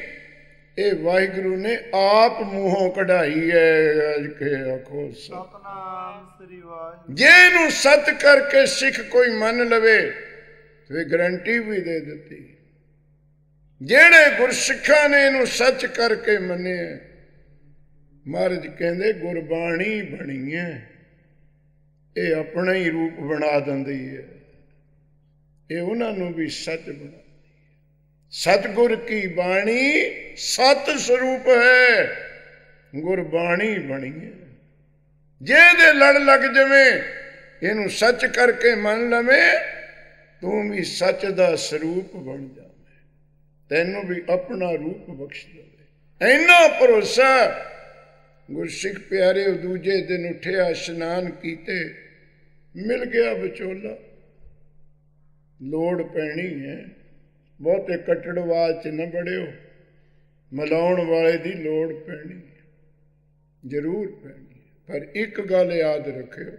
ਇਹ ਵਾਹਿਗੁਰੂ ਨੇ ਆਪ ਮੂੰਹੋਂ ਕਢਾਈ ਹੈ ਅਜ ਕੇ ਆਖੋ ਸਤਨਾਮ ਸ੍ਰੀ ਵਾਹਿਗੁਰੂ ਜੇ ਨੂੰ ਸਤ ਕਰਕੇ ਸਿੱਖ ਕੋਈ ਮੰਨ ਲਵੇ ਤੇ ਗਰੰਟੀ ਵੀ ਦੇ ਦਿੱਤੀ ਜਿਹੜੇ ਗੁਰਸਿੱਖਾਂ ਨੇ ਇਹਨੂੰ ਸੱਚ ਕਰਕੇ ਮੰਨਿਆ ਮਹਾਰਜ ਕਹਿੰਦੇ ਗੁਰਬਾਣੀ ਬਣੀ ਹੈ ਇਹ ਆਪਣਾ ਹੀ ਰੂਪ ਬਣਾ ਦਿੰਦੀ ਹੈ ਇਹ ਉਹਨਾਂ ਨੂੰ ਵੀ ਸੱਚ ਬਣਾ ਸਤਗੁਰ ਕੀ ਬਾਣੀ ਸਤ ਸਰੂਪ ਹੈ ਗੁਰਬਾਣੀ ਬਣੀ ਹੈ ਜਿਹਦੇ ਲੜ ਲੱਗ ਜਵੇਂ ਇਹਨੂੰ ਸੱਚ ਕਰਕੇ ਮੰਨ ਲਵੇਂ ਤੂੰ ਵੀ ਸੱਚ ਦਾ ਸਰੂਪ ਬਣ ਜਾਵੇਂ ਤੈਨੂੰ ਵੀ ਆਪਣਾ ਰੂਪ ਬਖਸ਼ ਦੇਵੇ ਐਨਾ ਭਰੋਸਾ ਗੁਰਸਿੱਖ ਪਿਆਰੇ ਉਹ ਦੂਜੇ ਦਿਨ ਉੱਠਿਆ ਇਸ਼ਨਾਨ ਕੀਤੇ ਮਿਲ ਗਿਆ ਵਿਚੋਲਾ ਲੋੜ ਪੈਣੀ ਹੈ ਬਹੁਤੇ ਵਾਲ ਚ ਨਾ ਬੜਿਓ ਮਲਾਉਣ ਵਾਲੇ ਦੀ ਲੋੜ ਪੈਣੀ ਜ਼ਰੂਰ ਪੈਣੀ ਪਰ ਇੱਕ ਗੱਲ ਯਾਦ ਰੱਖਿਓ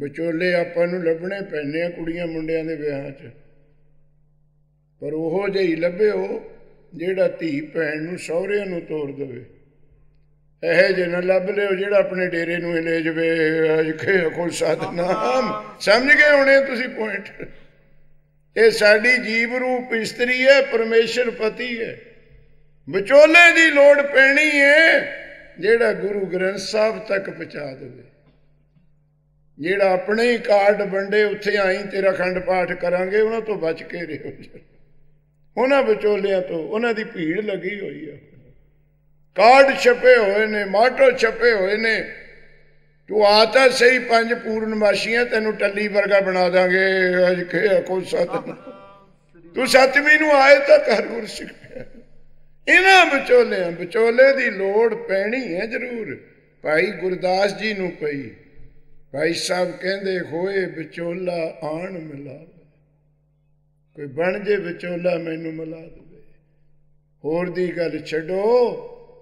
ਵਿਚੋਲੇ ਆਪਾਂ ਨੂੰ ਲੱਭਣੇ ਪੈਣੇ ਆ ਕੁੜੀਆਂ ਮੁੰਡਿਆਂ ਦੇ ਵਿਆਹਾਂ 'ਚ ਪਰ ਉਹੋ ਜਿਹੀ ਲੱਭਿਓ ਜਿਹੜਾ ਧੀ ਭੈਣ ਨੂੰ ਸਹੁਰਿਆਂ ਨੂੰ ਤੋਰ ਦੇਵੇ ਇਹ ਜੇ ਨਾ ਲੱਭ ਲਿਓ ਜਿਹੜਾ ਆਪਣੇ ਡੇਰੇ ਨੂੰ ਲੈ ਜਵੇ ਅਜਖੇ ਕੋ ਸਾਧਨਾ ਸਮਝ ਗਏ ਹੋਣੇ ਤੁਸੀਂ ਪੁਆਇੰਟ ਇਹ ਸਾਡੀ ਜੀਵ ਰੂਪ ਇਸਤਰੀ ਹੈ ਪਰਮੇਸ਼ਰ ਪਤੀ ਹੈ ਵਿਚੋਲੇ ਦੀ ਲੋੜ ਪੈਣੀ ਹੈ ਜਿਹੜਾ ਗੁਰੂ ਗ੍ਰੰਥ ਸਾਹਿਬ ਤੱਕ ਪਹੁੰਚਾ ਦੇਵੇ ਜਿਹੜਾ ਆਪਣੇ ਹੀ ਕਾਰਡ ਵੰਡੇ ਉੱਥੇ ਆਈ ਤੇਰਾ ਖੰਡ ਪਾਠ ਕਰਾਂਗੇ ਉਹਨਾਂ ਤੋਂ ਬਚ ਕੇ ਰਹੋ ਉਹਨਾਂ ਵਿਚੋਲਿਆਂ ਤੋਂ ਉਹਨਾਂ ਦੀ ਭੀੜ ਲੱਗੀ ਹੋਈ ਹੈ ਕਾਰਡ ਛਪੇ ਹੋਏ ਨੇ ਮਾਟੋ ਛਪੇ ਹੋਏ ਨੇ ਤੂੰ ਆ ਤਾਂ ਸਹੀ ਪੰਜ ਪੂਰਨ ਵਾਸ਼ੀਆਂ ਤੈਨੂੰ ਟੱਲੀ ਵਰਗਾ ਬਣਾ ਦਾਂਗੇ ਅਜ ਕੇ ਕੋ ਸਤ ਤੂੰ ਸਤਵੀਂ ਨੂੰ ਆਏ ਤਾਂ ਘਰ ਗੁਰ ਸਿੱਖ ਇਹਨਾਂ ਵਿਚੋਲੇ ਵਿਚੋਲੇ ਦੀ ਲੋੜ ਪੈਣੀ ਹੈ ਜ਼ਰੂਰ ਭਾਈ ਗੁਰਦਾਸ ਜੀ ਨੂੰ ਪਈ ਭਾਈ ਸਾਹਿਬ ਕਹਿੰਦੇ ਹੋਏ ਵਿਚੋਲਾ ਆਣ ਮਿਲਾ ਕੋਈ ਬਣ ਜੇ ਵਿਚੋਲਾ ਮੈਨੂੰ ਮਿਲਾ ਦੇਵੇ ਹੋਰ ਦੀ ਗੱਲ ਛੱਡੋ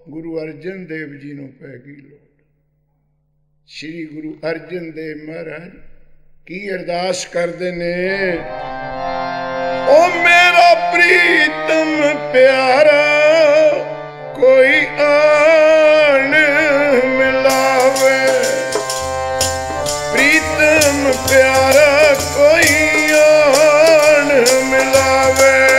ਗੁਰੂ ਅਰਜਨ ਦੇਵ ਜੀ ਨੂੰ ਪੈ ਗਈ ਲੋ ਸ੍ਰੀ ਗੁਰੂ ਅਰਜਨ ਦੇਵ ਮਹਾਰਾਜ ਕੀ ਅਰਦਾਸ ਕਰਦੇ ਨੇ ਓ ਮੇਰਾ ਪ੍ਰੀਤਮ ਪਿਆਰਾ ਕੋਈ ਆਣ ਮਿਲਾਵੇ ਪ੍ਰੀਤਮ ਪਿਆਰਾ ਕੋਈ ਆਣ ਮਿਲਾਵੇ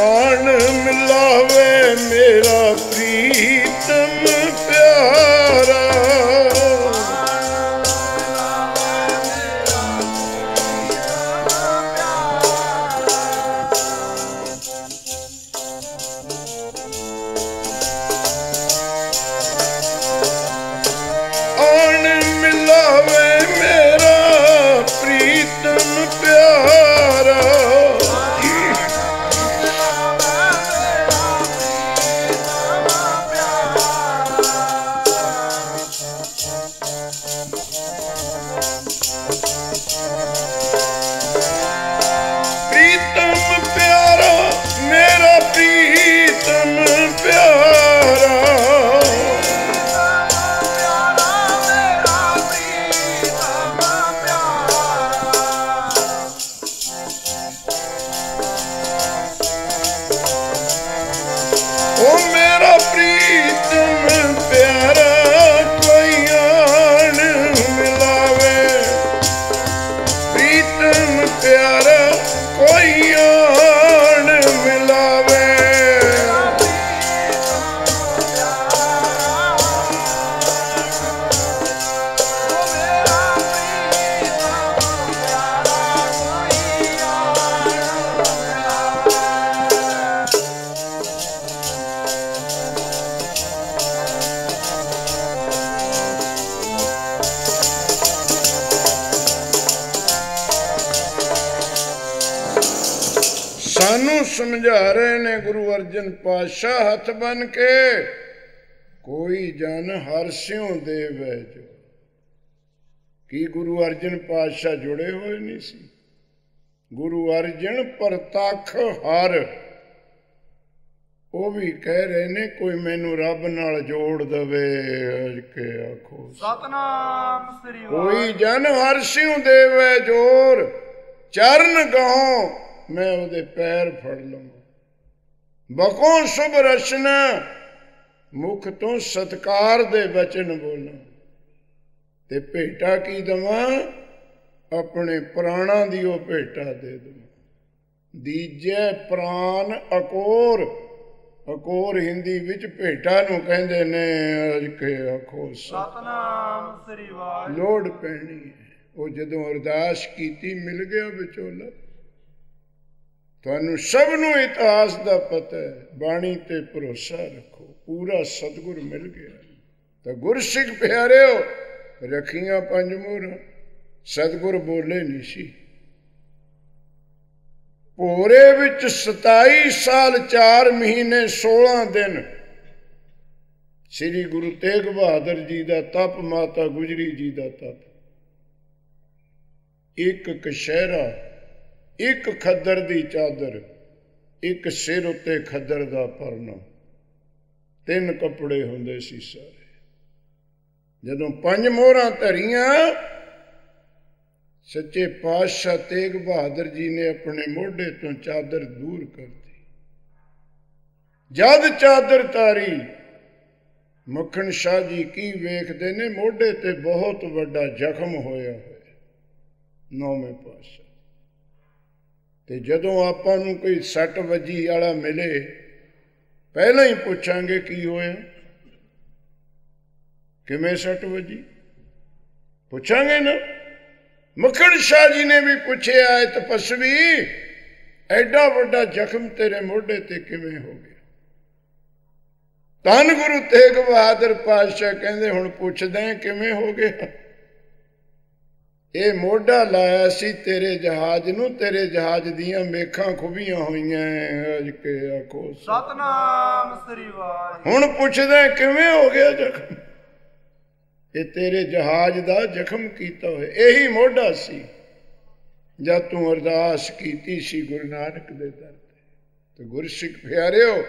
ਆਣ ਮਿਲਾਵੇ ਮੇਰਾ ਪ੍ਰੀਤਮ ਬਨ ਕੇ ਕੋਈ ਜਨ ਹਰਸਿਉ ਦੇਵੈ ਜੋ ਕੀ ਗੁਰੂ ਅਰਜਨ ਪਾਤਸ਼ਾਹ ਜੁੜੇ ਹੋਏ ਨਹੀਂ ਸੀ ਗੁਰੂ ਅਰਜਨ ਪ੍ਰਤੱਖ ਹਰ ਉਹ ਵੀ ਕਹਿ ਰਹੇ ਨੇ ਕੋਈ ਮੈਨੂੰ ਰੱਬ ਨਾਲ ਜੋੜ ਦਵੇ ਕੇ ਆਖੋ ਸਤਨਾਮ ਸ੍ਰੀ ਵਾਹਿਗੁਰੂ ਕੋਈ ਜਨ ਹਰਸ਼ਿਉ ਦੇਵੇ ਜੋਰ ਚਰਨ ਗਾਉ ਮੈਂ ਉਹਦੇ ਪੈਰ ਫੜ ਲਵਾਂ ਬਕੋ ਸੁਭ ਰਚਨਾ ਮੁਖ ਤੋਂ ਸਤਕਾਰ ਦੇ ਬਚਨ ਬੋਲਾਂ ਤੇ ਭੇਟਾ ਕੀ ਦਵਾਂ ਆਪਣੇ ਪ੍ਰਾਣਾ ਦੀ ਉਹ ਭੇਟਾ ਦੇ ਦਵਾਂ ਦੀਜੈ ਪ੍ਰਾਨ ਅਕੋਰ ਅਕੋਰ ਹਿੰਦੀ ਵਿੱਚ ਭੇਟਾ ਨੂੰ ਕਹਿੰਦੇ ਨੇ ਕੇ ਅਖੋ ਸਤਨਾਮ ਸ੍ਰੀ ਵਾਹਿਗੁਰੂ ਲੋੜ ਪੈਣੀ ਉਹ ਜਦੋਂ ਅਰਦਾਸ ਕੀਤੀ ਮਿਲ ਗਿਆ ਵਿਚੋਲਾ ਤੁਹਾਨੂੰ ਸਭ ਨੂੰ ਇਤਿਹਾਸ ਦਾ ਪਤਾ ਹੈ ਬਾਣੀ ਤੇ ਭਰੋਸਾ ਰੱਖੋ ਪੂਰਾ ਸਤਗੁਰ ਮਿਲ ਗਿਆ ਤਾਂ ਗੁਰਸਿੱਖ ਪਿਆਰਿਓ ਰਖੀਆਂ ਪੰਜ ਮੋਹਰਾਂ ਸਤਗੁਰ ਬੋਲੇ ਨਹੀਂ ਸੀ ਪੋਰੇ ਵਿੱਚ 27 ਸਾਲ 4 ਮਹੀਨੇ 16 ਦਿਨ ਸ੍ਰੀ ਗੁਰੂ ਤੇਗ ਬਹਾਦਰ ਜੀ ਦਾ ਤਪ ਮਾਤਾ ਗੁਜਰੀ ਜੀ ਦਾ ਤਪ ਇੱਕ ਕਸ਼ਹਿਰਾ ਇੱਕ ਖੱਦਰ ਦੀ ਚਾਦਰ ਇੱਕ ਸਿਰ ਉੱਤੇ ਖੱਦਰ ਦਾ ਪਰਨ ਤਿੰਨ ਕੱਪੜੇ ਹੁੰਦੇ ਸੀ ਸਾਰੇ ਜਦੋਂ ਪੰਜ ਮੋਹਰਾਂ ਧਰੀਆਂ ਸੱਚੇ ਪਾਤਸ਼ਾਹ ਤੇਗ ਬਹਾਦਰ ਜੀ ਨੇ ਆਪਣੇ ਮੋਢੇ ਤੋਂ ਚਾਦਰ ਦੂਰ ਕਰਤੀ ਜਦ ਚਾਦਰ ਤਾਰੀ ਮੱਖਣ ਸ਼ਾਹ ਜੀ ਕੀ ਵੇਖਦੇ ਨੇ ਮੋਢੇ ਤੇ ਬਹੁਤ ਵੱਡਾ ਜ਼ਖਮ ਹੋਇਆ ਹੋਇਆ ਨੌਵੇਂ ਪਾਤਸ਼ਾਹ ਤੇ ਜਦੋਂ ਆਪਾਂ ਨੂੰ ਕੋਈ ਸੱਟ ਵਜੀ ਵਾਲਾ ਮਿਲੇ ਪਹਿਲਾਂ ਹੀ ਪੁੱਛਾਂਗੇ ਕੀ ਹੋਇਆ ਕਿਵੇਂ ਸੱਟ ਵਜੀ ਪੁੱਛਾਂਗੇ ਨਾ ਮੱਖਣ ਸ਼ਾਹ ਜੀ ਨੇ ਵੀ ਪੁੱਛਿਆ ਹੈ ਤਪਸਵੀ ਐਡਾ ਵੱਡਾ ਜ਼ਖਮ ਤੇਰੇ ਮੋਢੇ ਤੇ ਕਿਵੇਂ ਹੋ ਗਿਆ ਤਨ ਗੁਰੂ ਤੇਗ ਬਹਾਦਰ ਪਾਤਸ਼ਾਹ ਕਹਿੰਦੇ ਹੁਣ ਪੁੱਛਦੇ ਕਿਵੇਂ ਹੋ ਗਿਆ ਇਹ ਮੋਢਾ ਲਾਇਆ ਸੀ ਤੇਰੇ ਜਹਾਜ਼ ਨੂੰ ਤੇਰੇ ਜਹਾਜ਼ ਦੀਆਂ ਮੇਖਾਂ ਖੁਬੀਆਂ ਹੋਈਆਂ ਅਜ ਕੇ ਆਖੋ ਸਤਨਾਮ ਸ੍ਰੀ ਵਾਹਿਗੁਰੂ ਹੁਣ ਪੁੱਛਦੇ ਕਿਵੇਂ ਹੋ ਗਿਆ ਜ਼ਖਮ ਇਹ ਤੇਰੇ ਜਹਾਜ਼ ਦਾ ਜ਼ਖਮ ਕੀਤਾ ਹੋਇਆ ਇਹੀ ਮੋਢਾ ਸੀ ਜਦ ਤੂੰ ਅਰਦਾਸ ਕੀਤੀ ਸੀ ਗੁਰੂ ਨਾਨਕ ਦੇ ਦਰ ਤੇ ਤੇ ਗੁਰਸਿੱਖ ਪਿਆਰਿਓ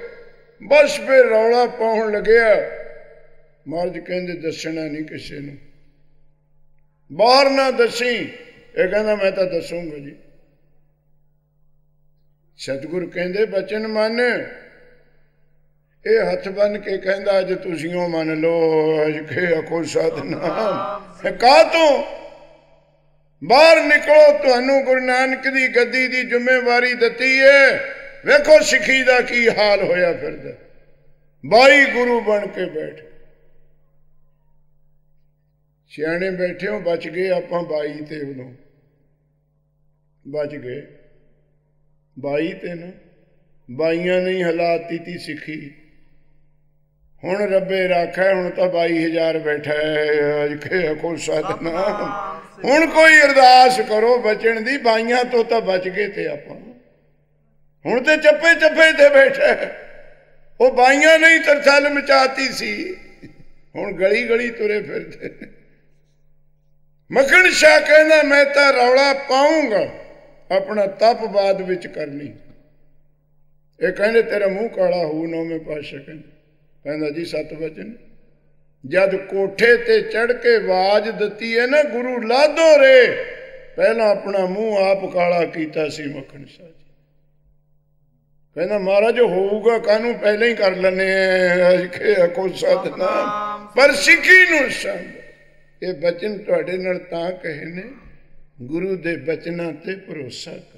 ਬਸ ਫੇ ਰੌਲਾ ਪਾਉਣ ਲੱਗਿਆ ਮਰਜ ਕਹਿੰਦੇ ਦੱਸਣਾ ਨਹੀਂ ਕਿਸੇ ਨੂੰ ਬਾਹਰ ਨਾ ਦਸੀ ਇਹ ਕਹਿੰਦਾ ਮੈਂ ਤਾਂ ਦੱਸੂਗਾ ਜੀ ਸਤਿਗੁਰ ਕਹਿੰਦੇ ਬਚਨ ਮੰਨ ਇਹ ਹੱਥ ਬੰਨ ਕੇ ਕਹਿੰਦਾ ਅੱਜ ਤੁਸੀਂ ਉਹ ਮੰਨ ਲਓ ਅਜ ਕੇ ਅਖੋ ਸਤਨਾਮ ਕਾ ਤੂੰ ਬਾਹਰ ਨਿਕਲੋ ਤੁਹਾਨੂੰ ਗੁਰੂ ਨਾਨਕ ਦੀ ਗੱਦੀ ਦੀ ਜ਼ਿੰਮੇਵਾਰੀ ਦਿੱਤੀ ਏ ਵੇਖੋ ਸਿੱਖੀ ਦਾ ਕੀ ਹਾਲ ਹੋਇਆ ਫਿਰਦਾ ਬਾਈ ਗੁਰੂ ਬਣ ਕੇ ਬੈਠ ਸਿਆਣੇ ਬੈਠੇ ਹੋ ਬਚ ਗਏ ਆਪਾਂ 22 ਤੇ ਉਹਨੂੰ ਬਚ ਗਏ 22 ਤੇ ਨਾ ਬਾਈਆਂ ਨਹੀਂ ਹਲਾਤੀ ਤੀ ਸਿੱਖੀ ਹੁਣ ਰੱਬੇ ਰਾਖਾ ਹੁਣ ਤਾਂ 22000 ਬੈਠਾ ਹੈ ਅਜ ਕੇ ਕੋ ਸਤਨਾ ਹੁਣ ਕੋਈ ਅਰਦਾਸ ਕਰੋ ਬਚਣ ਦੀ ਬਾਈਆਂ ਤੋਂ ਤਾਂ ਬਚ ਗਏ ਤੇ ਆਪਾਂ ਹੁਣ ਤੇ ਚੱਪੇ ਚੱਪੇ ਤੇ ਬੈਠੇ ਉਹ ਬਾਈਆਂ ਨਹੀਂ ਤਰਸਲ ਮਚਾਤੀ ਸੀ ਹੁਣ ਗਲੀ ਗਲੀ ਤੁਰੇ ਫਿਰਦੇ ਮੱਖਣ ਸ਼ਾਹ ਕਹਿੰਦਾ ਮੈਂ ਤਾਂ ਰੌਲਾ ਪਾਉਂਗਾ ਆਪਣਾ ਤਪ ਬਾਦ ਵਿੱਚ ਕਰਨੀ ਇਹ ਕਹਿੰਦੇ ਤੇਰਾ ਮੂੰਹ ਕਾਲਾ ਹੋਊ ਨੌਵੇਂ ਪਾਸ਼ਾ ਕਹਿੰਦਾ ਕਹਿੰਦਾ ਜੀ ਸਤ ਵਚਨ ਜਦ ਕੋਠੇ ਤੇ ਚੜ ਕੇ ਆਵਾਜ਼ ਦਿੱਤੀ ਹੈ ਨਾ ਗੁਰੂ ਲਾਧੋ ਰੇ ਪਹਿਲਾਂ ਆਪਣਾ ਮੂੰਹ ਆਪ ਕਾਲਾ ਕੀਤਾ ਸੀ ਮੱਖਣ ਸ਼ਾਹ ਜੀ ਕਹਿੰਦਾ ਮਹਾਰਾਜ ਹੋਊਗਾ ਕਾਨੂੰ ਪਹਿਲਾਂ ਹੀ ਕਰ ਲੈਨੇ ਆ ਕਿ ਕੋ ਸਤਨਾਮ ਪਰ ਸਿੱਖੀ ਨੂੰ ਸੰਗ ਇਹ ਬਚਨ ਤੁਹਾਡੇ ਨਾਲ ਤਾਂ ਕਹੇ ਨੇ ਗੁਰੂ ਦੇ ਬਚਨਾਂ ਤੇ ਭਰੋਸਾ ਕਰੋ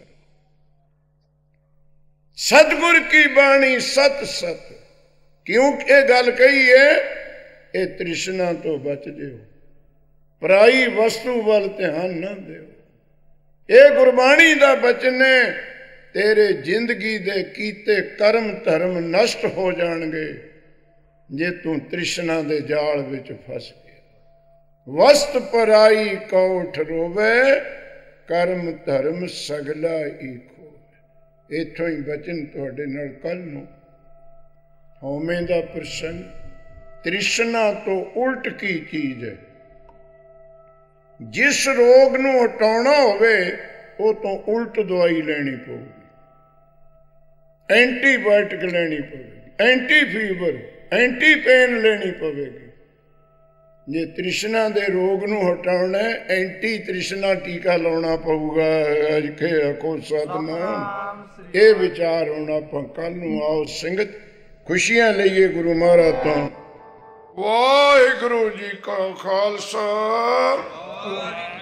ਸਤਗੁਰ ਕੀ ਬਾਣੀ ਸਤ ਸਤ ਕਿਉਂਕਿ ਇਹ ਗੱਲ ਕਹੀ ਏ ਇਹ ਤ੍ਰਿਸ਼ਨਾ ਤੋਂ ਬਚ ਜਿਓ ਪ੍ਰਾਈ ਵਸਤੂ ਵੱਲ ਧਿਆਨ ਨਾ ਦਿਓ ਇਹ ਗੁਰਬਾਣੀ ਦਾ ਬਚਨ ਹੈ ਤੇਰੇ ਜ਼ਿੰਦਗੀ ਦੇ ਕੀਤੇ ਕਰਮ ਧਰਮ ਨਸ਼ਟ ਹੋ ਜਾਣਗੇ ਜੇ ਤੂੰ ਤ੍ਰਿਸ਼ਨਾ ਦੇ ਜਾਲ ਵਿੱਚ ਫਸ ਵਸਤ ਪਰਾਈ ਕਉ ਠਰੋਵੇ ਕਰਮ ਧਰਮ ਸਗਲਾ ਈਖੋ ਇਥੋਂ ਹੀ ਬਚਨ ਤੁਹਾਡੇ ਨਾਲ ਕੱਲ ਨੂੰ ਹਉਮੈ ਦਾ ਪ੍ਰਸ਼ਨ ਤ੍ਰਿਸ਼ਨਾ ਤੋਂ ਉਲਟ ਕੀ ਚੀਜ਼ ਹੈ ਜਿਸ ਰੋਗ ਨੂੰ ਹਟਾਉਣਾ ਹੋਵੇ ਉਹ ਤੋਂ ਉਲਟ ਦਵਾਈ ਲੈਣੀ ਪਊਗੀ ਐਂਟੀਬਾਇਓਟਿਕ ਲੈਣੀ ਪਵੇਗੀ ਐਂਟੀ ਫੀਵਰ ਐਂਟੀ ਪੇਨ ਲੈਣੀ ਪਵੇਗੀ ਜੇ ਤ੍ਰਿਸ਼ਨਾ ਦੇ ਰੋਗ ਨੂੰ ਹਟਾਉਣਾ ਐਂਟੀ ਤ੍ਰਿਸ਼ਨਾ ਟੀਕਾ ਲਾਉਣਾ ਪਊਗਾ ਅਜਖੇ ਅਖੋ ਸਤਨਾਮ ਇਹ ਵਿਚਾਰ ਹੋਣਾ ਆਪਾਂ ਨੂੰ ਆਓ ਸੰਗਤ ਖੁਸ਼ੀਆਂ ਲਈਏ ਗੁਰੂ ਮਹਾਰਾਜ ਤੋਂ ਵਾਹਿਗੁਰੂ ਜੀ ਕਾ ਖਾਲਸਾ